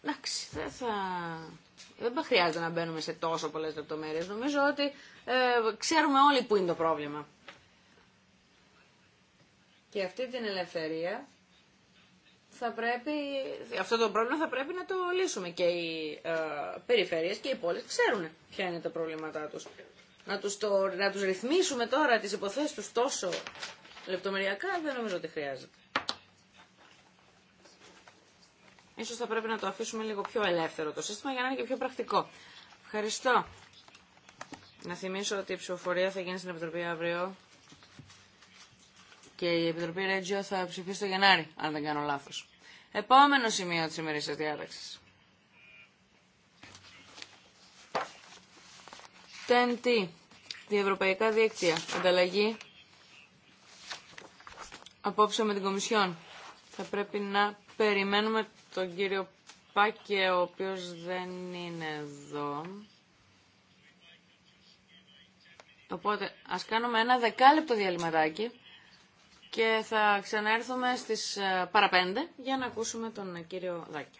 Εντάξει, δεν θα... Δεν χρειάζεται να μπαίνουμε σε τόσο πολλέ λεπτομέρειε. Νομίζω ότι ε, ξέρουμε όλοι που είναι το πρόβλημα. Και αυτή την ελευθερία θα πρέπει, αυτό το πρόβλημα θα πρέπει να το λύσουμε. Και οι ε, περιφέρειες και οι πόλεις ξέρουν ποια είναι τα προβλήματά τους. Να τους, το, να τους ρυθμίσουμε τώρα τις υποθέσεις τους τόσο λεπτομεριακά δεν νομίζω ότι χρειάζεται. Ίσως θα πρέπει να το αφήσουμε λίγο πιο ελεύθερο το σύστημα για να είναι και πιο πρακτικό. Ευχαριστώ. Να θυμίσω ότι η ψηφοφορία θα γίνει στην Επιτροπή αύριο και η Επιτροπή Ρέτζιο θα ψηφίσει το Γενάρη, αν δεν κάνω λάθος. Επόμενο σημείο της ημερήσιας διάταξης. TNT, διευρωπαϊκά δίκτυα, ανταλλαγή απόψε με την Κομισιόν. Θα πρέπει να περιμένουμε τον κύριο Πάκε, ο οποίος δεν είναι εδώ. Οπότε, ας κάνουμε ένα δεκάλεπτο διαλυματάκι και θα ξανάρθουμε στις ε, παραπέντε για να ακούσουμε τον κύριο Δάκη.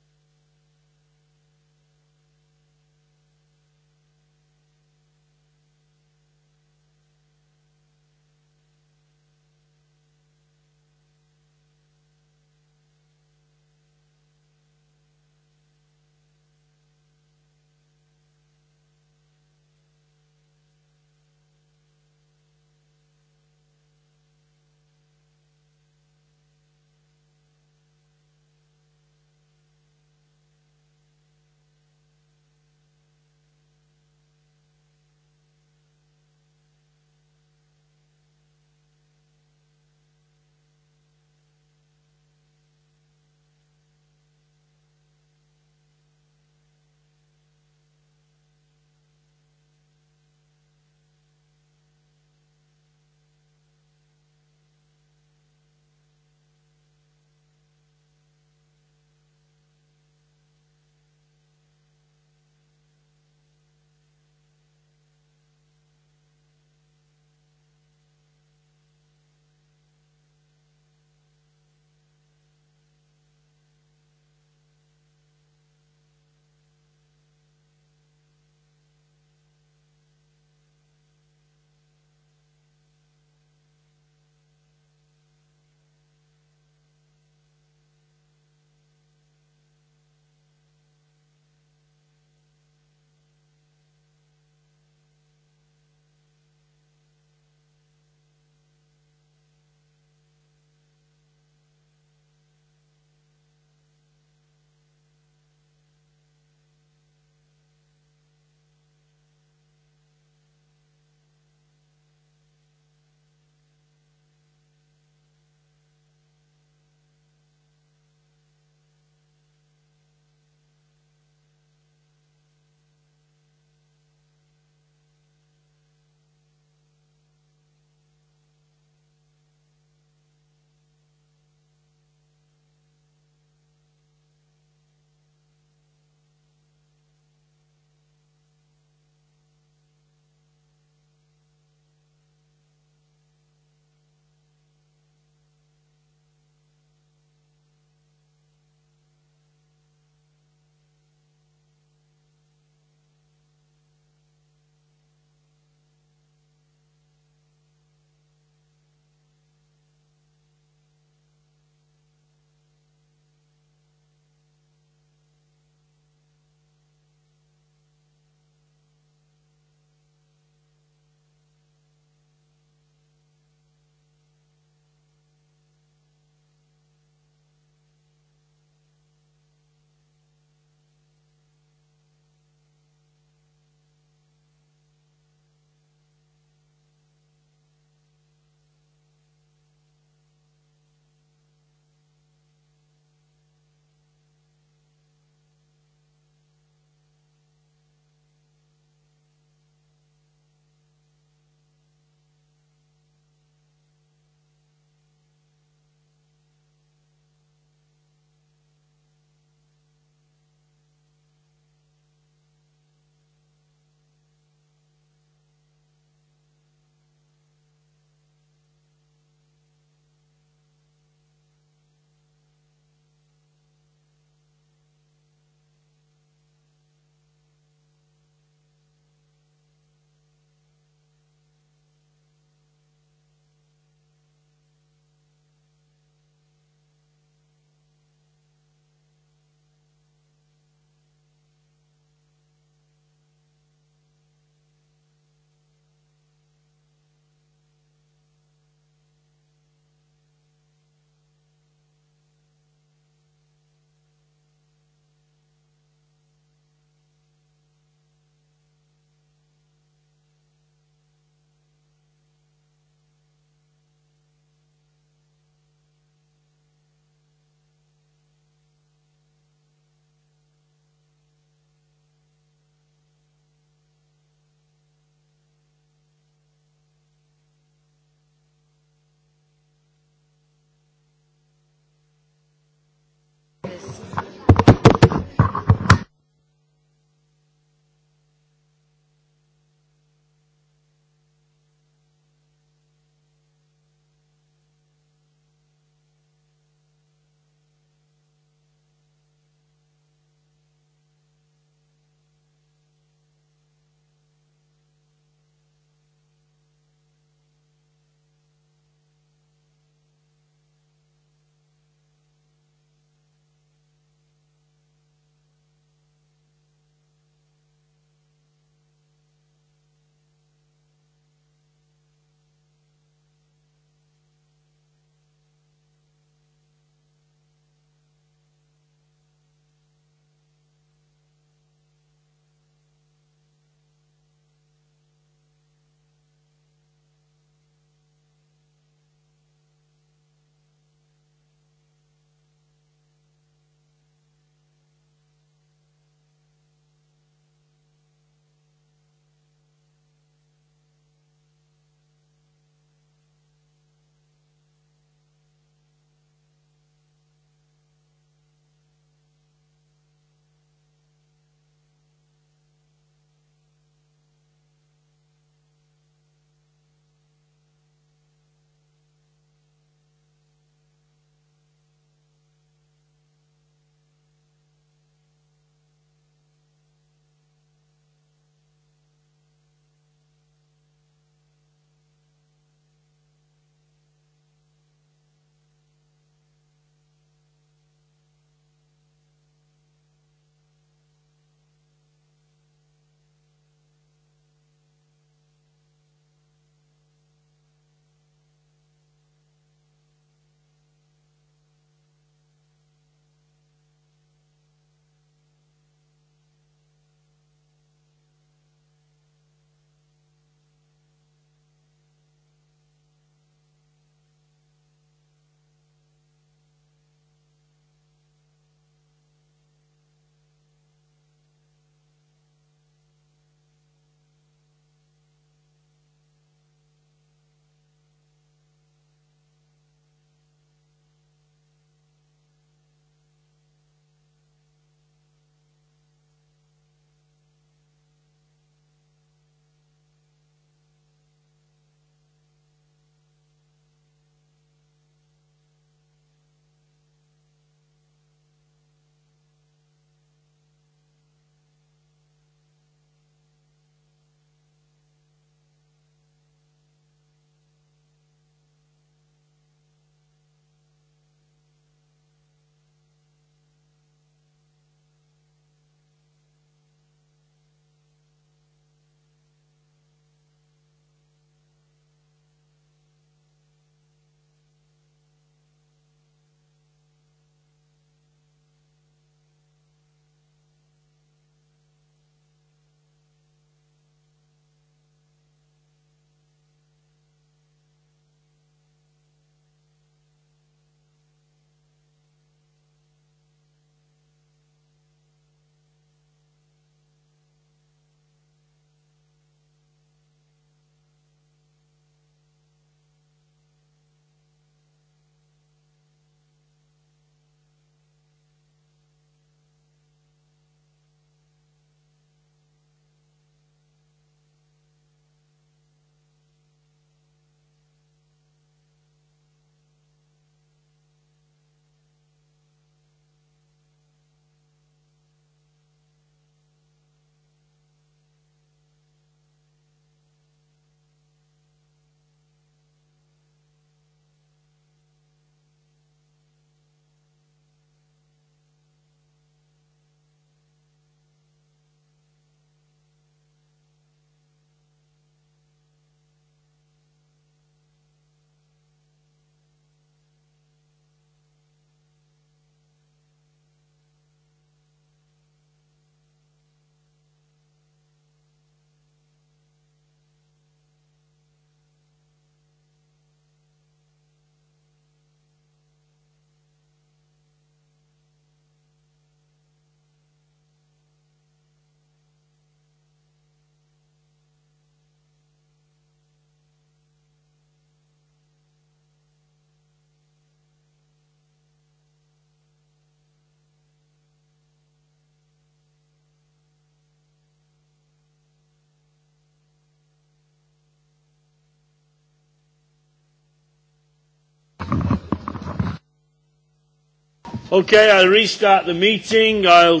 Okay, I'll restart the meeting. I'll...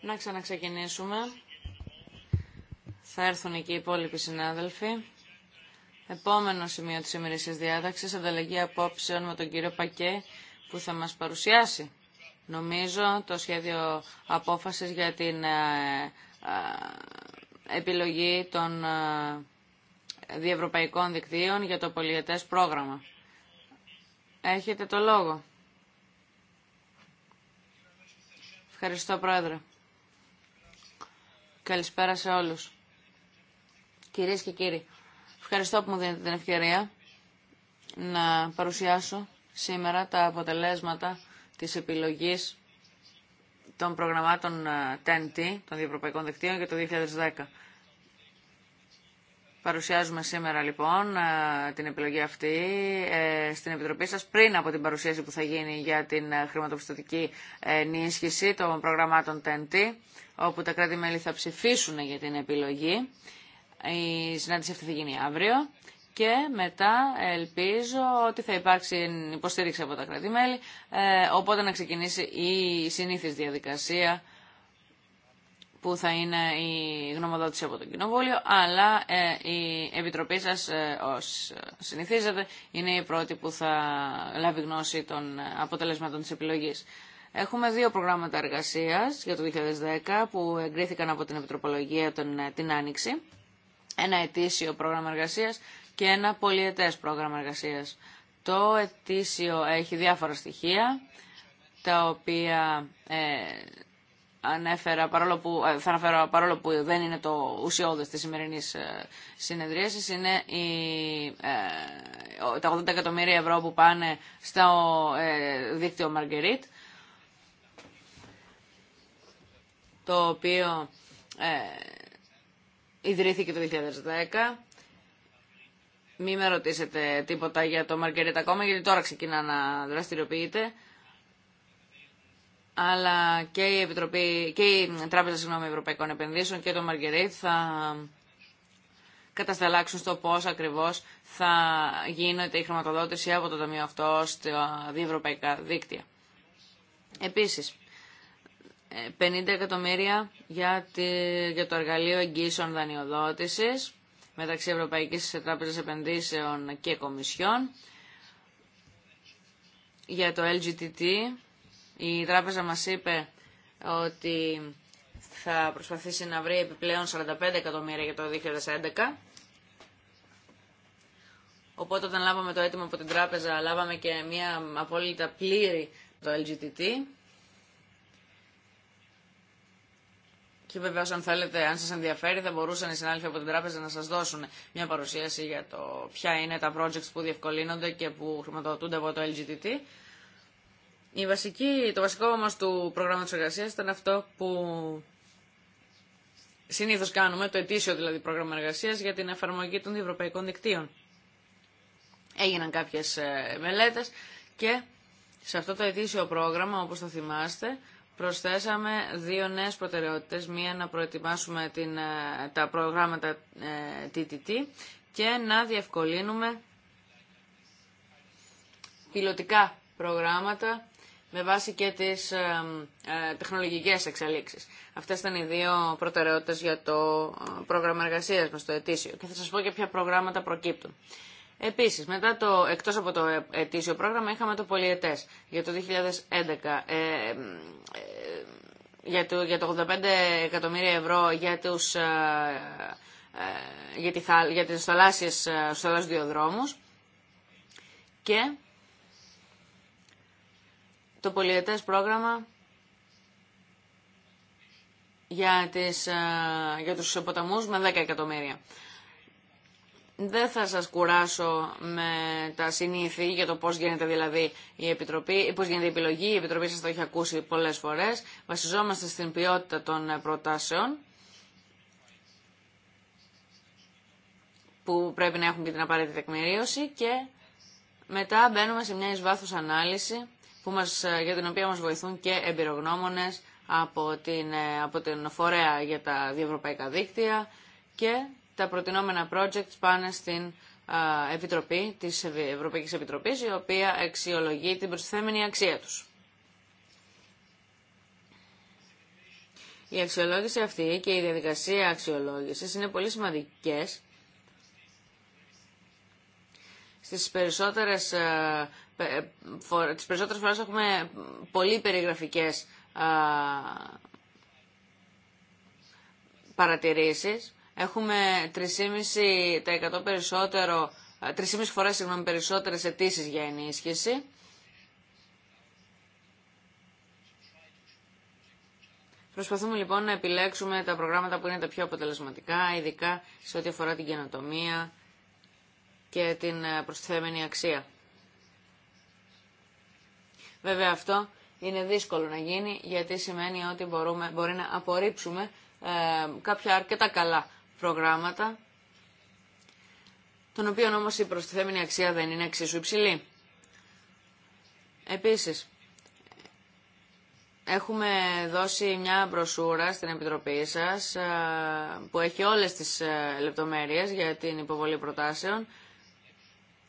Να ξαναξεκινήσουμε. Θα έρθουν εκεί οι υπόλοιποι συνάδελφοι. Επόμενο σημείο της ημερήσιας διάταξης, ανταλλαγή απόψεων με τον κύριο Πακέ που θα μας παρουσιάσει. Νομίζω το σχέδιο απόφασης για την ε, ε, επιλογή των ε, διευρωπαϊκών δικτύων για το πολιετές πρόγραμμα. Έχετε το λόγο. Ευχαριστώ, Πρόεδρε. Καλησπέρα σε όλους. Κυρίες και κύριοι, ευχαριστώ που μου δίνετε την ευκαιρία να παρουσιάσω σήμερα τα αποτελέσματα της επιλογής των προγραμμάτων TNT, ε, των διευρωπαϊκών δικτύων για το 2010. Παρουσιάζουμε σήμερα λοιπόν ε, την επιλογή αυτή ε, στην Επιτροπή σας πριν από την παρουσίαση που θα γίνει για την ε, χρηματοπιστωτική ενίσχυση των προγραμμάτων TNT, όπου τα κράτη-μέλη θα ψηφίσουν για την επιλογή. Η συνάντηση αυτή θα γίνει αύριο και μετά ελπίζω ότι θα υπάρξει υποστήριξη από τα κράτη-μέλη, οπότε να ξεκινήσει η συνήθις διαδικασία που θα είναι η γνωμοδότηση από το Κοινοβούλιο, αλλά ε, η Επιτροπή σας, ε, ως συνηθίζεται, είναι η πρώτη που θα λάβει γνώση των ε, αποτελεσμάτων της επιλογής. Έχουμε δύο προγράμματα εργασίας για το 2010 που εγκρίθηκαν από την Επιτροπολογία τον, την Άνοιξη. Ένα ετήσιο πρόγραμμα εργασίας και ένα πολυετές πρόγραμμα εργασίας. Το ετήσιο έχει διάφορα στοιχεία τα οποία που, ε, θα αναφέρω παρόλο που δεν είναι το ουσιώδες της σημερινής ε, συνεδρίασης, είναι η, ε, τα 80 εκατομμύρια ευρώ που πάνε στο δίκτυο Μαργκερίτ, το οποίο ε, ιδρύθηκε το 2010. Μην με ρωτήσετε τίποτα για το Μαργκερίτ ακόμα, γιατί τώρα ξεκινά να δραστηριοποιείται αλλά και η, Επιτροπή, και η Τράπεζα συγγνώμη, Ευρωπαϊκών Επενδύσεων και το Μαργκερίτ θα κατασταλάξουν στο πώς ακριβώς θα γίνεται η χρηματοδότηση από το Ταμείο αυτό στα διευρωπαϊκά δίκτυα. Επίσης, 50 ε, εκατομμύρια για, για το εργαλείο εγγύσεων δανειοδότησης μεταξύ Ευρωπαϊκής Τράπεζας Επενδύσεων και Κομισιών για το LGTT η τράπεζα μας είπε ότι θα προσπαθήσει να βρει επιπλέον 45 εκατομμύρια για το 2011. Οπότε όταν λάβαμε το αίτημα από την τράπεζα, λάβαμε και μια απόλυτα πλήρη το LGTT. Και βεβαίω, αν θέλετε, αν σας ενδιαφέρει, θα μπορούσαν οι συνάδελφοι από την τράπεζα να σας δώσουν μια παρουσίαση για το ποια είναι τα projects που διευκολύνονται και που χρηματοδοτούνται από το LGTT. Η βασική, το βασικό μας του προγράμματος εργασίας ήταν αυτό που συνήθως κάνουμε, το ετήσιο δηλαδή πρόγραμμα εργασίας για την εφαρμογή των ευρωπαϊκών δικτύων. Έγιναν κάποιες ε, μελέτες και σε αυτό το ετήσιο πρόγραμμα, όπως το θυμάστε, προσθέσαμε δύο νέες προτεραιότητες. Μία να προετοιμάσουμε την, ε, τα προγράμματα TTT ε, και να διευκολύνουμε πιλωτικά προγράμματα με βάση και τις ε, ε, τεχνολογικές εξελίξεις. Αυτέ ήταν οι δύο προτεραιότητε για το ε, πρόγραμμα εργασία μα το ετήσιο. Και θα σα πω και ποια προγράμματα προκύπτουν. Επίσης, μετά το, εκτός από το ετήσιο πρόγραμμα, είχαμε το πολιετέ για το 2011. Ε, για, το, για το 85 εκατομμύρια ευρώ για τους, ε, για, τις θαλάσσιες, στους διοδρόμους και το πολιετές πρόγραμμα για, τις, ε, για τους ποταμούς με 10 εκατομμύρια. Δεν θα σας κουράσω με τα συνήθη για το πώς γίνεται δηλαδή η Επιτροπή, πώς γίνεται η επιλογή. Η Επιτροπή σας το έχει ακούσει πολλές φορές. Βασιζόμαστε στην ποιότητα των προτάσεων που πρέπει να έχουν και την απαραίτητη τεκμηρίωση και μετά μπαίνουμε σε μια εις ανάλυση που μας, ε, για την οποία μας βοηθούν και εμπειρογνώμονες από, την, ε, από την φορέα για τα διευρωπαϊκά δίκτυα και τα προτινόμενα projects πάνε στην ε, Επιτροπή της Ευρωπαϊκής Επιτροπής η οποία αξιολογεί την προσθέμενη αξία τους. Η αξιολόγηση αυτή και η διαδικασία αξιολόγησης είναι πολύ σημαντικές στις περισσότερες ε, τις περισσότερες φορές έχουμε πολύ περιγραφικές παρατηρήσεις. Έχουμε 3,5% περισσότερο, 3,5 φορές συγγνώμη, περισσότερες αιτήσει για ενίσχυση. Προσπαθούμε λοιπόν να επιλέξουμε τα προγράμματα που είναι τα πιο αποτελεσματικά, ειδικά σε ό,τι αφορά την καινοτομία και την ε, προσθέμενη αξία. Βέβαια αυτό είναι δύσκολο να γίνει γιατί σημαίνει ότι μπορούμε, μπορεί να απορρίψουμε ε, κάποια αρκετά καλά προγράμματα των οποίων όμως η προστιθέμενη αξία δεν είναι εξίσου υψηλή. Επίσης, Έχουμε δώσει μια μπροσούρα στην Επιτροπή σας ε, που έχει όλες τις ε, λεπτομέρειες για την υποβολή προτάσεων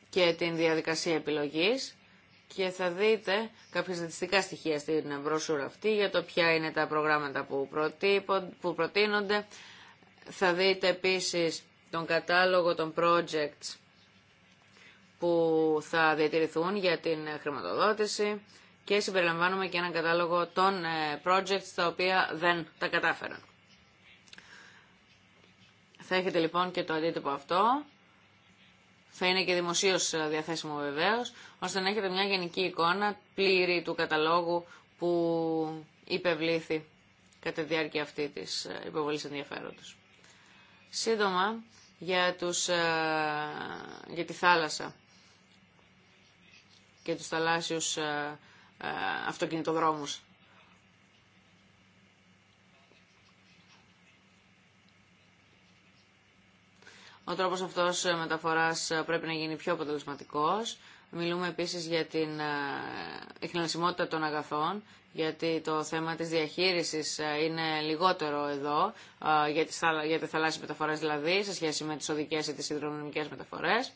και την διαδικασία επιλογής και θα δείτε κάποια στατιστικά στοιχεία στην μπροσούρα αυτή για το ποια είναι τα προγράμματα που, που προτείνονται. Θα δείτε επίσης τον κατάλογο των projects που θα διατηρηθούν για την χρηματοδότηση και συμπεριλαμβάνουμε και έναν κατάλογο των ε, projects τα οποία δεν τα κατάφεραν. Θα έχετε λοιπόν και το αντίτυπο αυτό θα είναι και δημοσίως ε, διαθέσιμο βεβαίω, ώστε να έχετε μια γενική εικόνα πλήρη του καταλόγου που υπευλήθη κατά τη διάρκεια αυτή τη ε, υποβολή ενδιαφέροντος. Σύντομα, για, τους, ε, για τη θάλασσα και τους θαλάσσιους αυτοκινητοδρόμους. Ο τρόπος αυτός ε, μεταφοράς ε, πρέπει να γίνει πιο αποτελεσματικός. Μιλούμε επίσης για την εκνασιμότητα των αγαθών, γιατί το θέμα της διαχείρισης ε, είναι λιγότερο εδώ, για τις, για τις δηλαδή, σε σχέση με τις οδικές ή τις υδρονομικές μεταφορές.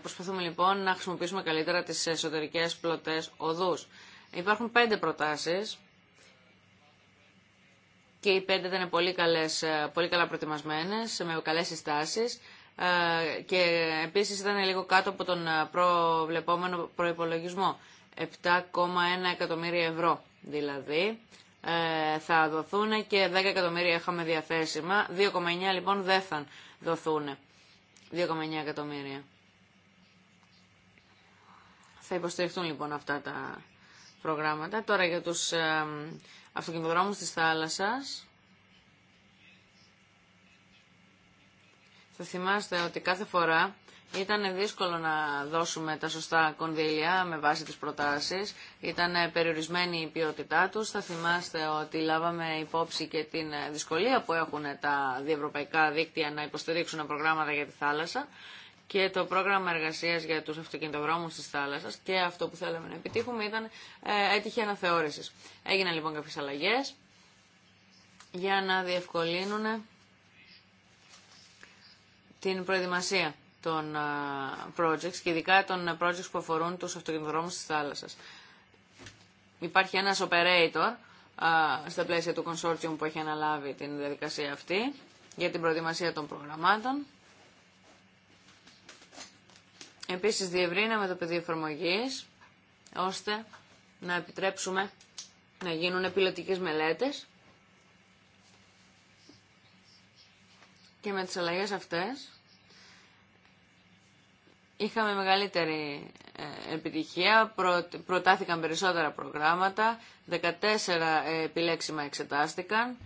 Προσπαθούμε λοιπόν να χρησιμοποιήσουμε καλύτερα τις εσωτερικές πλωτές οδούς. Υπάρχουν πέντε προτάσεις και οι πέντε ήταν πολύ, καλές, ε, πολύ καλά προετοιμασμένες, με καλές συστάσεις ε, και επίσης ήταν λίγο κάτω από τον ε, προβλεπόμενο προπολογισμό. 7,1 εκατομμύρια ευρώ δηλαδή θα δοθούν και 10 εκατομμύρια είχαμε διαθέσιμα. 2,9 λοιπόν δεν θα δοθούν. 2,9 εκατομμύρια. Θα υποστηριχτούν λοιπόν αυτά τα προγράμματα. Τώρα για τους ε, αυτοκινητοδρόμους της θάλασσας. Θα θυμάστε ότι κάθε φορά ήταν δύσκολο να δώσουμε τα σωστά κονδύλια με βάση τις προτάσεις. Ήταν περιορισμένη η ποιότητά τους. Θα θυμάστε ότι λάβαμε υπόψη και την δυσκολία που έχουν τα διευρωπαϊκά δίκτυα να υποστηρίξουν προγράμματα για τη θάλασσα και το πρόγραμμα εργασία για του αυτοκινητοδρόμου τη θάλασσα και αυτό που θέλαμε να επιτύχουμε ήταν ε, έτυχε αναθεώρηση. Έγιναν λοιπόν κάποιε αλλαγέ για να διευκολύνουν ε, την προετοιμασία των ε, projects και ειδικά των projects που αφορούν τους αυτοκινητοδρόμους της θάλασσας. Υπάρχει ένας operator ε, στα πλαίσια του consortium που έχει αναλάβει την διαδικασία αυτή για την προετοιμασία των προγραμμάτων Επίσης διευρύναμε το πεδίο εφαρμογή ώστε να επιτρέψουμε να γίνουν πιλωτικές μελέτες και με τις αλλαγές αυτές είχαμε μεγαλύτερη ε, επιτυχία, προτάθηκαν περισσότερα προγράμματα, 14 ε, επιλέξιμα εξετάστηκαν,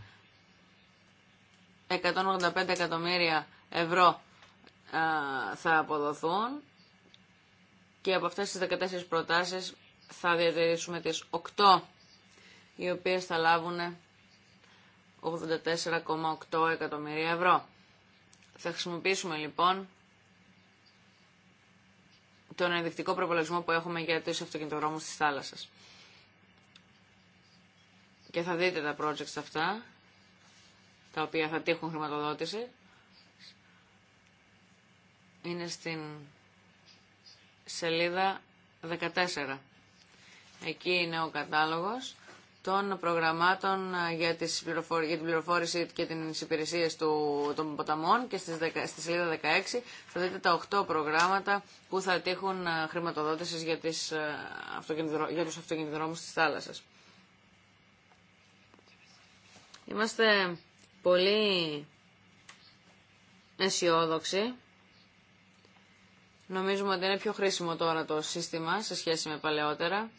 185 εκατομμύρια ευρώ ε, θα αποδοθούν και από αυτές τις 14 προτάσεις θα διατηρήσουμε τις 8, οι οποίες θα λάβουν 84,8 εκατομμυρία ευρώ. Θα χρησιμοποιήσουμε λοιπόν τον ενδεικτικό προπολογισμό που έχουμε για τους αυτοκινητοδρόμους της θάλασσας. Και θα δείτε τα projects αυτά, τα οποία θα τύχουν χρηματοδότηση. Είναι στην σελίδα 14. Εκεί είναι ο κατάλογος των προγραμμάτων ε, για, τις για την πληροφόρηση και τις υπηρεσίες του... των ποταμών και στις... στη σελίδα 16 θα δείτε τα 8 προγράμματα που θα τύχουν ε, χρηματοδότησης για, τις... Ε, για τους αυτοκινηδρόμους της θάλασσας. Είμαστε πολύ αισιόδοξοι Νομίζουμε ότι είναι πιο χρήσιμο τώρα το σύστημα σε σχέση με παλαιότερα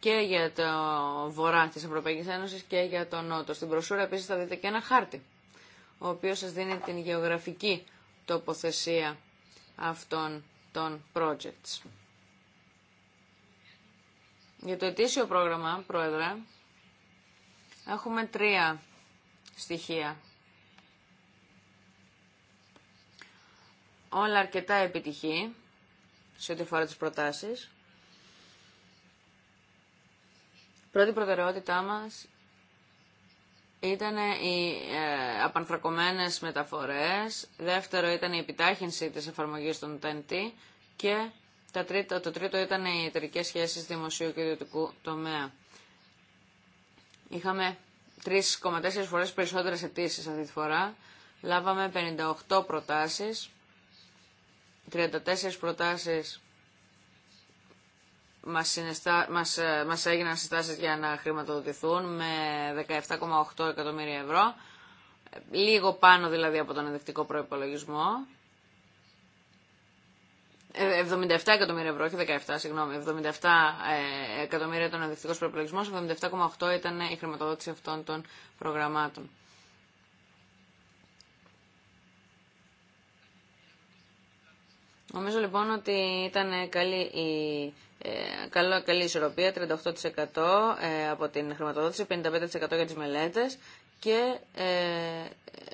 και για το βορρά της Ευρωπαϊκής Ένωσης και για το νότο. Στην προσούρα επίσης θα δείτε και ένα χάρτη, ο οποίος σας δίνει την γεωγραφική τοποθεσία αυτών των projects. Για το ετήσιο πρόγραμμα, Πρόεδρε, έχουμε τρία στοιχεία. Όλα αρκετά επιτυχή σε ό,τι αφορά τις προτάσεις. Πρώτη προτεραιότητά μας ήταν οι ε, απανθρακωμένες μεταφορές, δεύτερο ήταν η επιτάχυνση της εφαρμογής των TNT και τα τρίτο, το τρίτο ήταν οι εταιρικέ σχέσεις δημοσίου και ιδιωτικού τομέα. Είχαμε 3,4 φορές περισσότερες αιτήσει αυτή τη φορά, λάβαμε 58 προτάσεις, 34 προτάσεις μας, συνεστά μας, ε, μας έγιναν συστάσεις για να χρηματοδοτηθούν με 17,8 εκατομμύρια ευρώ, λίγο πάνω δηλαδή από τον ενδεικτικό προϋπολογισμό. 77 ε, εκατομμύρια ευρώ, όχι 17, συγγνώμη, 77 ε, εκατομμύρια ήταν ο ενδεικτικό προπολογισμό, 77,8 ήταν η χρηματοδότηση αυτών των προγραμμάτων. Νομίζω λοιπόν ότι ήταν καλή η ε, καλό, καλή ισορροπία, 38% ε, από την χρηματοδότηση, 55% για τις μελέτες και ε,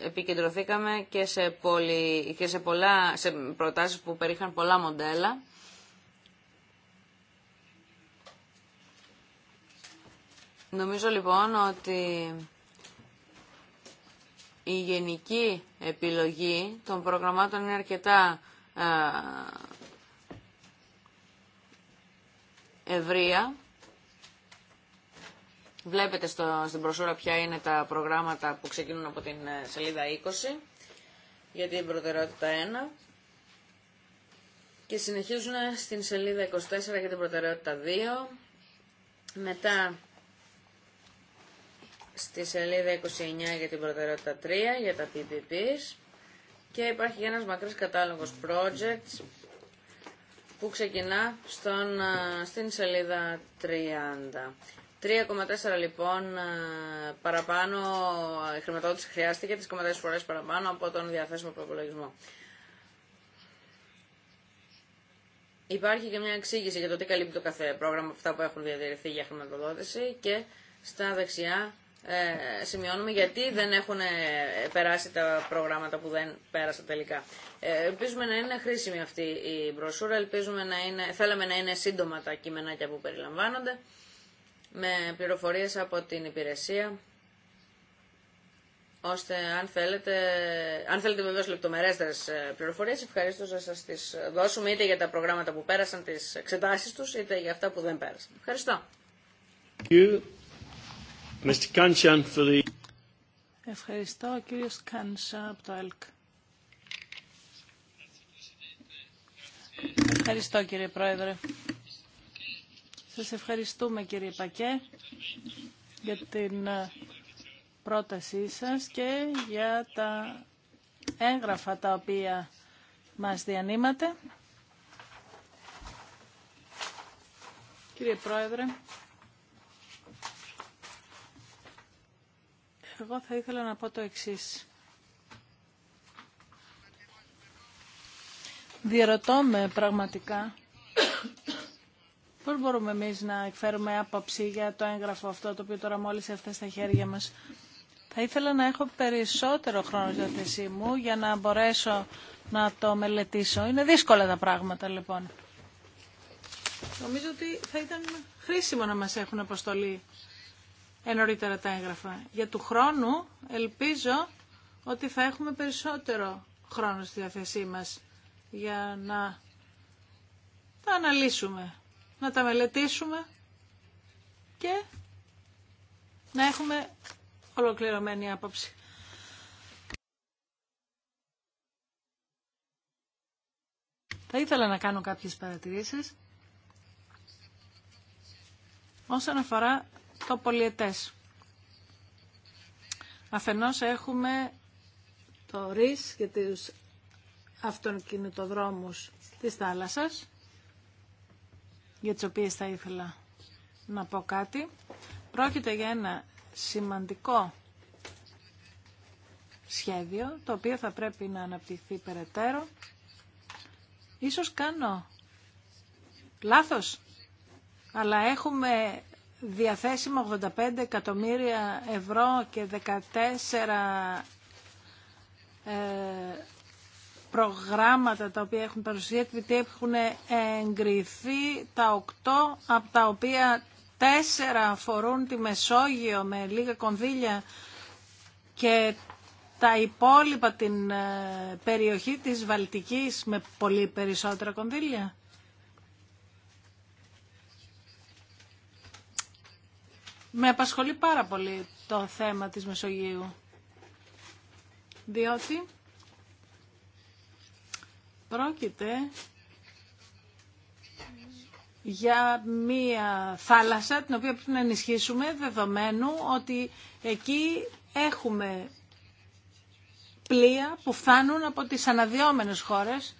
επικεντρωθήκαμε και σε, πολυ, και σε, πολλά, σε προτάσεις που περίχαν πολλά μοντέλα. Νομίζω λοιπόν ότι η γενική επιλογή των προγραμμάτων είναι αρκετά ευρεία. Βλέπετε στο, στην προσούρα ποια είναι τα προγράμματα που ξεκινούν από την ε, σελίδα 20 για την προτεραιότητα 1 και συνεχίζουν στην σελίδα 24 για την προτεραιότητα 2 μετά στη σελίδα 29 για την προτεραιότητα 3 για τα PPPs και υπάρχει ένας μακρύς κατάλογος projects που ξεκινά στον, στην σελίδα 30. 3,4 λοιπόν παραπάνω η χρηματοδότηση χρειάστηκε, 3,4 φορές παραπάνω από τον διαθέσιμο προπολογισμό. Υπάρχει και μια εξήγηση για το τι καλύπτει το κάθε πρόγραμμα αυτά που έχουν διατηρηθεί για χρηματοδότηση και στα δεξιά ε, σημειώνουμε γιατί δεν έχουν ε, περάσει τα προγράμματα που δεν πέρασαν τελικά. Ε, ελπίζουμε να είναι χρήσιμη αυτή η μπροσούρα, ελπίζουμε να είναι, θέλαμε να είναι σύντομα τα κειμενάκια που περιλαμβάνονται, με πληροφορίες από την υπηρεσία, ώστε αν θέλετε, αν θέλετε βεβαίως λεπτομερέστερες ε, πληροφορίες, ευχαρίστως να σας τις δώσουμε είτε για τα προγράμματα που πέρασαν, τις εξετάσεις τους, είτε για αυτά που δεν πέρασαν. Ευχαριστώ. Ευχαριστώ, κύριος Κάνσα από το ΕΛΚ. Ευχαριστώ, κύριε Πρόεδρε. Σας ευχαριστούμε, κύριε Πακέ, για την ε, πρότασή σας και για τα έγγραφα τα οποία μας διανύματε. Κύριε Πρόεδρε, Εγώ θα ήθελα να πω το εξής. Διερωτώ πραγματικά πώς μπορούμε εμείς να εκφέρουμε άποψη για το έγγραφο αυτό το οποίο τώρα μόλις έφτασε στα χέρια μας. Θα ήθελα να έχω περισσότερο χρόνο στη θέση μου για να μπορέσω να το μελετήσω. Είναι δύσκολα τα πράγματα λοιπόν. Νομίζω ότι θα ήταν χρήσιμο να μας έχουν αποστολή ε, νωρίτερα τα έγγραφα. Για του χρόνου ελπίζω ότι θα έχουμε περισσότερο χρόνο στη διάθεσή μας για να τα αναλύσουμε, να τα μελετήσουμε και να έχουμε ολοκληρωμένη άποψη. Θα ήθελα να κάνω κάποιες παρατηρήσεις όσον αφορά το πολιετές. Αφενός έχουμε το ΡΙΣ και τους αυτοκινητοδρόμους της θάλασσας, για τις οποίες θα ήθελα να πω κάτι. Πρόκειται για ένα σημαντικό σχέδιο, το οποίο θα πρέπει να αναπτυχθεί περαιτέρω. Ίσως κάνω λάθος, αλλά έχουμε διαθέσιμα 85 εκατομμύρια ευρώ και 14 ε, προγράμματα τα οποία έχουν παρουσιαστεί έχουν εγκριθεί τα 8 από τα οποία 4 αφορούν τη Μεσόγειο με λίγα κονδύλια και τα υπόλοιπα την ε, περιοχή της Βαλτικής με πολύ περισσότερα κονδύλια. Με απασχολεί πάρα πολύ το θέμα της Μεσογείου. Διότι πρόκειται για μία θάλασσα την οποία πρέπει να ενισχύσουμε δεδομένου ότι εκεί έχουμε πλοία που φτάνουν από τις αναδυόμενες χώρες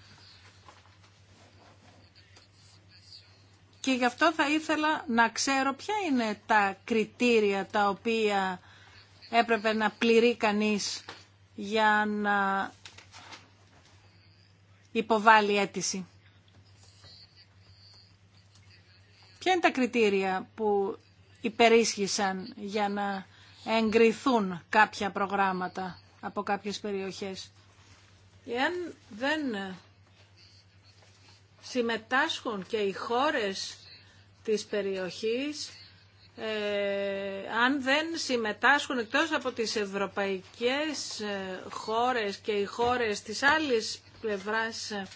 Και γι' αυτό θα ήθελα να ξέρω ποια είναι τα κριτήρια τα οποία έπρεπε να πληρεί κανείς για να υποβάλει αίτηση. Ποια είναι τα κριτήρια που υπερίσχυσαν για να εγκριθούν κάποια προγράμματα από κάποιες περιοχές. Εάν δεν συμμετάσχουν και οι χώρες της περιοχής ε, αν δεν συμμετάσχουν εκτός από τις ευρωπαϊκές ε, χώρες και οι χώρες της άλλης πλευράς ε,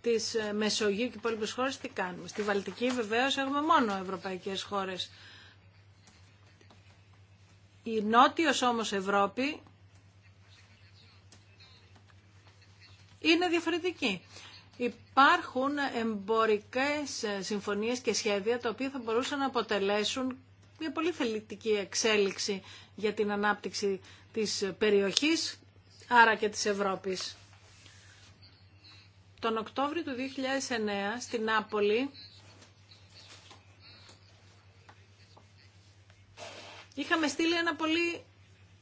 της ε, Μεσογείου και υπόλοιπες χώρες, τι κάνουμε. Στη Βαλτική βεβαίως έχουμε μόνο ευρωπαϊκές χώρες. Η νότιος όμως Ευρώπη είναι διαφορετική υπάρχουν εμπορικές ε, συμφωνίες και σχέδια τα οποία θα μπορούσαν να αποτελέσουν μια πολύ θελητική εξέλιξη για την ανάπτυξη της περιοχής, άρα και της Ευρώπης. Τον Οκτώβριο του 2009 στην Νάπολη είχαμε στείλει ένα πολύ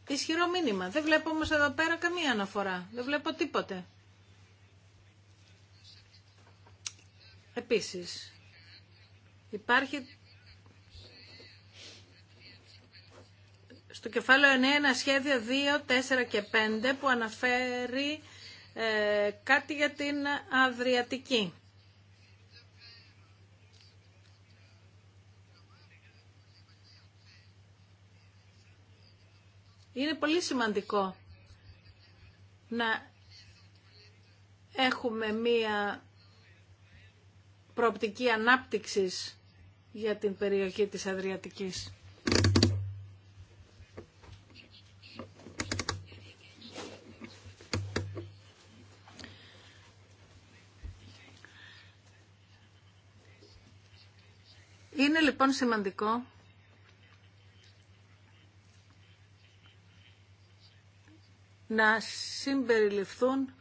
ισχυρό μήνυμα. Δεν βλέπω όμως εδώ πέρα καμία αναφορά. Δεν βλέπω τίποτε. Επίσης, υπάρχει στο κεφάλαιο 9 ένα σχέδιο 2, 4 και 5 που αναφέρει ε, κάτι για την Αδριατική. Είναι πολύ σημαντικό να έχουμε μία προοπτική ανάπτυξης για την περιοχή της Αδριατικής. Είναι λοιπόν σημαντικό να συμπεριληφθούν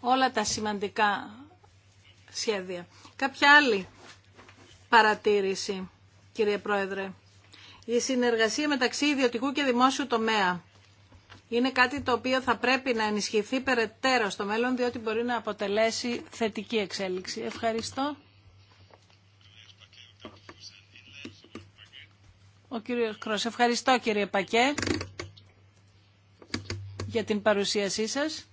όλα τα σημαντικά σχέδια. Κάποια άλλη παρατήρηση, κύριε Πρόεδρε. Η συνεργασία μεταξύ ιδιωτικού και δημόσιου τομέα είναι κάτι το οποίο θα πρέπει να ενισχυθεί περαιτέρω στο μέλλον, διότι μπορεί να αποτελέσει θετική εξέλιξη. Ευχαριστώ. Ο κύριος Κρός. Ευχαριστώ κύριε Πακέ για την παρουσίασή σας.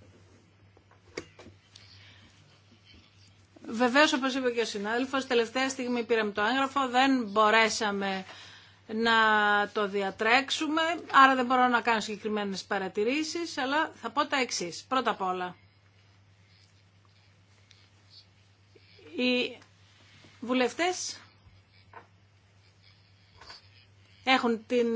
Βεβαίω, όπως είπε και ο συνάδελφος, τελευταία στιγμή πήραμε το έγγραφο, δεν μπορέσαμε να το διατρέξουμε, άρα δεν μπορώ να κάνω συγκεκριμένες παρατηρήσεις, αλλά θα πω τα εξή. Πρώτα απ' όλα, οι βουλευτές έχουν την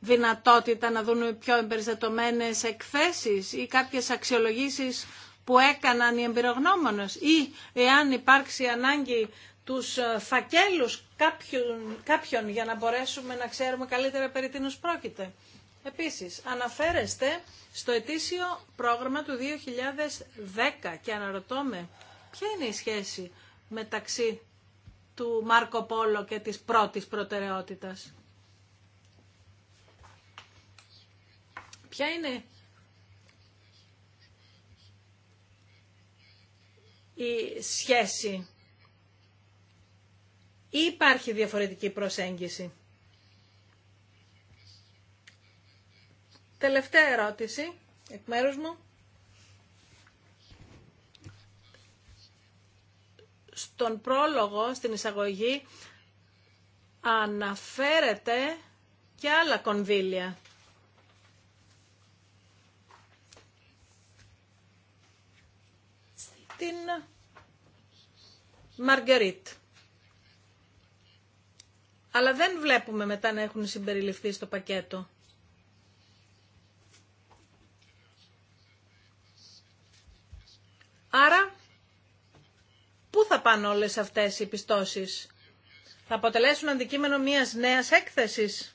δυνατότητα να δουν πιο εμπεριστατωμένες εκθέσεις ή κάποιες αξιολογήσεις που έκαναν οι εμπειρογνώμονες ή εάν υπάρξει ανάγκη τους ε, φακέλους κάποιον, κάποιον για να μπορέσουμε να ξέρουμε καλύτερα περί τίνος πρόκειται. Επίσης, αναφέρεστε στο ετήσιο πρόγραμμα του 2010 και αναρωτώ ποια είναι η σχέση μεταξύ του Μάρκο Πόλο και της πρώτης προτεραιότητας. Ποια είναι η σχέση ή υπάρχει διαφορετική προσέγγιση. Τελευταία ερώτηση εκ μέρους μου. Στον πρόλογο, στην εισαγωγή, αναφέρεται και άλλα κονδύλια. την Μαργκερίτ. Αλλά δεν βλέπουμε μετά να έχουν συμπεριληφθεί στο πακέτο. Άρα, πού θα πάνε όλες αυτές οι πιστώσεις. Θα αποτελέσουν αντικείμενο μιας νέας έκθεσης.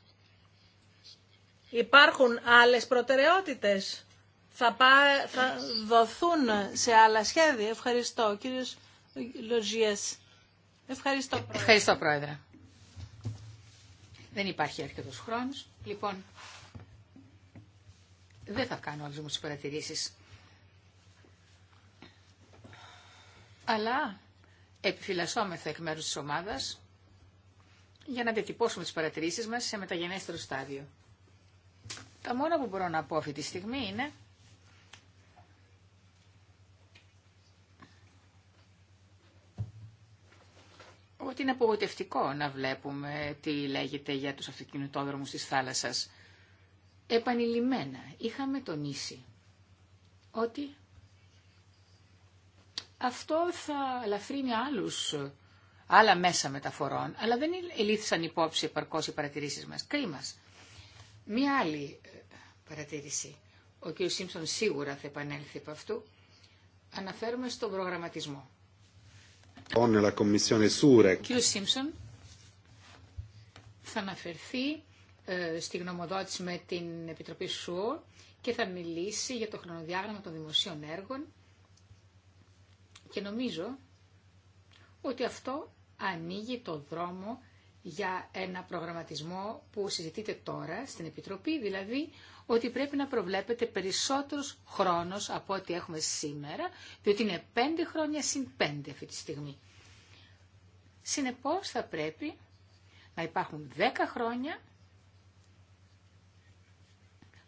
Υπάρχουν άλλες προτεραιότητες θα, πά, δοθούν σε άλλα σχέδια. Ευχαριστώ, κύριος Λοζιές. Ευχαριστώ, Πρόεδρε. Ευχαριστώ, Πρόεδρε. Δεν υπάρχει αρκετός χρόνος. Λοιπόν, δεν θα κάνω άλλες μου παρατηρήσεις. Αλλά επιφυλασσόμεθα εκ μέρους της ομάδας για να διατυπώσουμε τις παρατηρήσεις μας σε μεταγενέστερο στάδιο. Τα μόνα που μπορώ να πω αυτή τη στιγμή είναι ότι είναι απογοητευτικό να βλέπουμε τι λέγεται για τους αυτοκινητόδρομους της θάλασσας. Επανειλημμένα είχαμε τονίσει ότι αυτό θα ελαφρύνει άλλους, άλλα μέσα μεταφορών, αλλά δεν ελήφθησαν υπόψη επαρκώς οι παρατηρήσεις μας. Κρίμα. Μία άλλη ε, παρατήρηση. Ο κ. Σίμψον σίγουρα θα επανέλθει από αυτού. αναφέρουμε στον προγραμματισμό. Κύριο Σίμψον θα αναφερθεί ε, στη γνωμοδότηση με την Επιτροπή ΣΟΟ και θα μιλήσει για το χρονοδιάγραμμα των δημοσίων έργων και νομίζω ότι αυτό ανοίγει το δρόμο για ένα προγραμματισμό που συζητείται τώρα στην Επιτροπή, δηλαδή ότι πρέπει να προβλέπετε περισσότερος χρόνος από ό,τι έχουμε σήμερα, διότι είναι πέντε χρόνια συν πέντε αυτή τη στιγμή. Συνεπώς θα πρέπει να υπάρχουν δέκα χρόνια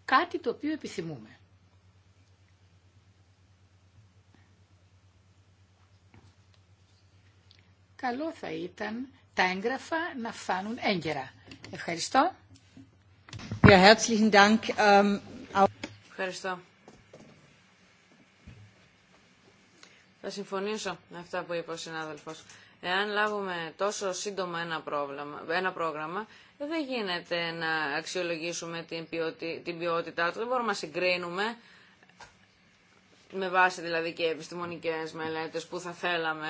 κάτι το οποίο επιθυμούμε. Καλό θα ήταν τα έγγραφα να φάνουν έγκαιρα. Ευχαριστώ. Ähm, Ευχαριστώ. Θα συμφωνήσω με αυτά που είπε ο συνάδελφος. Εάν λάβουμε τόσο σύντομα ένα, πρόβλημα, ένα πρόγραμμα, δεν γίνεται να αξιολογήσουμε την, την ποιότητά του. Δεν μπορούμε να συγκρίνουμε με βάση δηλαδή και επιστημονικές μελέτες που θα θέλαμε,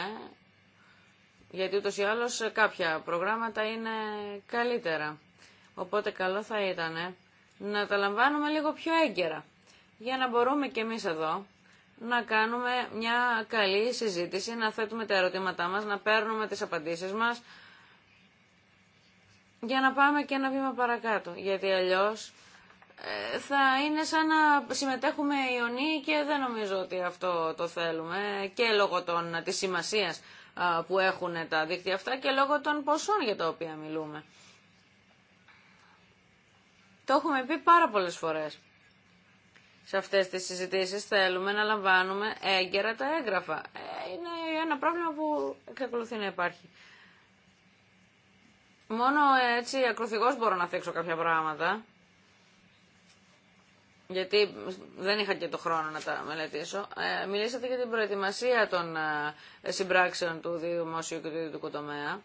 γιατί ούτως ή άλλως κάποια προγράμματα είναι καλύτερα. Οπότε καλό θα ήταν ε, να τα λαμβάνουμε λίγο πιο έγκαιρα, για να μπορούμε και εμείς εδώ να κάνουμε μια καλή συζήτηση, να θέτουμε τα ερωτήματά μας, να παίρνουμε τις απαντήσεις μας, για να πάμε και ένα βήμα παρακάτω. Γιατί αλλιώς ε, θα είναι σαν να συμμετέχουμε ιονοί και δεν νομίζω ότι αυτό το θέλουμε και λόγω των, της σημασίας που έχουν τα δίκτυα αυτά και λόγω των ποσών για τα οποία μιλούμε. Το έχουμε πει πάρα πολλές φορές. Σε αυτές τις συζητήσεις θέλουμε να λαμβάνουμε έγκαιρα τα έγγραφα. Ε, είναι ένα πρόβλημα που εξακολουθεί να υπάρχει. Μόνο έτσι ακροθυγός μπορώ να θέξω κάποια πράγματα. Γιατί δεν είχα και το χρόνο να τα μελετήσω. Ε, μιλήσατε για την προετοιμασία των ε, συμπράξεων του δημοσίου και του ιδιωτικού τομέα.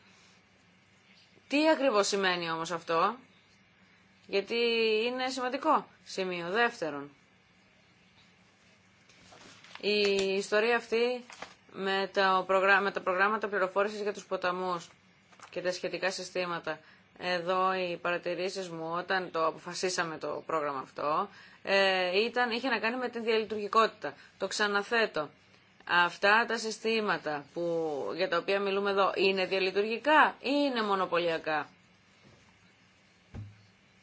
Τι ακριβώς σημαίνει όμως αυτό γιατί είναι σημαντικό σημείο. Δεύτερον, η ιστορία αυτή με τα, τα προγράμματα πληροφόρησης για τους ποταμούς και τα σχετικά συστήματα. Εδώ οι παρατηρήσεις μου όταν το αποφασίσαμε το πρόγραμμα αυτό ε, ήταν, είχε να κάνει με την διαλειτουργικότητα. Το ξαναθέτω. Αυτά τα συστήματα που, για τα οποία μιλούμε εδώ είναι διαλειτουργικά ή είναι μονοπωλιακά.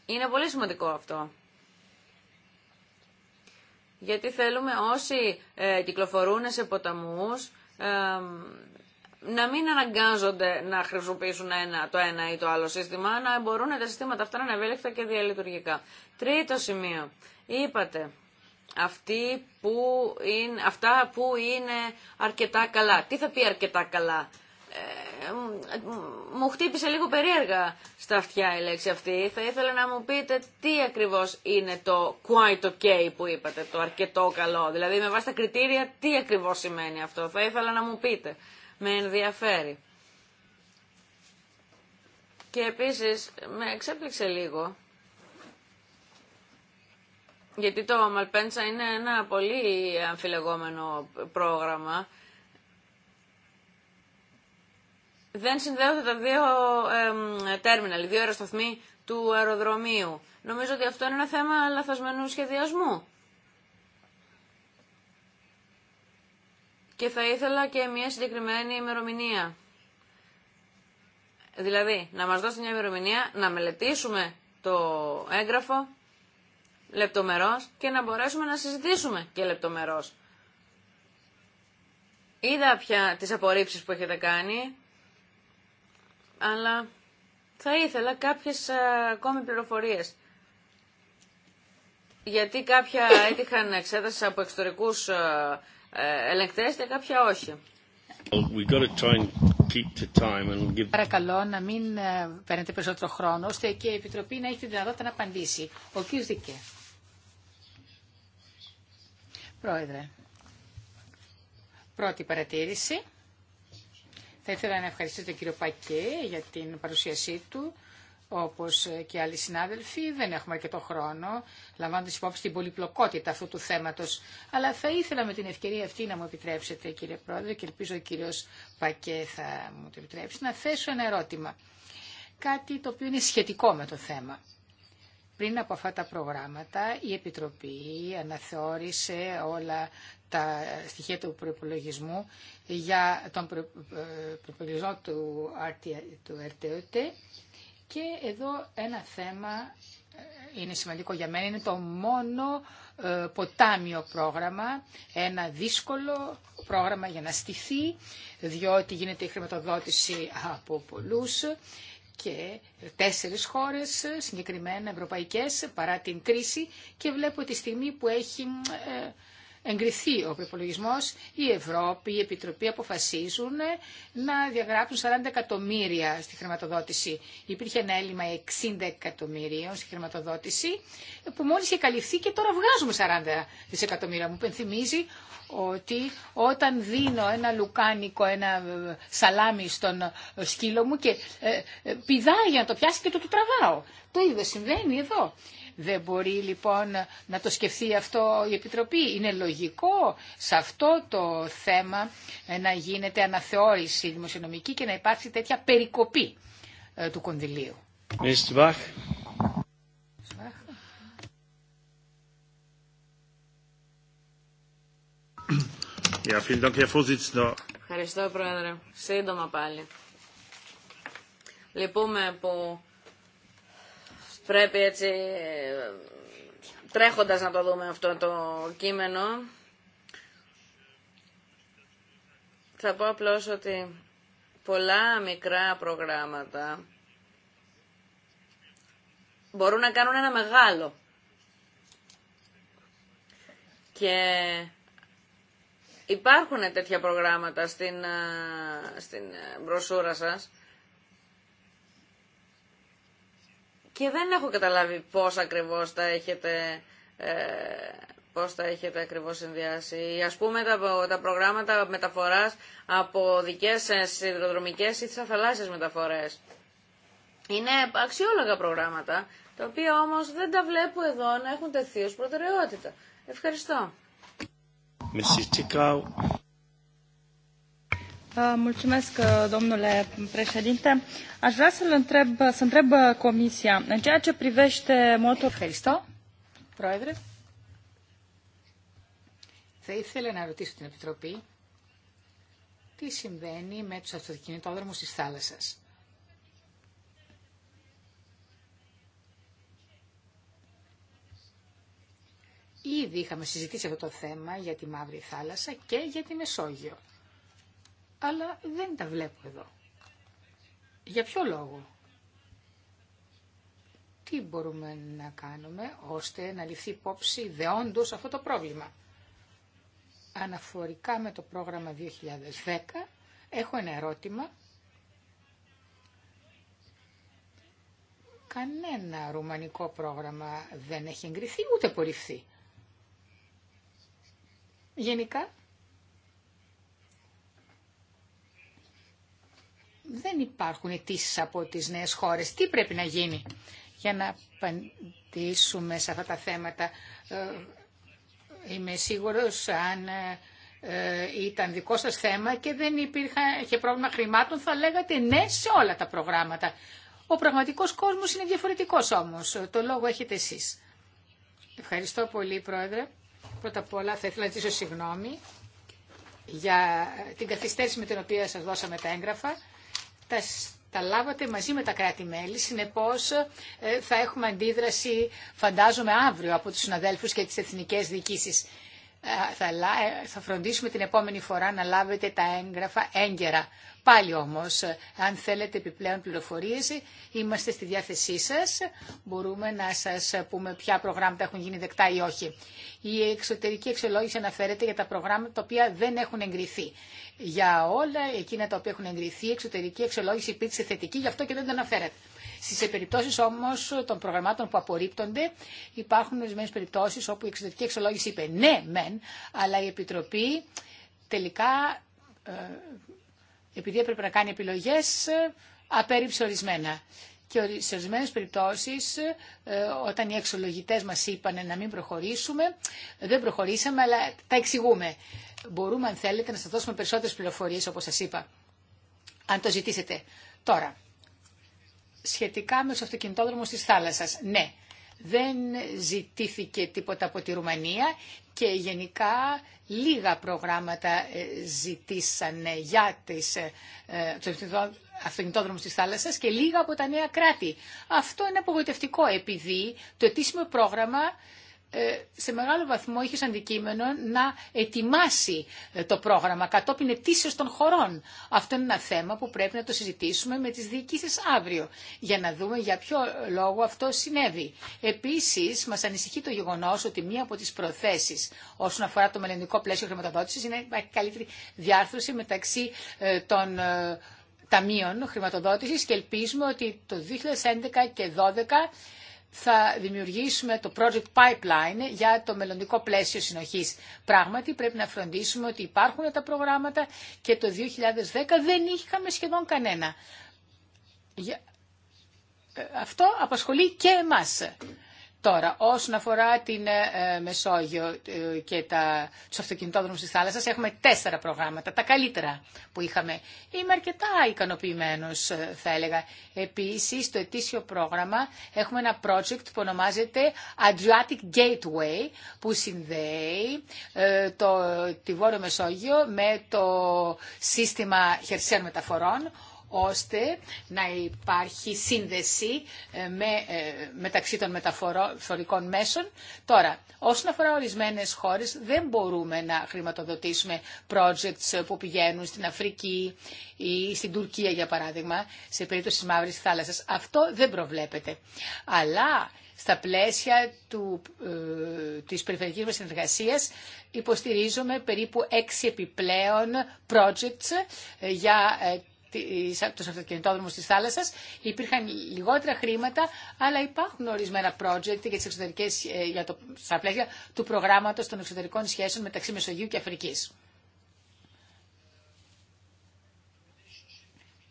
Είναι πολύ σημαντικό αυτό. Γιατί θέλουμε όσοι ε, κυκλοφορούν σε ποταμούς ε, να μην αναγκάζονται να χρησιμοποιήσουν ένα, το ένα ή το άλλο σύστημα, να μπορούν τα συστήματα αυτά να είναι ευέλικτα και διαλειτουργικά. Τρίτο σημείο. Είπατε, αυτοί που είναι, αυτά που είναι αρκετά καλά. Τι θα πει αρκετά καλά. Ε, μου χτύπησε λίγο περίεργα στα αυτιά η λέξη αυτή. Θα ήθελα να μου πείτε τι ακριβώς είναι το quite okay που είπατε, το αρκετό καλό. Δηλαδή με βάση τα κριτήρια τι ακριβώς σημαίνει αυτό. Θα ήθελα να μου πείτε. Με ενδιαφέρει. Και επίσης με εξέπληξε λίγο. Γιατί το Malpensa είναι ένα πολύ αμφιλεγόμενο πρόγραμμα. δεν συνδέονται τα δύο ε, τέρμιναλ, οι δύο αεροσταθμοί του αεροδρομίου. Νομίζω ότι αυτό είναι ένα θέμα λαθασμένου σχεδιασμού. Και θα ήθελα και μια συγκεκριμένη ημερομηνία. Δηλαδή, να μας δώσει μια ημερομηνία, να μελετήσουμε το έγγραφο λεπτομερώς και να μπορέσουμε να συζητήσουμε και λεπτομερώς. Είδα πια τις απορρίψεις που έχετε κάνει αλλά θα ήθελα κάποιες ακόμη πληροφορίες. Γιατί κάποια έτυχαν εξέταση από εξωτερικούς ε, ελεγκτές και κάποια όχι. Παρακαλώ να μην ε, παίρνετε περισσότερο χρόνο, ώστε και η Επιτροπή να έχει τη δυνατότητα να απαντήσει. Ο κ. Δικέ. Πρόεδρε, πρώτη παρατήρηση. Θα ήθελα να ευχαριστήσω τον κύριο Πακέ για την παρουσίασή του. Όπως και άλλοι συνάδελφοι, δεν έχουμε αρκετό χρόνο, Λαμβάνοντα υπόψη την πολυπλοκότητα αυτού του θέματος. Αλλά θα ήθελα με την ευκαιρία αυτή να μου επιτρέψετε, κύριε Πρόεδρε, και ελπίζω ο κύριος Πακέ θα μου το επιτρέψει, να θέσω ένα ερώτημα. Κάτι το οποίο είναι σχετικό με το θέμα. Πριν από αυτά τα προγράμματα, η Επιτροπή αναθεώρησε όλα τα στοιχεία του προπολογισμού για τον ε, προπολογισμό του, του RTOT και εδώ ένα θέμα ε, είναι σημαντικό για μένα, είναι το μόνο ε, ποτάμιο πρόγραμμα, ένα δύσκολο πρόγραμμα για να στηθεί, διότι γίνεται η χρηματοδότηση από πολλούς και τέσσερις χώρες συγκεκριμένα ευρωπαϊκές παρά την κρίση και βλέπω τη στιγμή που έχει εγκριθεί ο προπολογισμό, η Ευρώπη, η Επιτροπή αποφασίζουν να διαγράψουν 40 εκατομμύρια στη χρηματοδότηση. Υπήρχε ένα έλλειμμα 60 εκατομμυρίων στη χρηματοδότηση που μόλι είχε καλυφθεί και τώρα βγάζουμε 40 δισεκατομμύρια. Μου πενθυμίζει ότι όταν δίνω ένα λουκάνικο, ένα ε, σαλάμι στον ε, σκύλο μου και ε, πηδάει για να το πιάσει και το του τραβάω. Το ίδιο συμβαίνει εδώ. Δεν μπορεί λοιπόν να το σκεφτεί αυτό η Επιτροπή. Είναι λογικό σε αυτό το θέμα ε, να γίνεται αναθεώρηση δημοσιονομική και να υπάρξει τέτοια περικοπή ε, του κονδυλίου. Ευχαριστώ, Πρόεδρε. Σύντομα πάλι. Λυπούμε που Πρέπει έτσι τρέχοντας να το δούμε αυτό το κείμενο. Θα πω απλώς ότι πολλά μικρά προγράμματα μπορούν να κάνουν ένα μεγάλο. Και υπάρχουν τέτοια προγράμματα στην, στην ε, μπροσούρα σας. και δεν έχω καταλάβει πώς ακριβώς τα έχετε, ε, τα έχετε ακριβώς συνδυάσει. Ας πούμε τα, τα προγράμματα μεταφοράς από δικές σιδηροδρομικές ή θαλάσσιες μεταφορές. Είναι αξιόλογα προγράμματα, τα οποία όμως δεν τα βλέπω εδώ να έχουν τεθεί ως προτεραιότητα. Ευχαριστώ. Ευχαριστώ, Πρόεδρε. Θα ήθελα να ρωτήσω την Επιτροπή τι συμβαίνει με τους αυτοκινητόδρομους της θάλασσας. Ήδη είχαμε συζητήσει αυτό το θέμα για τη Μαύρη Θάλασσα και για τη Μεσόγειο αλλά δεν τα βλέπω εδώ. Για ποιο λόγο. Τι μπορούμε να κάνουμε ώστε να ληφθεί υπόψη δεόντως αυτό το πρόβλημα. Αναφορικά με το πρόγραμμα 2010 έχω ένα ερώτημα. Κανένα ρουμανικό πρόγραμμα δεν έχει εγκριθεί ούτε απορριφθεί. Γενικά δεν υπάρχουν αιτήσει από τις νέες χώρες. Τι πρέπει να γίνει για να απαντήσουμε σε αυτά τα θέματα. Ε, είμαι σίγουρος αν ε, ε, ήταν δικό σας θέμα και δεν υπήρχε πρόβλημα χρημάτων, θα λέγατε ναι σε όλα τα προγράμματα. Ο πραγματικός κόσμος είναι διαφορετικός όμως. Το λόγο έχετε εσείς. Ευχαριστώ πολύ, Πρόεδρε. Πρώτα απ' όλα θα ήθελα να ζητήσω συγγνώμη για την καθυστέρηση με την οποία σας δώσαμε τα έγγραφα τα τα λάβατε μαζί με τα κράτη-μέλη, συνεπώς ε, θα έχουμε αντίδραση φαντάζομαι αύριο από τους συναδέλφους και τις εθνικές διοικήσεις. Ε, ε, θα φροντίσουμε την επόμενη φορά να λάβετε τα έγγραφα έγκαιρα. Πάλι όμως, αν θέλετε επιπλέον πληροφορίες, είμαστε στη διάθεσή σας. Μπορούμε να σας πούμε ποια προγράμματα έχουν γίνει δεκτά ή όχι. Η εξωτερική εξολόγηση αναφέρεται για τα προγράμματα τα οποία δεν έχουν εγκριθεί. Για όλα εκείνα τα οποία έχουν εγκριθεί, η εξωτερική αξιολόγηση υπήρξε θετική, γι' αυτό και δεν το αναφέρεται. Στι περιπτώσει όμω των προγραμμάτων που απορρίπτονται, υπάρχουν ορισμένε περιπτώσει όπου η εξωτερική εξολόγηση είπε ναι, μεν, αλλά η Επιτροπή τελικά ε, επειδή έπρεπε να κάνει επιλογές, ε, απέριψε ορισμένα. Και σε ορισμένε περιπτώσει, ε, όταν οι εξολογητές μας είπαν να μην προχωρήσουμε, δεν προχωρήσαμε, αλλά τα εξηγούμε. Μπορούμε, αν θέλετε, να σα δώσουμε περισσότερε πληροφορίε, όπω σα είπα, αν το ζητήσετε. Τώρα, σχετικά με του αυτοκινητόδρομο τη θάλασσα. Ναι, δεν ζητήθηκε τίποτα από τη Ρουμανία και γενικά λίγα προγράμματα ε, ζητήσαν για τις, ε, αυτοκινητόδρομους της θάλασσας και λίγα από τα νέα κράτη. Αυτό είναι απογοητευτικό επειδή το ετήσιμο πρόγραμμα ε, σε μεγάλο βαθμό είχε αντικείμενο να ετοιμάσει ε, το πρόγραμμα κατόπιν ετήσεω των χωρών. Αυτό είναι ένα θέμα που πρέπει να το συζητήσουμε με τι διοικήσει αύριο για να δούμε για ποιο λόγο αυτό συνέβη. Επίση, μα ανησυχεί το γεγονό ότι μία από τι προθέσει ότι μία από τι προθεσει όσον αφορά το μελλοντικό πλαίσιο χρηματοδοτηση είναι καλύτερη διάρθρωση μεταξύ ε, των ταμείων χρηματοδότησης και ελπίζουμε ότι το 2011 και 2012 θα δημιουργήσουμε το project pipeline για το μελλοντικό πλαίσιο συνοχής. Πράγματι πρέπει να φροντίσουμε ότι υπάρχουν τα προγράμματα και το 2010 δεν είχαμε σχεδόν κανένα. Ε, αυτό απασχολεί και εμάς. Τώρα, όσον αφορά την ε, ε, Μεσόγειο ε, και τα, τους αυτοκινητόδρομους της θάλασσας, έχουμε τέσσερα προγράμματα, τα καλύτερα που είχαμε. Είμαι αρκετά ικανοποιημένος, θα έλεγα. Επίσης, στο ετήσιο πρόγραμμα έχουμε ένα project που ονομάζεται Adriatic Gateway, που συνδέει το, τη Βόρεια Μεσόγειο με το σύστημα χερσαίων μεταφορών, ώστε να υπάρχει σύνδεση ε, με, ε, μεταξύ των μεταφορικών μέσων. Τώρα, όσον αφορά ορισμένες χώρες, δεν μπορούμε να χρηματοδοτήσουμε projects ε, που πηγαίνουν στην Αφρική ή στην Τουρκία, για παράδειγμα, σε περίπτωση της Μαύρης Θάλασσας. Αυτό δεν προβλέπεται. Αλλά στα πλαίσια του, της περιφερειακής μας συνεργασίας υποστηρίζουμε περίπου έξι επιπλέον projects για του αυτοκινητόδρομου τη θάλασσα Υπήρχαν λιγότερα χρήματα, αλλά υπάρχουν ορισμένα project για τις εξωτερικές, ε, για το, στα πλαίσια του προγράμματο των εξωτερικών σχέσεων μεταξύ Μεσογείου και Αφρική.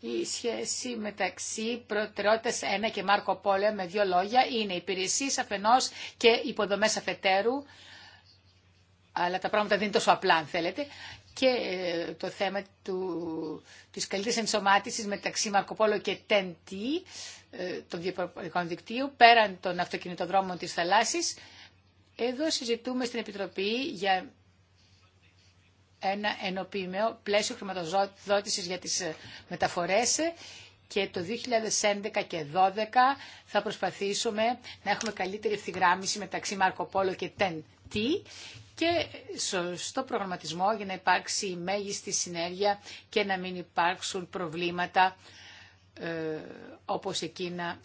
Η σχέση μεταξύ προτεραιότητα 1 και Μάρκο Πόλε με δύο λόγια είναι υπηρεσίε αφενό και υποδομέ αφετέρου αλλά τα πράγματα δεν είναι τόσο απλά αν θέλετε και ε, το θέμα του, της καλύτερης ενσωμάτησης μεταξύ Μαρκοπόλο και ΤΕΝΤΗ ε, των διευρωπαϊκών δικτύων πέραν των αυτοκινητοδρόμων της θαλάσσης. Εδώ συζητούμε στην Επιτροπή για ένα ενοποιημένο πλαίσιο χρηματοδότησης για τις ε, μεταφορές και το 2011 και 2012 θα προσπαθήσουμε να έχουμε καλύτερη ευθυγράμμιση μεταξύ Μαρκοπόλο και ΤΕΝΤΗ και στο προγραμματισμό για να υπάρξει η μέγιστη συνέργεια και να μην υπάρξουν προβλήματα ε, όπως εκείνα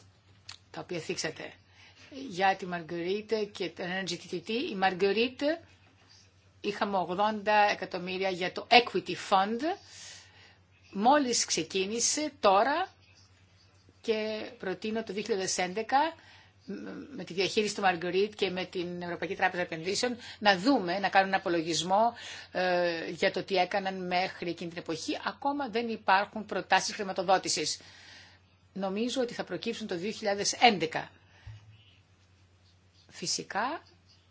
τα οποία θίξατε. Για τη Μαργκορίτ και την NGTT, η Μαργκορίτ είχαμε 80 εκατομμύρια για το Equity Fund. Μόλις ξεκίνησε τώρα και προτείνω το 2011 με τη διαχείριση του Μαργκορίτ και με την Ευρωπαϊκή Τράπεζα Επενδύσεων να δούμε, να κάνουν απολογισμό ε, για το τι έκαναν μέχρι εκείνη την εποχή. Ακόμα δεν υπάρχουν προτάσεις χρηματοδότησης. Νομίζω ότι θα προκύψουν το 2011. Φυσικά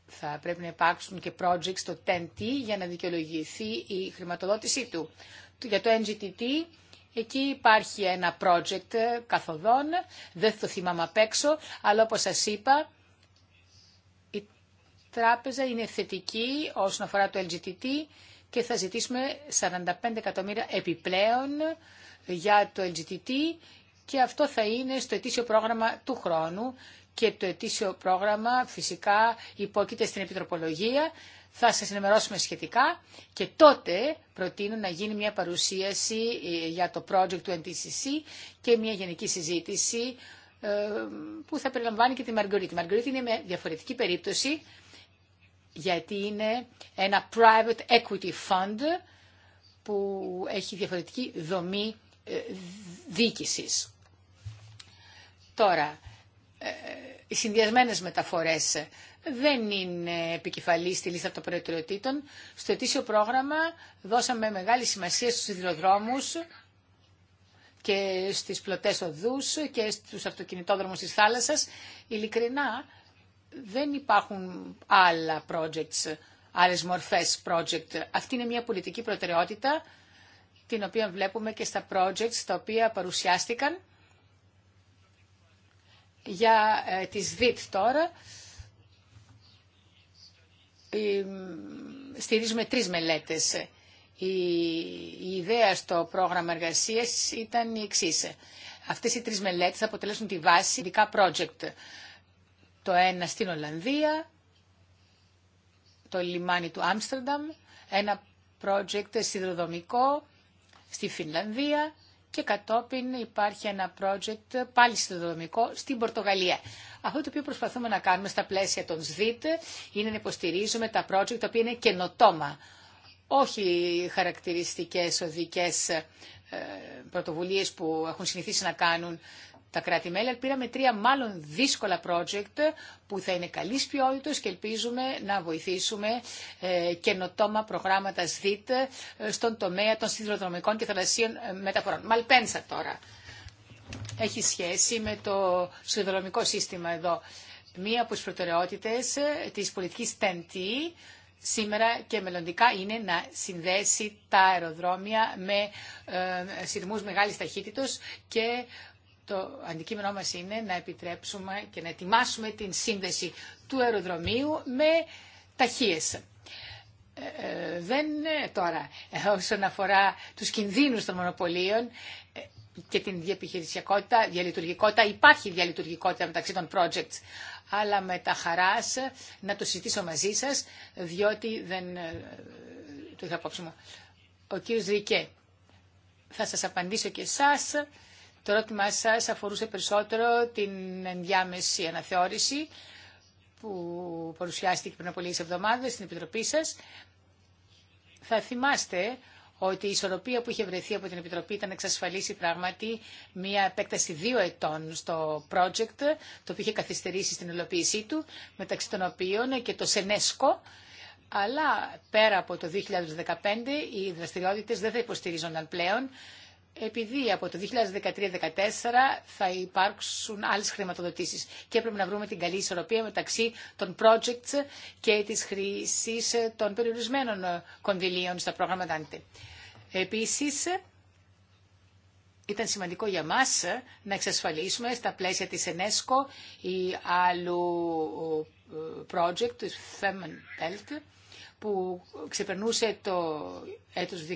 θα πρέπει να υπάρξουν και projects στο TEN-T για να δικαιολογηθεί η χρηματοδότησή του. Για το NGTT Εκεί υπάρχει ένα project καθοδόν, δεν το θυμάμαι απ' έξω, αλλά όπως σας είπα, η τράπεζα είναι θετική όσον αφορά το LGTT και θα ζητήσουμε 45 εκατομμύρια επιπλέον για το LGTT και αυτό θα είναι στο ετήσιο πρόγραμμα του χρόνου και το ετήσιο πρόγραμμα φυσικά υπόκειται στην επιτροπολογία θα σας ενημερώσουμε σχετικά και τότε προτείνω να γίνει μια παρουσίαση ε, για το project του NTCC και μια γενική συζήτηση ε, που θα περιλαμβάνει και τη Μαργκορίτη. Η Μαργκορίτη είναι με διαφορετική περίπτωση γιατί είναι ένα private equity fund που έχει διαφορετική δομή ε, δίκησης. Τώρα, οι συνδυασμένες μεταφορές δεν είναι επικεφαλή στη λίστα των προτεραιοτήτων. Στο ετήσιο πρόγραμμα δώσαμε μεγάλη σημασία στους σιδηροδρόμους και στις πλωτές οδούς και στους αυτοκινητόδρομους της θάλασσας. Ειλικρινά δεν υπάρχουν άλλα projects, άλλες μορφές project. Αυτή είναι μια πολιτική προτεραιότητα την οποία βλέπουμε και στα projects τα οποία παρουσιάστηκαν για ε, τις ΔΙΤ τώρα ε, στηρίζουμε τρεις μελέτες. Η, ιδέα στο πρόγραμμα εργασίας ήταν η εξής. Αυτές οι τρεις μελέτες θα αποτελέσουν τη βάση ειδικά project. Το ένα στην Ολλανδία, το λιμάνι του Άμστερνταμ, ένα project σιδηροδρομικό στη Φινλανδία και κατόπιν υπάρχει ένα project πάλι συνδρομικό στην Πορτογαλία. Αυτό το οποίο προσπαθούμε να κάνουμε στα πλαίσια των ΣΔΙΤ είναι να υποστηρίζουμε τα project τα οποία είναι καινοτόμα. Όχι χαρακτηριστικές οδικές ε, πρωτοβουλίες που έχουν συνηθίσει να κάνουν τα κράτη-μέλη. Πήραμε τρία μάλλον δύσκολα project που θα είναι καλής ποιότητας και ελπίζουμε να βοηθήσουμε ε, καινοτόμα προγράμματα ΣΔΙΤ ε, στον τομέα των σιδηροδρομικών και θαλασσίων ε, μεταφορών. Μαλπένσα τώρα. Έχει σχέση με το σιδηροδρομικό σύστημα εδώ. Μία από τις προτεραιότητες της πολιτικής TNT σήμερα και μελλοντικά είναι να συνδέσει τα αεροδρόμια με ε, σειρμούς μεγάλης ταχύτητος και το αντικείμενό μας είναι να επιτρέψουμε και να ετοιμάσουμε την σύνδεση του αεροδρομίου με ταχείες. Ε, ε, δεν ε, τώρα, όσον αφορά τους κινδύνους των μονοπωλίων και την διαπιχειρησιακότητα, διαλειτουργικότητα, υπάρχει διαλειτουργικότητα μεταξύ των projects, αλλά με τα χαράς να το συζητήσω μαζί σας, διότι δεν το είχα απόψη μου. Ο κύριος Ρικέ, θα σας απαντήσω και εσάς το ερώτημά σας αφορούσε περισσότερο την ενδιάμεση αναθεώρηση που παρουσιάστηκε πριν από λίγες εβδομάδες στην Επιτροπή σας. Θα θυμάστε ότι η ισορροπία που είχε βρεθεί από την Επιτροπή ήταν να εξασφαλίσει πράγματι μια επέκταση δύο ετών στο project, το οποίο είχε καθυστερήσει στην υλοποίησή του, μεταξύ των οποίων και το ΣΕΝΕΣΚΟ, αλλά πέρα από το 2015 οι δραστηριότητες δεν θα υποστηρίζονταν πλέον επειδή από το 2013-2014 θα υπάρξουν άλλε χρηματοδοτήσεις και πρέπει να βρούμε την καλή ισορροπία μεταξύ των projects και της χρήση των περιορισμένων κονδυλίων στα πρόγραμματα Dante. Επίσης, ήταν σημαντικό για μα να εξασφαλίσουμε στα πλαίσια της ΕΝΕΣΚΟ ή άλλου project, της Fem Health που ξεπερνούσε το έτος 2015,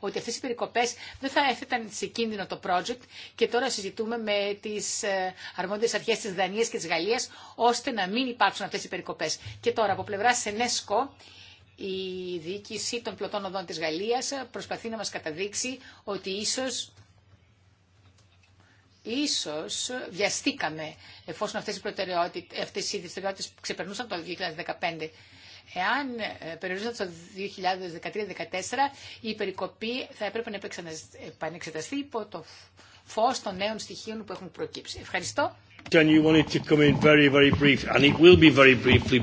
ότι αυτές οι περικοπές δεν θα έθεταν σε κίνδυνο το project και τώρα συζητούμε με τις ε, αρμόδιες αρχές της Δανίας και της Γαλλίας ώστε να μην υπάρξουν αυτές οι περικοπές. Και τώρα από πλευρά ΕΝΕΣΚΟ η διοίκηση των πλωτών οδών της Γαλλίας προσπαθεί να μας καταδείξει ότι ίσως ίσως βιαστήκαμε εφόσον αυτές οι, προτεραιότητες, οι ξεπερνούσαν το 2015 Εάν ε, περιορίζονταν το 2013-2014, η περικοπή θα έπρεπε να επανεξεταστεί υπό το φως των νέων στοιχείων που έχουν προκύψει. Ευχαριστώ.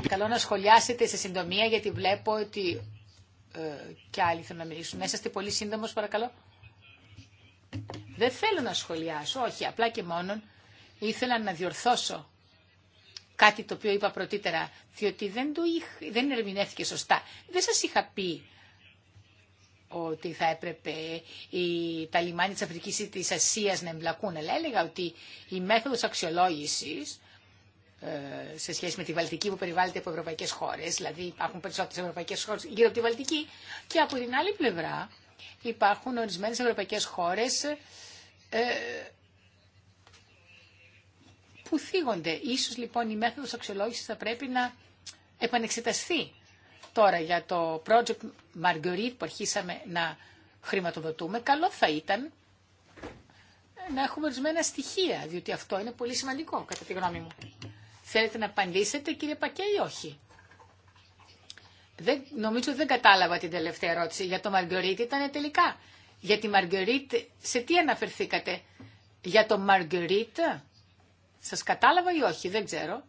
Καλό να σχολιάσετε σε συντομία γιατί βλέπω ότι ε, και άλλοι θέλουν να μιλήσουν. Να είσαστε πολύ σύντομος παρακαλώ. Δεν θέλω να σχολιάσω, όχι, απλά και μόνον ήθελα να διορθώσω κάτι το οποίο είπα πρωτήτερα, διότι δεν, το δεν ερμηνεύτηκε σωστά. Δεν σας είχα πει ότι θα έπρεπε οι, τα λιμάνια της Αφρικής ή της Ασίας να εμπλακούν, αλλά έλεγα ότι η μέθοδος αξιολόγησης ε, σε σχέση με τη Βαλτική που περιβάλλεται από ευρωπαϊκές χώρες, δηλαδή υπάρχουν περισσότερες ευρωπαϊκές χώρες γύρω από τη Βαλτική και από την άλλη πλευρά υπάρχουν ορισμένες ευρωπαϊκές χώρες ε, που θίγονται. Ίσως λοιπόν η μέθοδος αξιολόγησης θα πρέπει να επανεξεταστεί. Τώρα για το project Marguerite που αρχίσαμε να χρηματοδοτούμε, καλό θα ήταν να έχουμε ορισμένα στοιχεία, διότι αυτό είναι πολύ σημαντικό κατά τη γνώμη μου. Θέλετε να απαντήσετε κύριε Πακέ ή όχι. Δεν, νομίζω δεν κατάλαβα την τελευταία ερώτηση. Για το Marguerite ήταν τελικά. Για τη Marguerite, σε τι αναφερθήκατε. Για το Marguerite, σας κατάλαβα ή όχι, δεν ξέρω.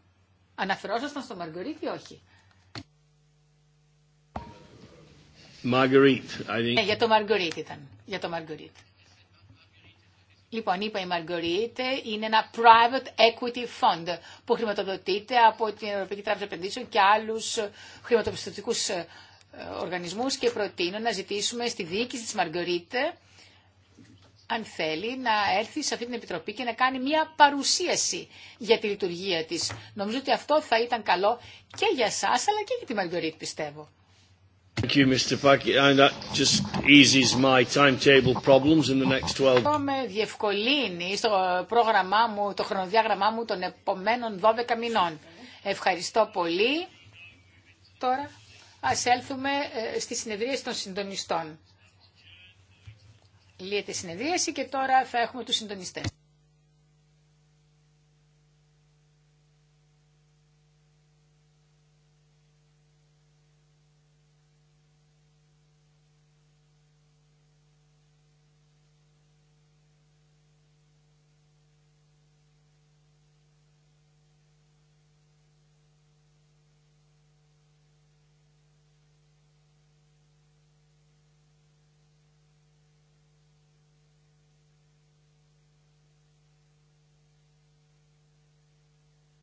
Αναφερόσασταν στο Μαργκορίτ ή όχι. Μαργκορίτ, think. Ναι, για το Μαργκορίτ ήταν. Για το Μαργκορίτ. Λοιπόν, είπα η Μαργκορίτ είναι ένα private equity fund που χρηματοδοτείται από την Ευρωπαϊκή Τράπεζα Επενδύσεων και άλλους χρηματοπιστωτικούς ε, οργανισμούς και προτείνω να ζητήσουμε στη διοίκηση της Μαργκορίτ αν θέλει να έρθει σε αυτή την Επιτροπή και να κάνει μια παρουσίαση για τη λειτουργία της. Νομίζω ότι αυτό θα ήταν καλό και για σας αλλά και για τη Μαργκορίτ πιστεύω. Αυτό με διευκολύνει στο πρόγραμμά μου, το χρονοδιάγραμμά μου των επομένων 12 μηνών. Ευχαριστώ πολύ. Τώρα ας έλθουμε ε, στη συνεδρίαση των συντονιστών. Λύεται η συνεδρίαση και τώρα θα έχουμε τους συντονιστές.